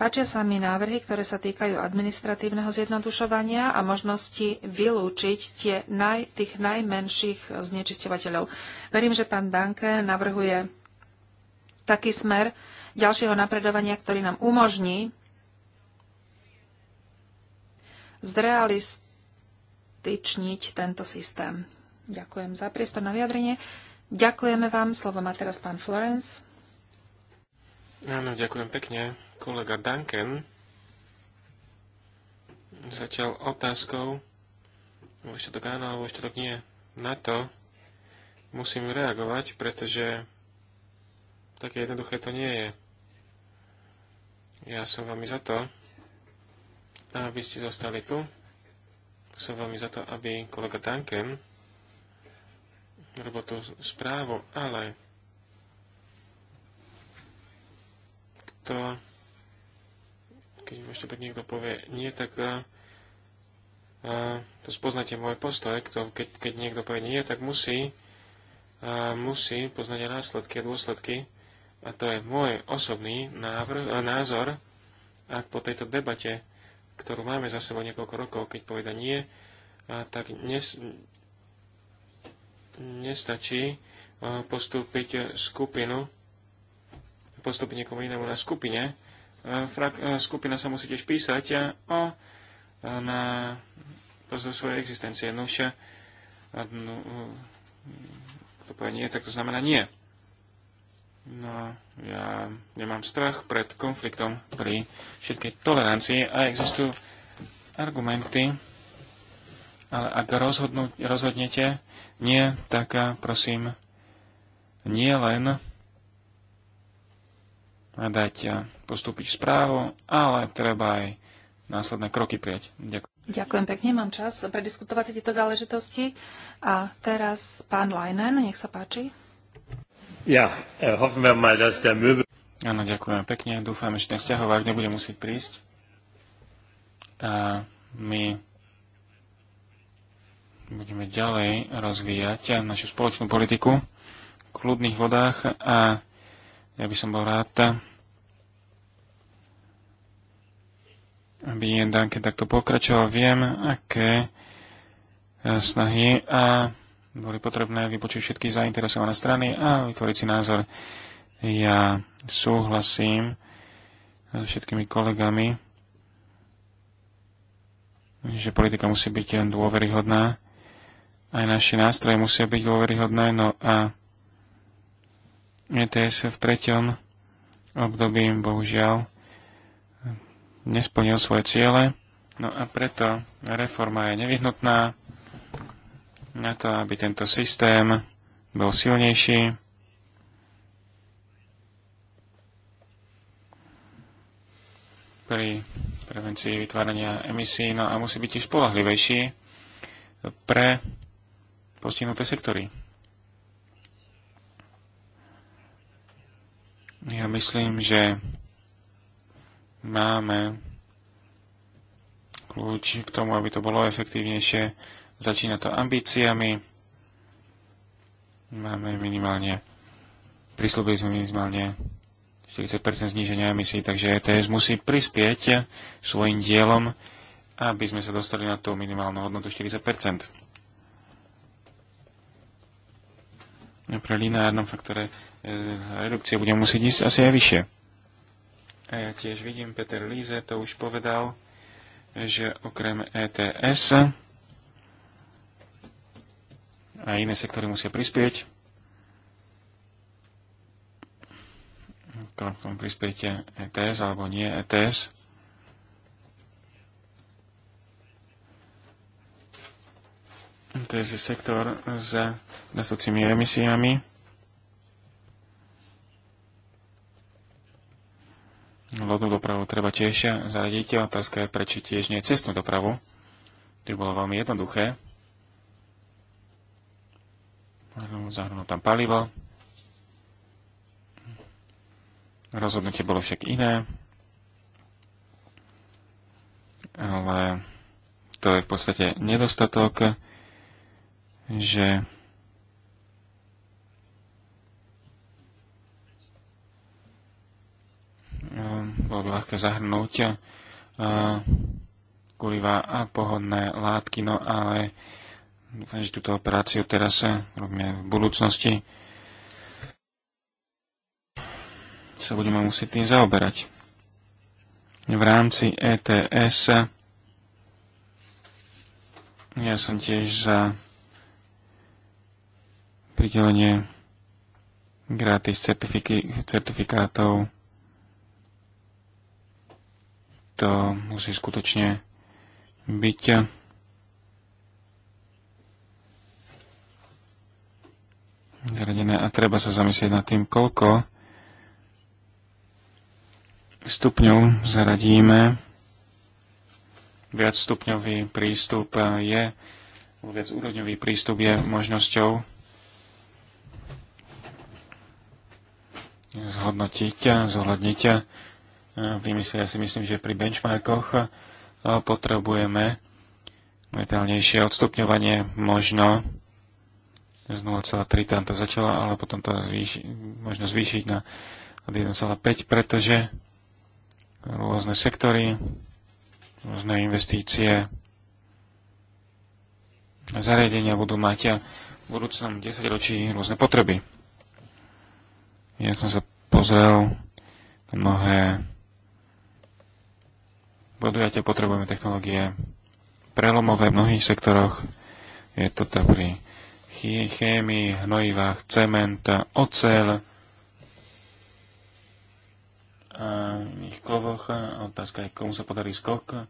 Páčia sa mi návrhy, ktoré sa týkajú administratívneho zjednodušovania a možnosti vylúčiť tie naj, tých najmenších znečisťovateľov. Verím, že pán Danke navrhuje taký smer ďalšieho napredovania, ktorý nám umožní zrealističniť tento systém. Ďakujem za priestor na vyjadrenie. Ďakujeme vám. Slovo má teraz pán Florence. Áno, ďakujem pekne. Kolega Duncan začal otázkou, vo štátok áno, alebo štátok nie. Na to musím reagovať, pretože také jednoduché to nie je. Ja som veľmi za to, aby ste zostali tu. Som veľmi za to, aby kolega Duncan to správo, ale to, keď ešte tak niekto povie, nie, tak a, eh, a, eh, to spoznáte môj postoj, kto, keď, keď niekto povie nie, tak musí, a, eh, musí poznať následky a dôsledky, a to je môj osobný návrh, a názor, ak po tejto debate, ktorú máme za sebou niekoľko rokov, keď poveda nie, a, tak nes, nestačí e, postúpiť skupinu, postúpiť niekomu inému na skupine. E, frak, e, skupina sa musí tiež písať o, na pozor svojej existencie. no, to povie nie, tak to znamená nie. No, ja nemám strach pred konfliktom pri všetkej tolerancii a existujú argumenty, ale ak rozhodnú, rozhodnete nie, tak eh, prosím nie len eh, dať eh, postúpiť správu, ale treba aj následné kroky prijať. Ďakujem. Ďakujem pekne, mám čas prediskutovať tieto záležitosti. A teraz pán Leinen, nech sa páči. Ja, hoffen wir mal, dass der Möbel... Áno, ďakujem pekne. Dúfam, že ten stiahovák nebude musieť prísť. A my budeme ďalej rozvíjať našu spoločnú politiku v kľudných vodách a ja by som bol rád, aby Danke takto pokračoval. Viem, aké e, snahy a boli potrebné vypočuť všetky zainteresované strany a vytvoriť si názor. Ja súhlasím s všetkými kolegami, že politika musí byť dôveryhodná aj naše nástroje musia byť dôveryhodné, no a ETS v treťom období bohužiaľ nesplnil svoje ciele, no a preto reforma je nevyhnutná na to, aby tento systém bol silnejší. pri prevencii vytvárania emisí, no a musí byť tiež spolahlivejší pre postihnuté sektory. Ja myslím, že máme kľúč k tomu, aby to bolo efektívnejšie. Začína to ambíciami. Máme minimálne, prislúbili sme minimálne 40% zníženia emisí, takže ETS musí prispieť svojim dielom, aby sme sa dostali na tú minimálnu hodnotu 40%. Pre lineárnom faktore e, redukcie budeme musieť ísť asi aj vyššie. A ja tiež vidím, Peter Líze to už povedal, že okrem ETS a iné sektory musia prispieť. K tomu prispiete ETS alebo nie ETS. To je sektor s rastúcimi emisiami. Lodnú dopravu treba tiež zaradiť. Otázka je, prečo tiež nie cestnú dopravu. To by bolo veľmi jednoduché. Zahrnú tam palivo. Rozhodnutie bolo však iné. Ale to je v podstate nedostatok že eh, bolo by ľahké zahrnúť eh, kuliva a pohodné látky, no ale dúfam, že túto operáciu teraz eh, robíme v budúcnosti. Sa budeme musieť tým zaoberať. V rámci ETS ja som tiež za pridelenie gratis certifikátov. To musí skutočne byť zaradené a treba sa zamyslieť nad tým, koľko stupňov zaradíme. Viac stupňový prístup je, viac úrovňový prístup je možnosťou zhodnotiť, zohľadniť. E, Vymyslia ja si myslím, že pri benchmarkoch e, potrebujeme metálnejšie odstupňovanie možno z 0,3 tam to začalo, ale potom to zvýši, možno zvýšiť na 1,5, pretože rôzne sektory, rôzne investície, zariadenia budú mať v budúcnom 10 ročí rôzne potreby. Ja som sa pozrel na mnohé podujatia, potrebujeme technológie prelomové v mnohých sektoroch. Je to tak pri chémii, hnojivách, cement, ocel a iných kovoch. Otázka je, komu sa podarí skok e,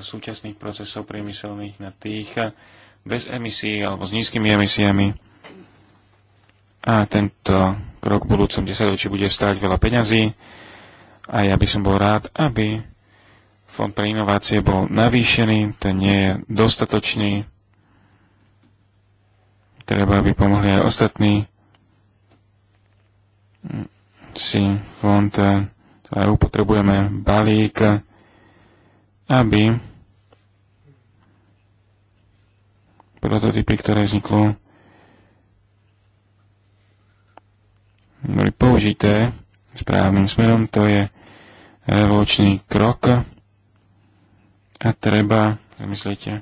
zo súčasných procesov priemyselných na tých bez emisí alebo s nízkymi emisiami a tento krok v budúcom desaťročí bude stáť veľa peňazí a ja by som bol rád, aby fond pre inovácie bol navýšený, ten nie je dostatočný. Treba, aby pomohli aj ostatní si fond aj upotrebujeme balík, aby prototypy, ktoré vzniklo boli použité správnym smerom, to je revolučný krok a treba, myslíte,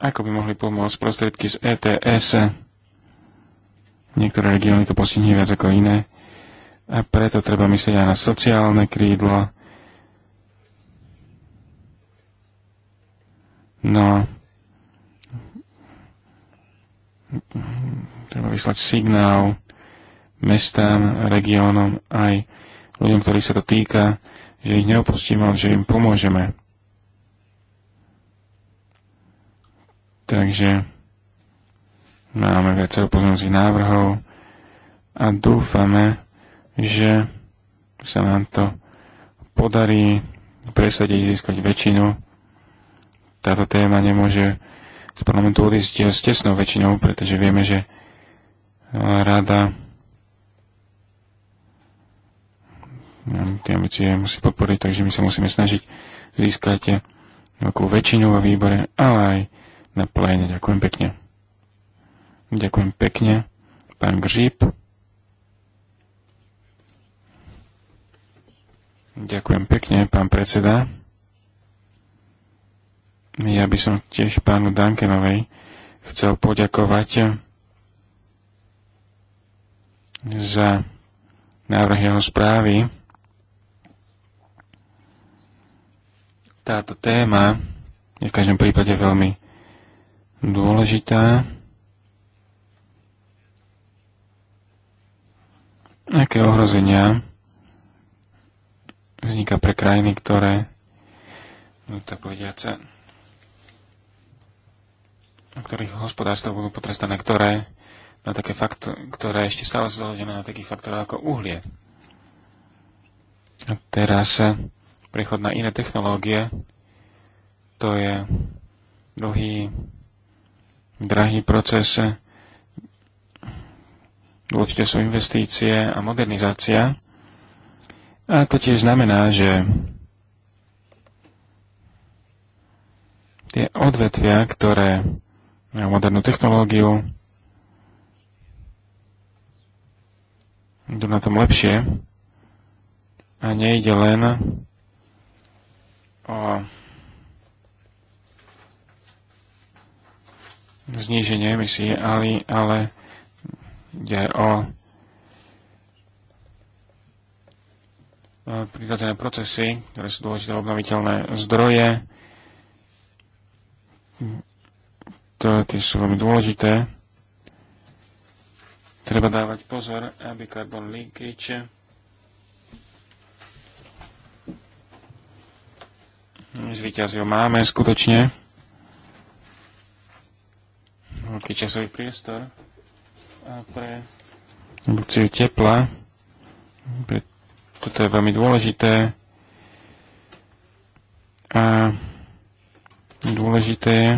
ako by mohli pomôcť prostriedky z ETS. Niektoré regióny to postihne viac ako iné a preto treba myslieť aj na sociálne krídlo. No, treba vyslať signál mestám, regiónom, aj ľuďom, ktorých sa to týka, že ich neopustíme, ale že im pomôžeme. Takže máme viacero pozmeňujúcich návrhov a dúfame, že sa nám to podarí presadiť, získať väčšinu. Táto téma nemôže z parlamentu odísť s tesnou väčšinou, pretože vieme, že rada tie ambície musí podporiť, takže my sa musíme snažiť získať veľkú väčšinu vo výbore, ale aj na pléne. Ďakujem pekne. Ďakujem pekne, pán Gržíp. Ďakujem pekne, pán predseda. Ja by som tiež pánu Dankenovej chcel poďakovať za návrh jeho správy. Táto téma je v každom prípade veľmi dôležitá. Aké ohrozenia vzniká pre krajiny, ktoré, no tak povediať, ktorých hospodárstva budú potrestané, ktoré na také fakt, ktoré ešte stále sú na takých faktorov ako uhlie. A teraz prechod na iné technológie, to je dlhý, drahý proces. Dôležité sú investície a modernizácia. A to tiež znamená, že tie odvetvia, ktoré majú modernú technológiu, idú na tom lepšie a nejde len o zníženie emisí, ale, ale ide o prirodzené procesy, ktoré sú dôležité obnoviteľné zdroje. To, tie sú veľmi dôležité. Treba dávať pozor, aby carbon leakage Zvíťazil máme skutočne veľký časový priestor a pre redukciu tepla. toto je veľmi dôležité. A dôležité je,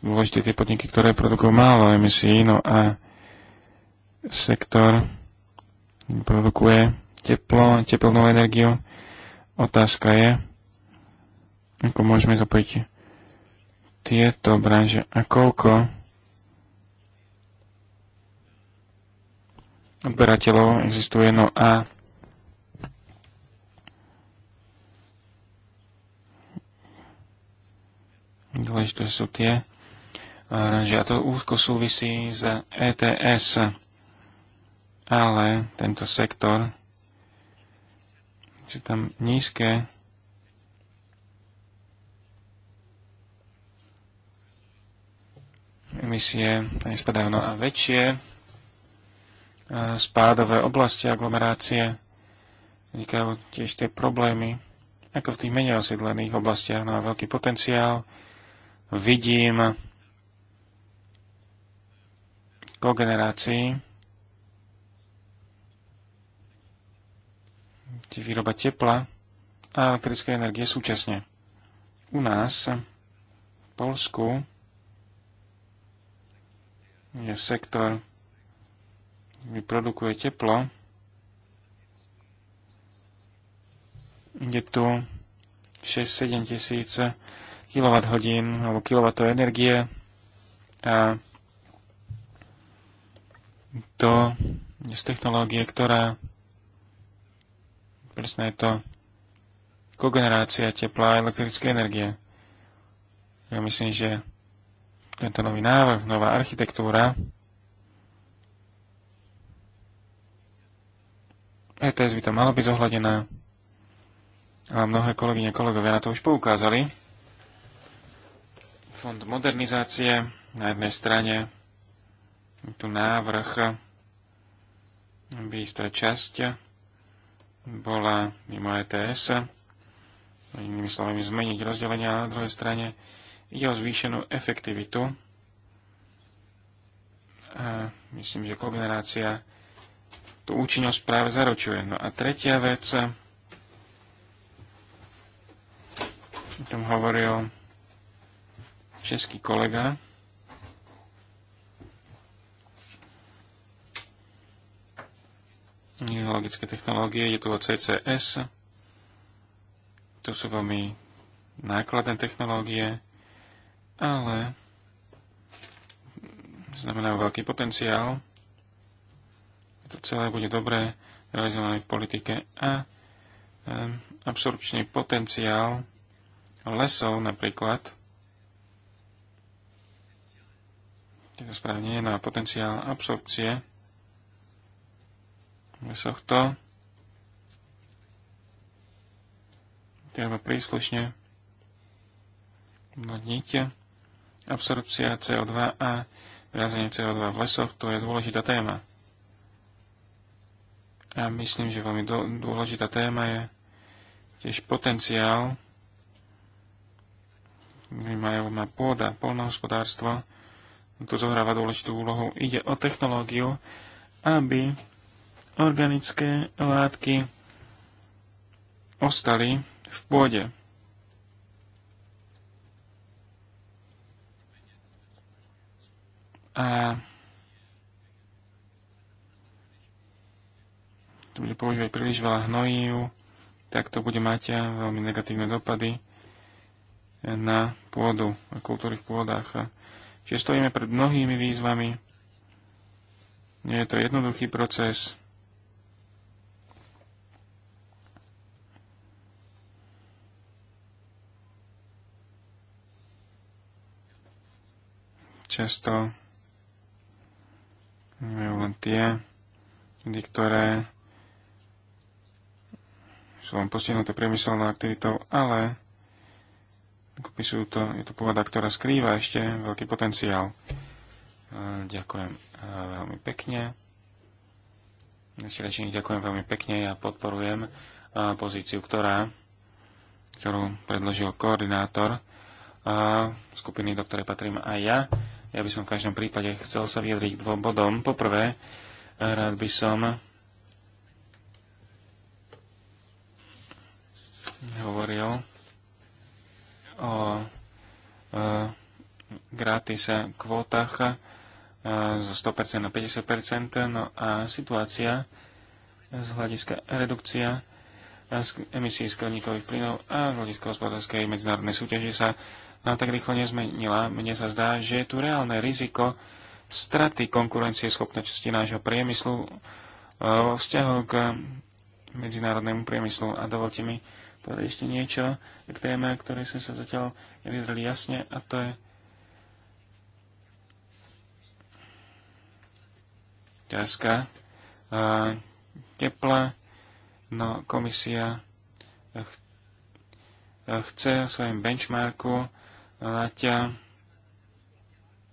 dôležité tie podniky, ktoré produkujú málo emisí, no a sektor produkuje teplo, teplnú energiu Otázka je, ako môžeme zapojiť tieto branže a koľko odberateľov existuje. No a dôležité sú tie branže a to úzko súvisí s ETS, ale tento sektor sú tam nízke emisie, tam spadajú no a väčšie spádové oblasti aglomerácie vznikajú tiež tie problémy, ako v tých menej osídlených oblastiach, no a veľký potenciál vidím kogenerácii výroba tepla a elektrické energie súčasne. U nás, v Polsku, je sektor, ktorý produkuje teplo. Je tu 6-7 tisíc kWh alebo kWh energie a to je z technológie, ktorá presne je to kogenerácia tepla a elektrické energie. Ja myslím, že tento nový návrh, nová architektúra ETS by to malo byť zohľadené, ale mnohé kolegyne a kolegovia na to už poukázali. Fond modernizácie na jednej strane tu návrh aby istá časť bola mimo ETS, inými slovami zmeniť rozdelenia, na druhej strane ide o zvýšenú efektivitu. A myslím, že kogenerácia tú účinnosť práve zaručuje. No a tretia vec, o tom hovoril český kolega, geologické technológie, je tu o CCS, to sú veľmi nákladné technológie, ale znamenajú veľký potenciál. To celé bude dobre realizované v politike a absorpčný potenciál lesov napríklad, je to správne, na potenciál absorpcie sochto treba príslušne nadnite absorpcia CO2 a vyrazenie CO2 v lesoch, to je dôležitá téma. A myslím, že veľmi dôležitá téma je tiež potenciál, ktorý majú na pôda, polnohospodárstvo, tu zohráva dôležitú úlohu. Ide o technológiu, aby organické látky ostali v pôde. A to bude používať príliš veľa hnojív, tak to bude mať veľmi negatívne dopady na pôdu a kultúry v pôdach. Čiže stojíme pred mnohými výzvami. Nie je to jednoduchý proces. často majú len tie, ktoré sú len postihnuté priemyselnou aktivitou, ale opisujú to, je to pôvoda, ktorá skrýva ešte veľký potenciál. Ďakujem veľmi pekne. Rečení, ďakujem veľmi pekne. Ja podporujem pozíciu, ktorá, ktorú predložil koordinátor skupiny, do ktorej patrím aj ja. Ja by som v každom prípade chcel sa vyjadriť k dvom bodom. Poprvé, rád by som hovoril o e, gratis kvótach e, zo 100% na 50%, no a situácia z hľadiska redukcia e, emisí skleníkových plynov a z hľadiska hospodárskej medzinárodnej súťaže sa no, tak rýchlo nezmenila. Mne sa zdá, že je tu reálne riziko straty konkurencieschopnosti nášho priemyslu e, vo vzťahu k medzinárodnému priemyslu. A dovolte mi povedať ešte niečo k téme, ktoré sme sa zatiaľ nevyzreli jasne, a to je otázka e, tepla. No, komisia e, chce v svojom benchmarku Láťa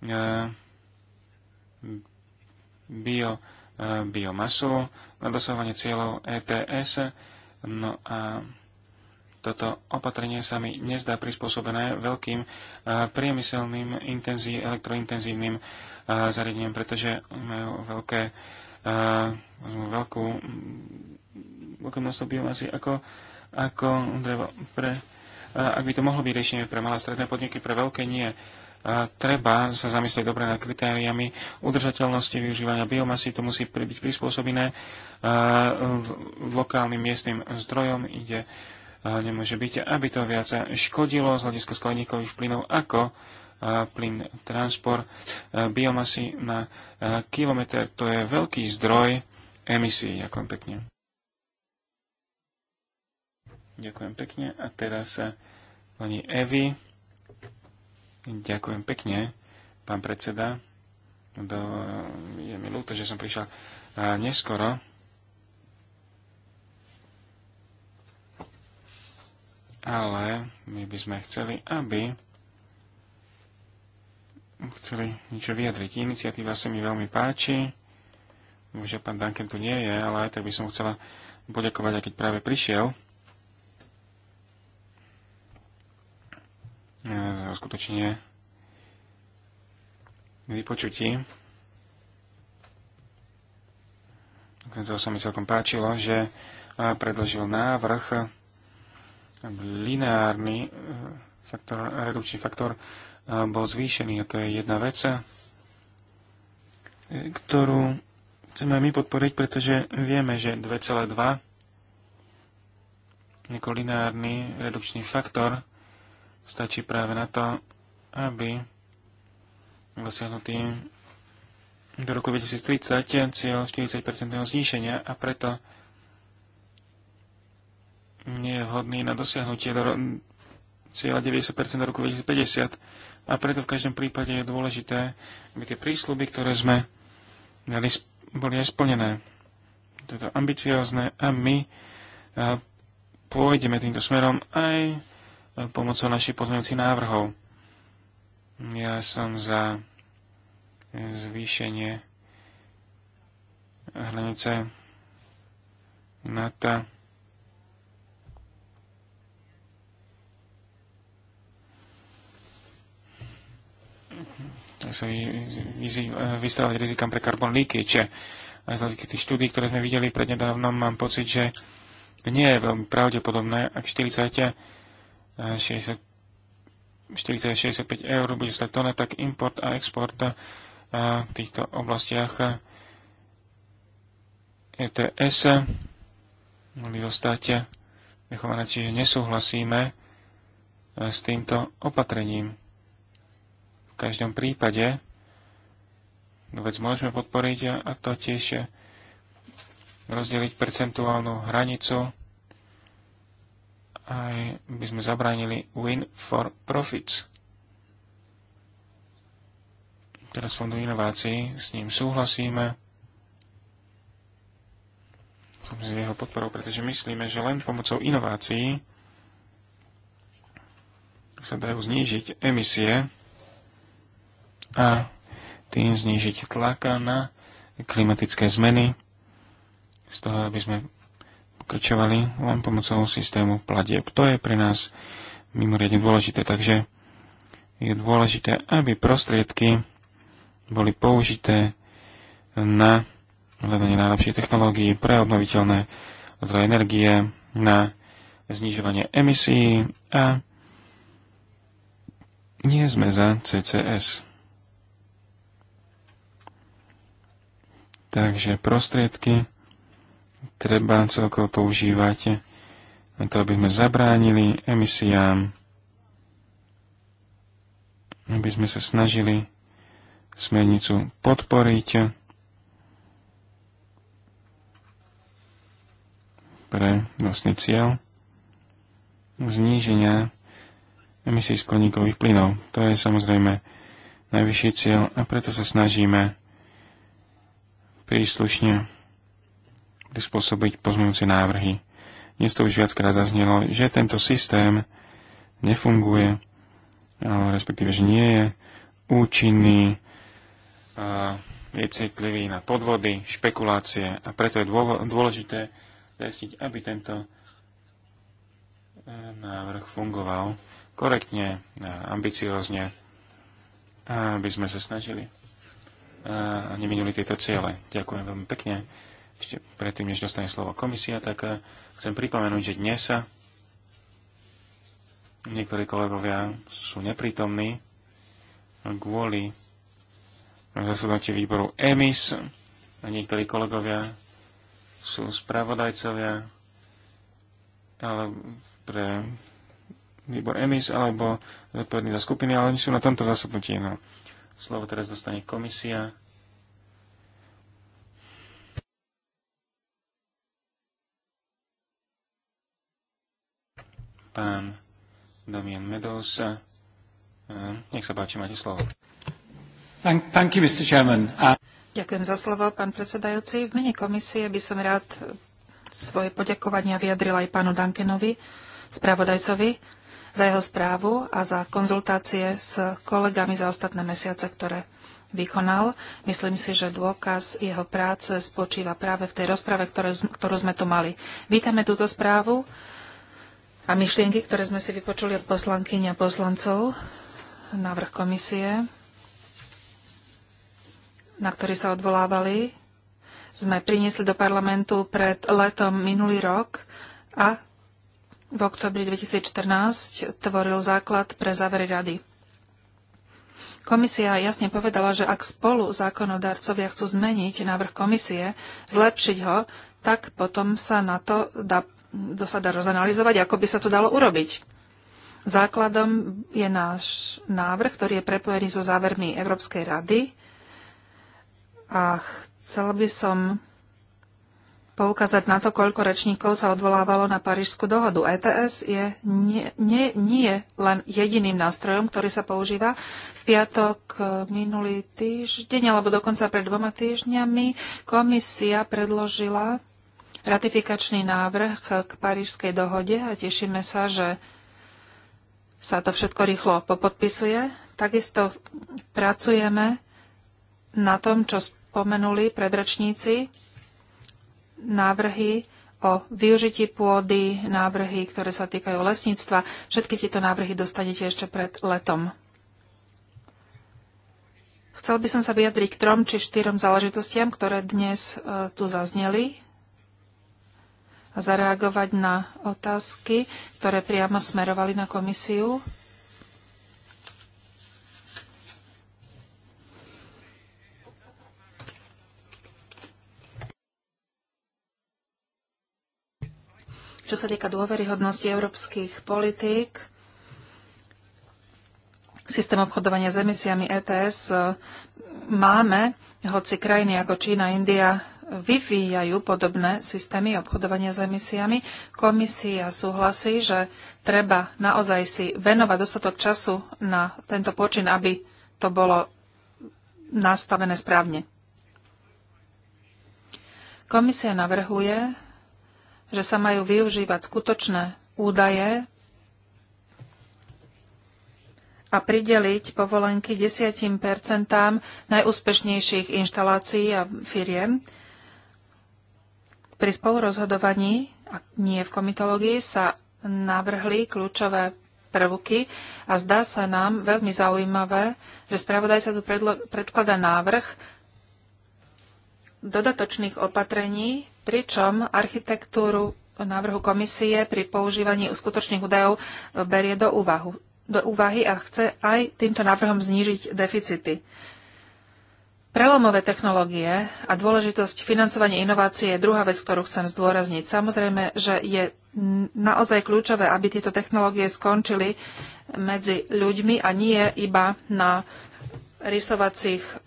e, e, bio, e, biomasu na dosahovanie cieľov ETS. No a toto opatrenie sa mi nezdá prispôsobené veľkým priemyselným intenzí, elektrointenzívnym zariadením, pretože majú veľké, veľkú, veľké množstvo biomasy ako, ako drevo pre ak by to mohlo byť riešenie pre malé stredné podniky, pre veľké nie. Treba sa zamyslieť dobre nad kritériami udržateľnosti využívania biomasy. To musí byť prispôsobené lokálnym miestnym zdrojom. Ide, nemôže byť, aby to viac škodilo z hľadiska skleníkových plynov ako plyn transport biomasy na kilometr. To je veľký zdroj emisí. ako pekne. Ďakujem pekne. A teraz eh, pani Evi. Ďakujem pekne, pán predseda. Do, je mi ľúto, že som prišla eh, neskoro. Ale my by sme chceli, aby chceli niečo vyjadriť. Iniciatíva sa mi veľmi páči. Už pán Duncan tu nie je, ale aj tak by som chcela poďakovať, aj keď práve prišiel. za e, skutočne vypočutí. Okrem toho sa mi celkom páčilo, že e, predložil návrh e, lineárny faktor, redukčný faktor bol zvýšený a to je jedna vec, ktorú chceme my podporiť, pretože vieme, že 2,2 ako lineárny redukčný faktor stačí práve na to, aby dosiahnutý do roku 2030 cieľ 40% zníšenia a preto nie je vhodný na dosiahnutie do cieľa 90% do roku 2050 a preto v každom prípade je dôležité, aby tie prísľuby, ktoré sme dali, boli aj splnené. toto ambiciozne a my pôjdeme týmto smerom aj pomocou našich pozmeňujúcich návrhov. Ja som za zvýšenie hranice NATO. To sa vystávať rizikám pre carbon leakage. A z hľadiska tých štúdí, ktoré sme videli prednedávnom, mám pocit, že nie je veľmi pravdepodobné, ak 40 465 eur bude stať tona, tak import a export v týchto oblastiach ETS mali zostať nechované, čiže nesúhlasíme s týmto opatrením. V každom prípade vec môžeme podporiť a to tiež rozdeliť percentuálnu hranicu aj by sme zabránili win for profits. Teraz Fondu inovácií s ním súhlasíme. Som s jeho podporou, pretože myslíme, že len pomocou inovácií sa dajú znížiť emisie a tým znížiť tlaka na klimatické zmeny z toho, aby sme pokračovali len pomocou systému platieb. To je pre nás mimoriadne dôležité, takže je dôležité, aby prostriedky boli použité na hľadanie najlepšej technológií pre obnoviteľné zdroje energie, na znižovanie emisí a nie sme za CCS. Takže prostriedky treba celkovo používať na to, aby sme zabránili emisiám, aby sme sa snažili smernicu podporiť pre vlastný cieľ zníženia emisí skleníkových plynov. To je samozrejme najvyšší cieľ a preto sa snažíme príslušne prispôsobiť pozmeňujúce návrhy. Dnes to už viackrát zaznelo, že tento systém nefunguje, respektíve, že nie je účinný, je citlivý na podvody, špekulácie a preto je dôležité zistiť, aby tento e, návrh fungoval korektne, ambiciozne, aby sme sa snažili a neminuli tieto ciele. Ďakujem veľmi pekne ešte predtým, než dostane slovo komisia, tak eh, chcem pripomenúť, že dnes sa niektorí kolegovia sú neprítomní kvôli zasadnutie výboru EMIS a niektorí kolegovia sú spravodajcovia ale pre výbor EMIS alebo zodpovední za skupiny, ale oni sú na tomto zasadnutí. No. Slovo teraz dostane komisia. pán Damian Meadows. E, nech sa páči, máte slovo. Thank, thank you, Mr. Chairman. Uh... Ďakujem za slovo, pán predsedajúci. V mene komisie by som rád svoje poďakovania vyjadril aj pánu Dankenovi, spravodajcovi, za jeho správu a za konzultácie s kolegami za ostatné mesiace, ktoré vykonal. Myslím si, že dôkaz jeho práce spočíva práve v tej rozprave, ktoré, ktorú sme tu mali. Vítame túto správu a myšlienky, ktoré sme si vypočuli od poslankyň a poslancov, návrh komisie, na ktorý sa odvolávali, sme priniesli do parlamentu pred letom minulý rok a v oktobri 2014 tvoril základ pre závery rady. Komisia jasne povedala, že ak spolu zákonodarcovia chcú zmeniť návrh komisie, zlepšiť ho, tak potom sa na to dá dá rozanalizovať, ako by sa to dalo urobiť. Základom je náš návrh, ktorý je prepojený so závermi Európskej rady a chcel by som poukázať na to, koľko rečníkov sa odvolávalo na Parížskú dohodu. ETS je nie, nie, nie len jediným nástrojom, ktorý sa používa. V piatok e, minulý týždeň, alebo dokonca pred dvoma týždňami, komisia predložila ratifikačný návrh k Parížskej dohode a tešíme sa, že sa to všetko rýchlo popodpisuje. Takisto pracujeme na tom, čo spomenuli predračníci, návrhy o využití pôdy, návrhy, ktoré sa týkajú lesníctva. Všetky tieto návrhy dostanete ešte pred letom. Chcel by som sa vyjadriť k trom či štyrom záležitostiam, ktoré dnes e, tu zazneli zareagovať na otázky, ktoré priamo smerovali na komisiu. Čo sa týka dôveryhodnosti európskych politík, systém obchodovania s emisiami ETS e, máme, hoci krajiny ako Čína, India, vyvíjajú podobné systémy obchodovania s emisiami. Komisia súhlasí, že treba naozaj si venovať dostatok času na tento počin, aby to bolo nastavené správne. Komisia navrhuje, že sa majú využívať skutočné údaje a prideliť povolenky 10 najúspešnejších inštalácií a firiem pri spolurozhodovaní, a nie v komitológii, sa navrhli kľúčové prvky a zdá sa nám veľmi zaujímavé, že spravodajca tu predklada návrh dodatočných opatrení, pričom architektúru návrhu komisie pri používaní skutočných údajov berie do, úvahu, do úvahy a chce aj týmto návrhom znížiť deficity. Prelomové technológie a dôležitosť financovania inovácie je druhá vec, ktorú chcem zdôrazniť. Samozrejme, že je naozaj kľúčové, aby tieto technológie skončili medzi ľuďmi a nie iba na rysovacích eh,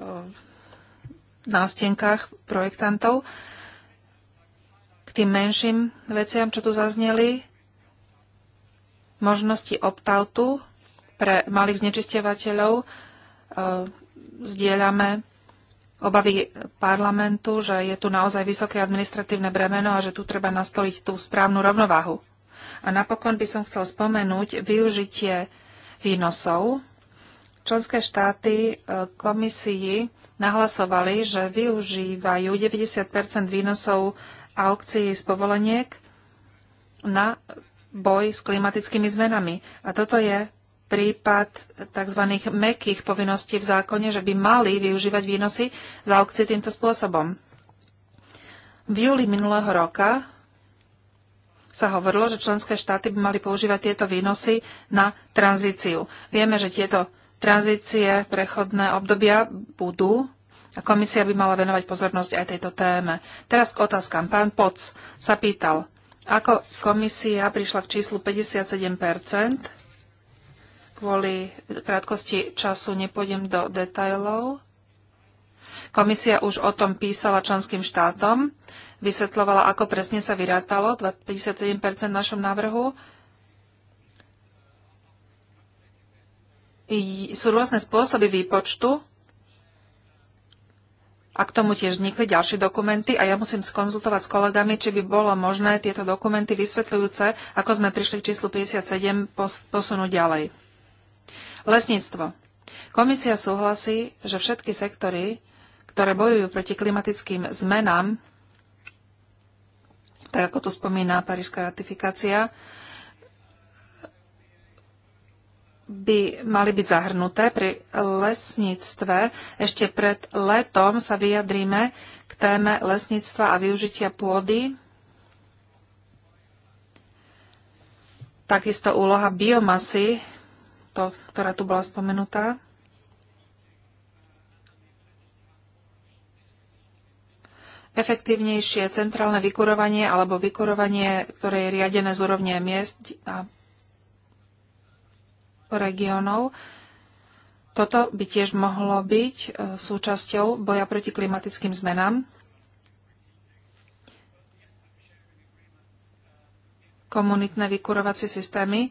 nástenkách projektantov. K tým menším veciam, čo tu zazneli, možnosti opt-outu pre malých znečisťovateľov, eh, zdieľame obavy parlamentu, že je tu naozaj vysoké administratívne bremeno a že tu treba nastoliť tú správnu rovnováhu. A napokon by som chcel spomenúť využitie výnosov. Členské štáty e, komisii nahlasovali, že využívajú 90 výnosov aukcií z povoleniek na boj s klimatickými zmenami. A toto je prípad tzv. mekých povinností v zákone, že by mali využívať výnosy za aukcie týmto spôsobom. V júli minulého roka sa hovorilo, že členské štáty by mali používať tieto výnosy na tranzíciu. Vieme, že tieto tranzície, prechodné obdobia budú a komisia by mala venovať pozornosť aj tejto téme. Teraz k otázkam. Pán Poc sa pýtal, ako komisia prišla k číslu 57 Kvôli krátkosti času nepôjdem do detajlov. Komisia už o tom písala členským štátom, vysvetlovala, ako presne sa vyrátalo, 57% v našom návrhu. sú rôzne spôsoby výpočtu a k tomu tiež vznikli ďalšie dokumenty a ja musím skonzultovať s kolegami, či by bolo možné tieto dokumenty vysvetľujúce, ako sme prišli k číslu 57, posunúť ďalej. Lesníctvo. Komisia súhlasí, že všetky sektory, ktoré bojujú proti klimatickým zmenám, tak ako to spomína parížská ratifikácia, by mali byť zahrnuté. Pri lesníctve ešte pred letom sa vyjadríme k téme lesníctva a využitia pôdy. Takisto úloha biomasy, to, ktorá tu bola spomenutá. Efektívnejšie centrálne vykurovanie alebo vykurovanie, ktoré je riadené z úrovne miest a regiónov. Toto by tiež mohlo byť e, súčasťou boja proti klimatickým zmenám. Komunitné vykurovacie systémy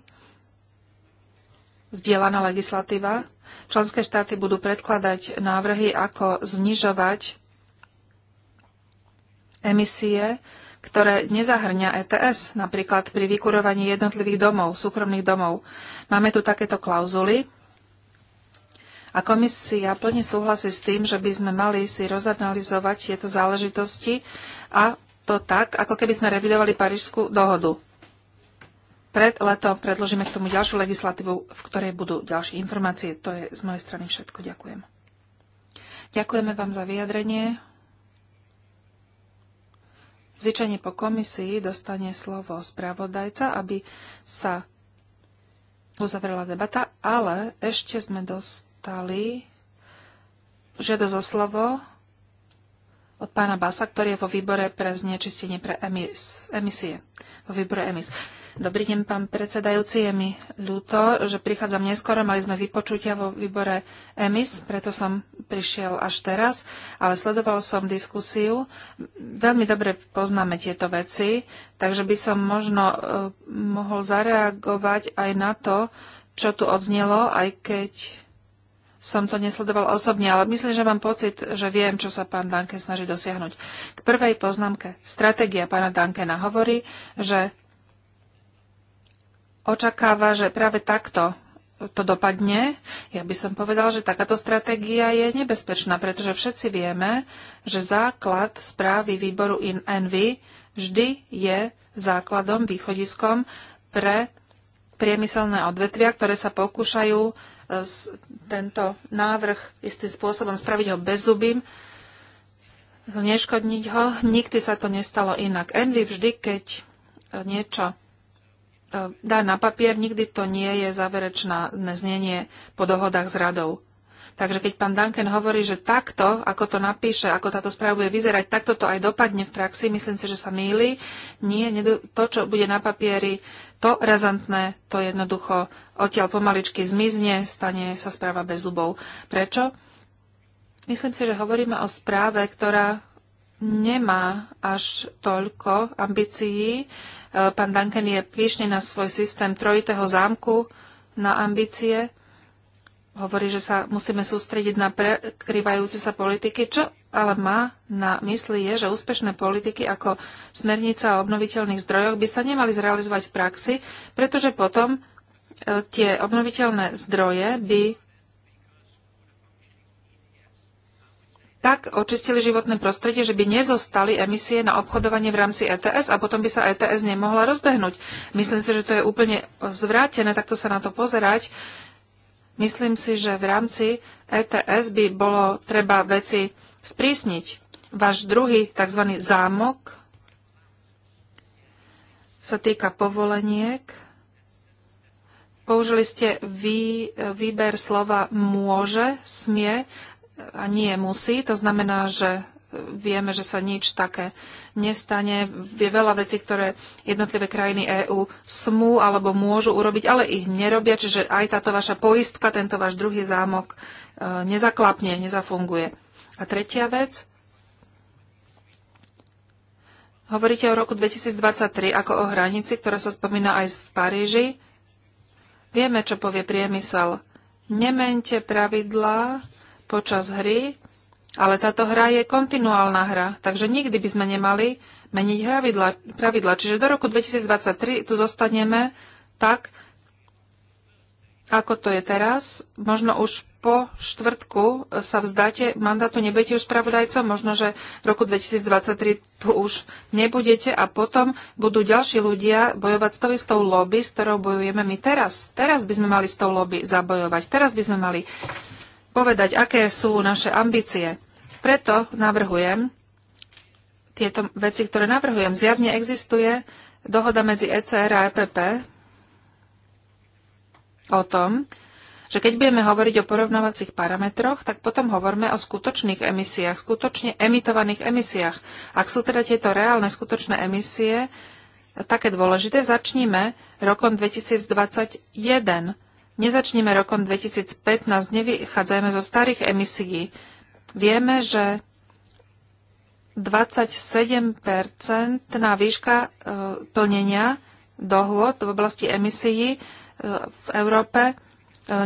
zdieľaná legislatíva. Členské štáty budú predkladať návrhy, ako znižovať emisie, ktoré nezahrňa ETS, napríklad pri vykurovaní jednotlivých domov, súkromných domov. Máme tu takéto klauzuly a komisia plne súhlasí s tým, že by sme mali si rozanalizovať tieto záležitosti a to tak, ako keby sme revidovali Parížskú dohodu pred letom predložíme k tomu ďalšiu legislatívu, v ktorej budú ďalšie informácie. To je z mojej strany všetko. Ďakujem. Ďakujeme vám za vyjadrenie. Zvyčajne po komisii dostane slovo spravodajca, aby sa uzavrela debata, ale ešte sme dostali žiadosť o slovo od pána Basa, ktorý je vo výbore pre znečistenie pre emis, emisie. Vo výbore emisie. Dobrý deň, pán predsedajúci. Je mi ľúto, že prichádzam neskoro. Mali sme vypočutia vo výbore EMIS, preto som prišiel až teraz, ale sledoval som diskusiu. Veľmi dobre poznáme tieto veci, takže by som možno e, mohol zareagovať aj na to, čo tu odznelo, aj keď som to nesledoval osobne, ale myslím, že mám pocit, že viem, čo sa pán Danke snaží dosiahnuť. K prvej poznámke. Stratégia pána Dankena hovorí, že očakáva, že práve takto to dopadne, ja by som povedal, že takáto stratégia je nebezpečná, pretože všetci vieme, že základ správy výboru in Envy vždy je základom, východiskom pre priemyselné odvetvia, ktoré sa pokúšajú e, tento návrh istým spôsobom spraviť ho bezzubým, zneškodniť ho. Nikdy sa to nestalo inak. Envy vždy, keď e, niečo dá na papier, nikdy to nie je záverečná neznenie po dohodách s radou. Takže keď pán Duncan hovorí, že takto, ako to napíše, ako táto správa bude vyzerať, takto to aj dopadne v praxi, myslím si, že sa mýli. Nie, to, čo bude na papieri, to razantné, to jednoducho odtiaľ pomaličky zmizne, stane sa správa bez zubov. Prečo? Myslím si, že hovoríme o správe, ktorá nemá až toľko ambícií, Eh, pán Duncan je píšný na svoj systém trojitého zámku na ambície. Hovorí, že sa musíme sústrediť na prekrývajúce sa politiky. Čo ale má na mysli je, že úspešné politiky ako smernica o obnoviteľných zdrojoch by sa nemali zrealizovať v praxi, pretože potom eh, tie obnoviteľné zdroje by tak očistili životné prostredie, že by nezostali emisie na obchodovanie v rámci ETS a potom by sa ETS nemohla rozbehnúť. Myslím si, že to je úplne zvrátené takto sa na to pozerať. Myslím si, že v rámci ETS by bolo treba veci sprísniť. Váš druhý tzv. zámok sa týka povoleniek. Použili ste vy, výber slova môže, smie a nie musí. To znamená, že vieme, že sa nič také nestane. Je veľa vecí, ktoré jednotlivé krajiny EÚ smú alebo môžu urobiť, ale ich nerobia. Čiže aj táto vaša poistka, tento váš druhý zámok e, nezaklapne, nezafunguje. A tretia vec. Hovoríte o roku 2023 ako o hranici, ktorá sa spomína aj v Paríži. Vieme, čo povie priemysel. Nemente pravidlá, počas hry, ale táto hra je kontinuálna hra, takže nikdy by sme nemali meniť pravidla. pravidla. Čiže do roku 2023 tu zostaneme tak, ako to je teraz. Možno už po štvrtku sa vzdáte mandátu, nebudete už spravodajcom, možno, že v roku 2023 tu už nebudete a potom budú ďalší ľudia bojovať s tou istou lobby, s ktorou bojujeme my teraz. Teraz by sme mali s tou lobby zabojovať. Teraz by sme mali povedať, aké sú naše ambície. Preto navrhujem tieto veci, ktoré navrhujem. Zjavne existuje dohoda medzi ECR a EPP o tom, že keď budeme hovoriť o porovnávacích parametroch, tak potom hovorme o skutočných emisiách, skutočne emitovaných emisiách. Ak sú teda tieto reálne skutočné emisie také dôležité, začníme rokom 2021 Nezačneme rokom 2015, nevychádzajme zo starých emisií. Vieme, že 27-percentná výška e, plnenia dohôd v oblasti emisií e, v Európe e,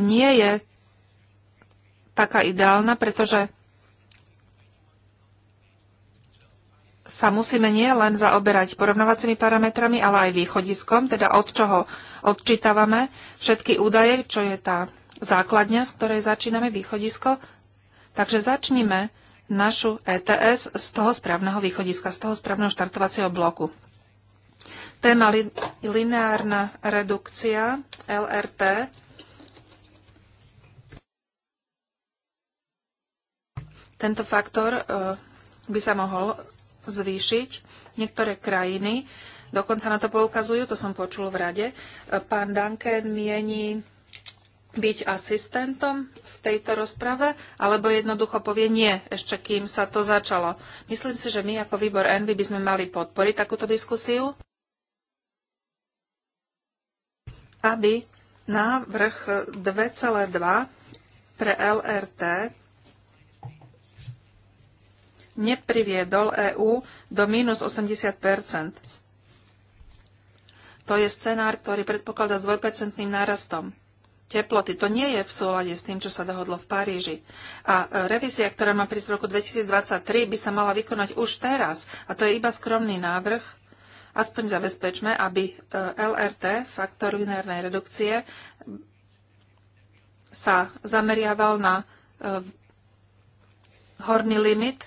nie je taká ideálna, pretože sa musíme nie len zaoberať porovnávacími parametrami, ale aj východiskom, teda od čoho odčítavame všetky údaje, čo je tá základňa, z ktorej začíname východisko. Takže začnime našu ETS z toho správneho východiska, z toho správneho štartovacieho bloku. Téma li- lineárna redukcia LRT Tento faktor eh, by sa mohol zvýšiť. Niektoré krajiny Dokonca na to poukazujú, to som počul v rade. Pán Duncan mieni byť asistentom v tejto rozprave, alebo jednoducho povie nie, ešte kým sa to začalo. Myslím si, že my ako výbor Envy by sme mali podporiť takúto diskusiu, aby návrh 2,2 pre LRT nepriviedol EÚ do minus 80 to je scenár, ktorý predpokladá s dvojpercentným nárastom teploty. To nie je v súlade s tým, čo sa dohodlo v Paríži. A e, revízia, ktorá má prísť v roku 2023, by sa mala vykonať už teraz. A to je iba skromný návrh. Aspoň zabezpečme, aby e, LRT, faktor lineárnej redukcie, sa zameriaval na e, horný limit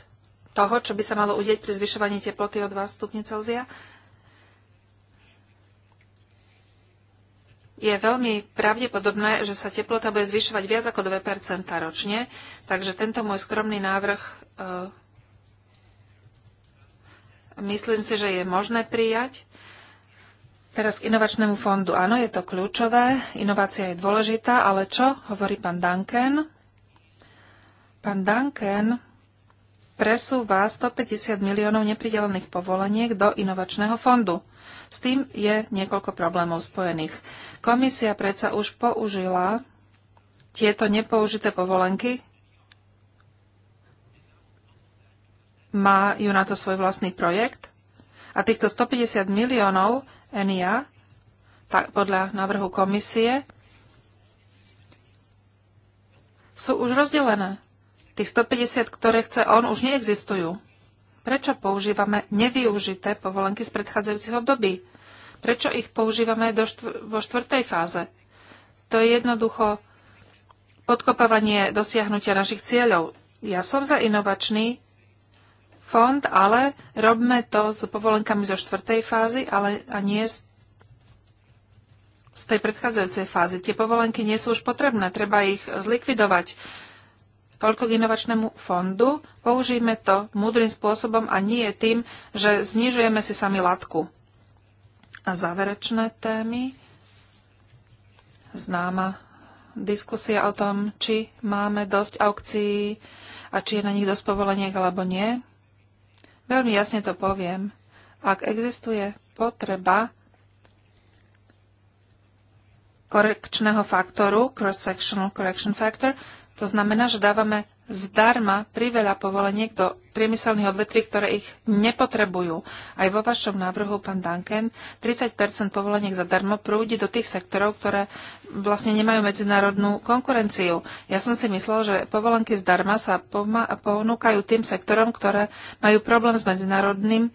toho, čo by sa malo udieť pri zvyšovaní teploty o 2 stupne Celzia je veľmi pravdepodobné, že sa teplota bude zvyšovať viac ako 2 ročne, takže tento môj skromný návrh e, myslím si, že je možné prijať. Teraz k inovačnému fondu. Áno, je to kľúčové, inovácia je dôležitá, ale čo hovorí pán Duncan? Pán Duncan presúva 150 miliónov nepridelených povoleniek do inovačného fondu. S tým je niekoľko problémov spojených. Komisia predsa už použila tieto nepoužité povolenky. Má ju na to svoj vlastný projekt. A týchto 150 miliónov ENIA, tak podľa návrhu komisie, sú už rozdelené. Tých 150, ktoré chce on, už neexistujú. Prečo používame nevyužité povolenky z predchádzajúcich období? Prečo ich používame do štv- vo štvrtej fáze? To je jednoducho podkopávanie dosiahnutia našich cieľov. Ja som za inovačný fond, ale robme to s povolenkami zo štvrtej fázy, ale a nie z z tej predchádzajúcej fázy. Tie povolenky nie sú už potrebné, treba ich zlikvidovať toľko k inovačnému fondu, použijme to múdrym spôsobom a nie tým, že znižujeme si sami latku. A záverečné témy. Známa diskusia o tom, či máme dosť aukcií a či je na nich dosť povoleniek alebo nie. Veľmi jasne to poviem. Ak existuje potreba korekčného faktoru, cross-sectional correction factor, to znamená, že dávame zdarma priveľa povoleniek do priemyselných odvetví, ktoré ich nepotrebujú. Aj vo vašom návrhu, pán Duncan, 30 povoleniek zadarmo prúdi do tých sektorov, ktoré vlastne nemajú medzinárodnú konkurenciu. Ja som si myslel, že povolenky zdarma sa ponúkajú tým sektorom, ktoré majú problém s medzinárodným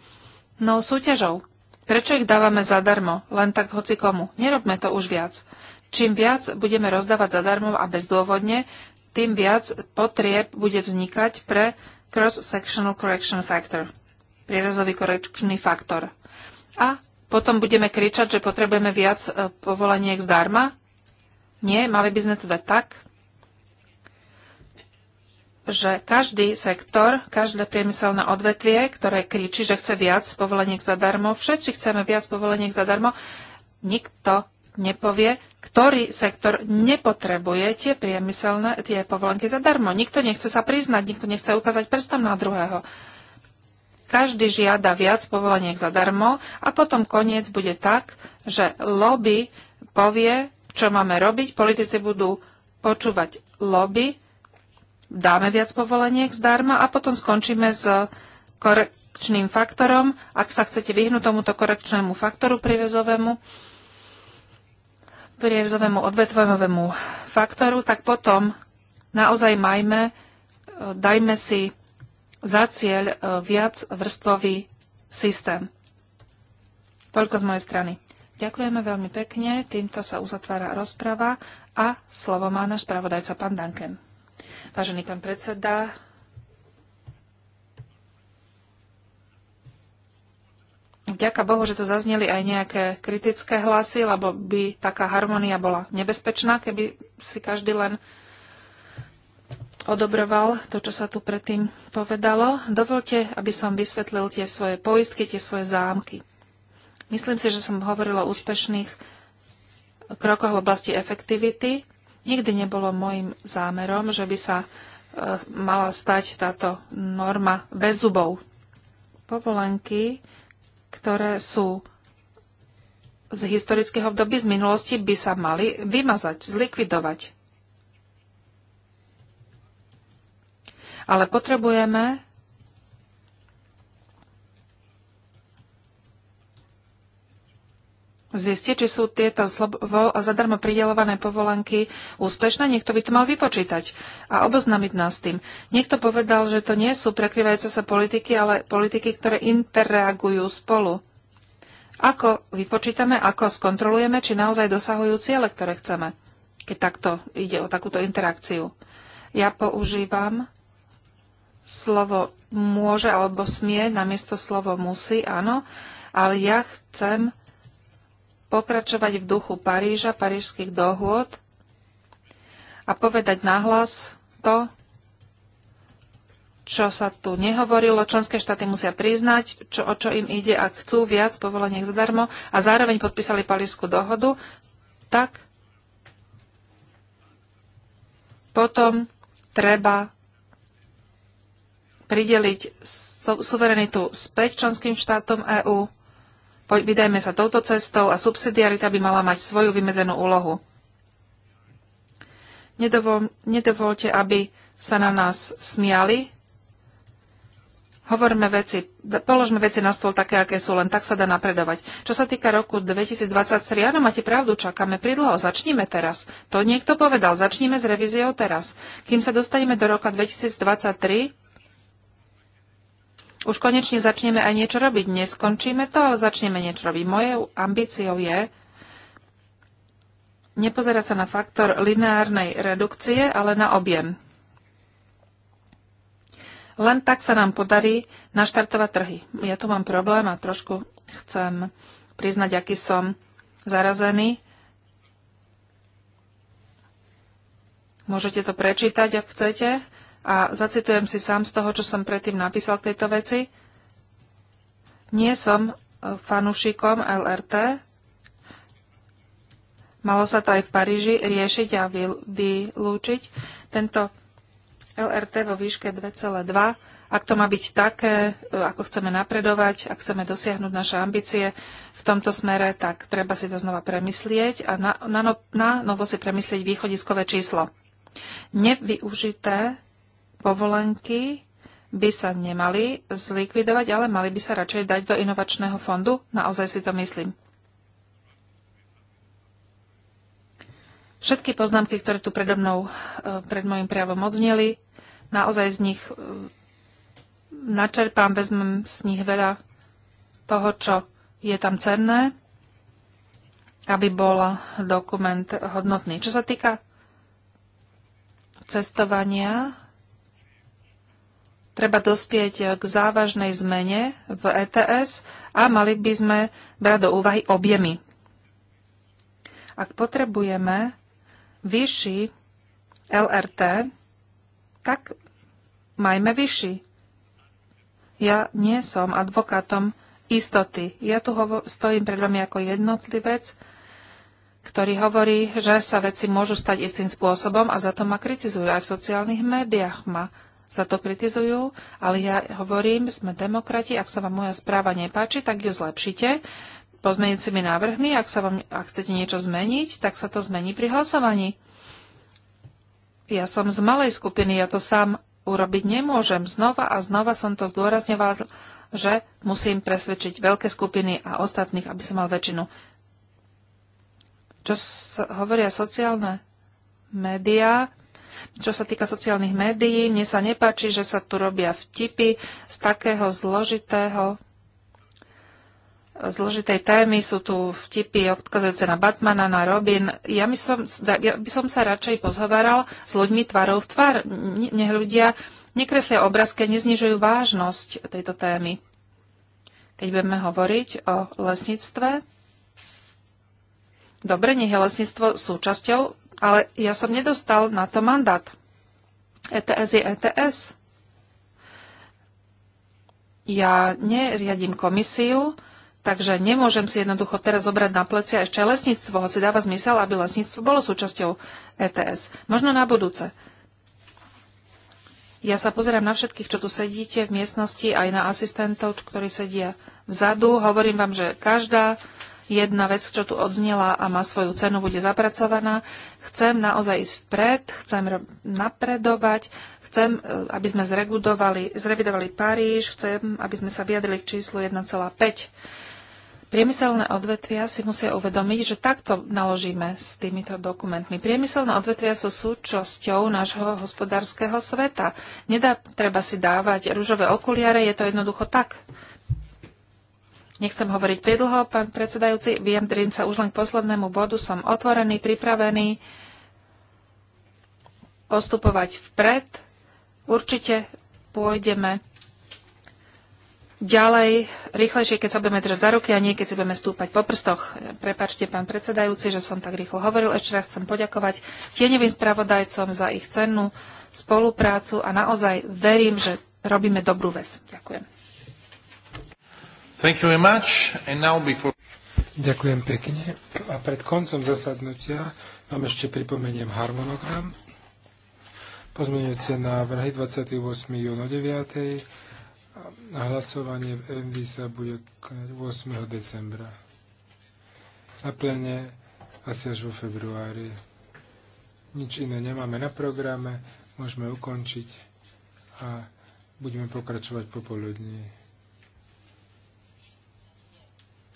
no, súťažou. Prečo ich dávame zadarmo, len tak hoci komu? Nerobme to už viac. Čím viac budeme rozdávať zadarmo a bezdôvodne, tým viac potrieb bude vznikať pre cross-sectional correction factor, prierezový korekčný faktor. A potom budeme kričať, že potrebujeme viac e, povoleniek zdarma? Nie, mali by sme to dať tak, že každý sektor, každé priemyselné odvetvie, ktoré kričí, že chce viac povoleniek zadarmo, všetci chceme viac povoleniek zadarmo, nikto nepovie, ktorý sektor nepotrebuje tie priemyselné, tie povolenky zadarmo. Nikto nechce sa priznať, nikto nechce ukázať prstom na druhého. Každý žiada viac povoleniek zadarmo a potom koniec bude tak, že lobby povie, čo máme robiť, politici budú počúvať lobby, dáme viac povoleniek zdarma a potom skončíme s korekčným faktorom. Ak sa chcete vyhnúť tomuto korekčnému faktoru prírezovému, prierezovému odvetvovému faktoru, tak potom naozaj majme, e, dajme si za cieľ e, viac vrstvový systém. Toľko z mojej strany. Ďakujeme veľmi pekne. Týmto sa uzatvára rozprava a slovo má náš spravodajca pán Danken. Vážený pán predseda, Vďaka Bohu, že tu zazneli aj nejaké kritické hlasy, lebo by taká harmonia bola nebezpečná, keby si každý len odobroval to, čo sa tu predtým povedalo. Dovolte, aby som vysvetlil tie svoje poistky, tie svoje zámky. Myslím si, že som hovorila o úspešných krokoch v oblasti efektivity. Nikdy nebolo môjim zámerom, že by sa e, mala stať táto norma bez zubov. Povolenky ktoré sú z historického období z minulosti, by sa mali vymazať, zlikvidovať. Ale potrebujeme zistiť, či sú tieto slobo, zadarmo pridelované povolenky úspešné. Niekto by to mal vypočítať a oboznámiť nás s tým. Niekto povedal, že to nie sú prekryvajúce sa politiky, ale politiky, ktoré interagujú spolu. Ako vypočítame, ako skontrolujeme, či naozaj dosahujú ciele, ktoré chceme, keď takto ide o takúto interakciu. Ja používam slovo môže alebo smie namiesto slovo musí, áno, ale ja chcem pokračovať v duchu Paríža, parížských dohôd a povedať nahlas to, čo sa tu nehovorilo. Členské štáty musia priznať, čo, o čo im ide, ak chcú viac povolenie zadarmo a zároveň podpísali Parížskú dohodu, tak potom treba prideliť suverenitu späť členským štátom EÚ vydajme sa touto cestou a subsidiarita by mala mať svoju vymedzenú úlohu. Nedovol, nedovolte, aby sa na nás smiali. Hovorme veci, položme veci na stôl také, aké sú, len tak sa dá napredovať. Čo sa týka roku 2023, áno, máte pravdu, čakáme pridlho, začníme teraz. To niekto povedal, začníme s revíziou teraz. Kým sa dostaneme do roka 2023, už konečne začneme aj niečo robiť. Neskončíme to, ale začneme niečo robiť. Mojou ambíciou je nepozerať sa na faktor lineárnej redukcie, ale na objem. Len tak sa nám podarí naštartovať trhy. Ja tu mám problém a trošku chcem priznať, aký som zarazený. Môžete to prečítať, ak chcete a zacitujem si sám z toho, čo som predtým napísal k tejto veci. Nie som e, fanúšikom LRT. Malo sa to aj v Paríži riešiť a vylúčiť. Tento LRT vo výške 2,2, ak to má byť také, e, ako chceme napredovať, ak chceme dosiahnuť naše ambície v tomto smere, tak treba si to znova premyslieť a na, na, no, na novo si premyslieť východiskové číslo. Nevyužité povolenky by sa nemali zlikvidovať, ale mali by sa radšej dať do inovačného fondu? Naozaj si to myslím. Všetky poznámky, ktoré tu predo mnou, e, pred mojim prejavom odzneli, naozaj z nich e, načerpám, vezmem z nich veľa toho, čo je tam cenné, aby bol dokument hodnotný. Čo sa týka cestovania, treba dospieť eh, k závažnej zmene v ETS a mali by sme brať do úvahy objemy. Ak potrebujeme vyšší LRT, tak majme vyšší. Ja nie som advokátom istoty. Ja tu stojím pred vami ako jednotlivec, ktorý hovorí, že sa veci môžu stať istým spôsobom a za to ma kritizujú aj v sociálnych médiách ma za to kritizujú, ale ja hovorím, sme demokrati, ak sa vám moja správa nepáči, tak ju zlepšite pozmeňujúcimi návrhmi. Ak, sa vám, ak chcete niečo zmeniť, tak sa to zmení pri hlasovaní. Ja som z malej skupiny, ja to sám urobiť nemôžem. Znova a znova som to zdôrazňoval, že musím presvedčiť veľké skupiny a ostatných, aby som mal väčšinu. Čo hovoria sociálne médiá, čo sa týka sociálnych médií, mne sa nepáči, že sa tu robia vtipy z takého zložitého zložitej témy. Sú tu vtipy odkazujúce na Batmana, na Robin. Ja by som, ja by som sa radšej pozhovaral s ľuďmi tvarov v tvár. Nech ľudia nekreslia obrázky, neznižujú vážnosť tejto témy. Keď budeme hovoriť o lesníctve, Dobre, nech je lesníctvo súčasťou ale ja som nedostal na to mandát. ETS je ETS. Ja neriadím komisiu, takže nemôžem si jednoducho teraz zobrať na plecia ešte lesníctvo, hoci dáva zmysel, aby lesníctvo bolo súčasťou ETS. Možno na budúce. Ja sa pozerám na všetkých, čo tu sedíte v miestnosti, aj na asistentov, ktorí sedia vzadu. Hovorím vám, že každá jedna vec, čo tu odznela a má svoju cenu, bude zapracovaná. Chcem naozaj ísť vpred, chcem napredovať, chcem, e, aby sme zrevidovali Paríž, chcem, aby sme sa vyjadrili k číslu 1,5. Priemyselné odvetvia si musia uvedomiť, že takto naložíme s týmito dokumentmi. Priemyselné odvetvia sú súčasťou nášho hospodárskeho sveta. Nedá treba si dávať rúžové okuliare, je to jednoducho tak. Nechcem hovoriť predlho, pán predsedajúci, drím sa už len k poslednému bodu. Som otvorený, pripravený postupovať vpred. Určite pôjdeme ďalej, rýchlejšie, keď sa budeme držať za ruky a nie, keď si budeme stúpať po prstoch. Prepačte, pán predsedajúci, že som tak rýchlo hovoril. Ešte raz chcem poďakovať tieňovým spravodajcom za ich cennú spoluprácu a naozaj verím, že robíme dobrú vec. Ďakujem. Thank you very much. And now before... Ďakujem pekne. A pred koncom zasadnutia vám ešte pripomeniem harmonogram. Pozmeňujúce návrhy 28. júna 9. A hlasovanie v MV sa bude 8. decembra. Na plene asi až vo februári. Nič iné nemáme na programe, môžeme ukončiť a budeme pokračovať popoludní.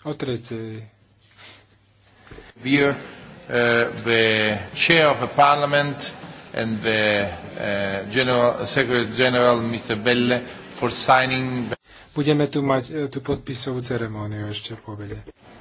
O tretej. View, uh, the chair of the parliament and the uh, general, secretary general Mr. Belle for signing. Budeme tu mať uh, eh, tú podpisovú ceremóniu ešte povede.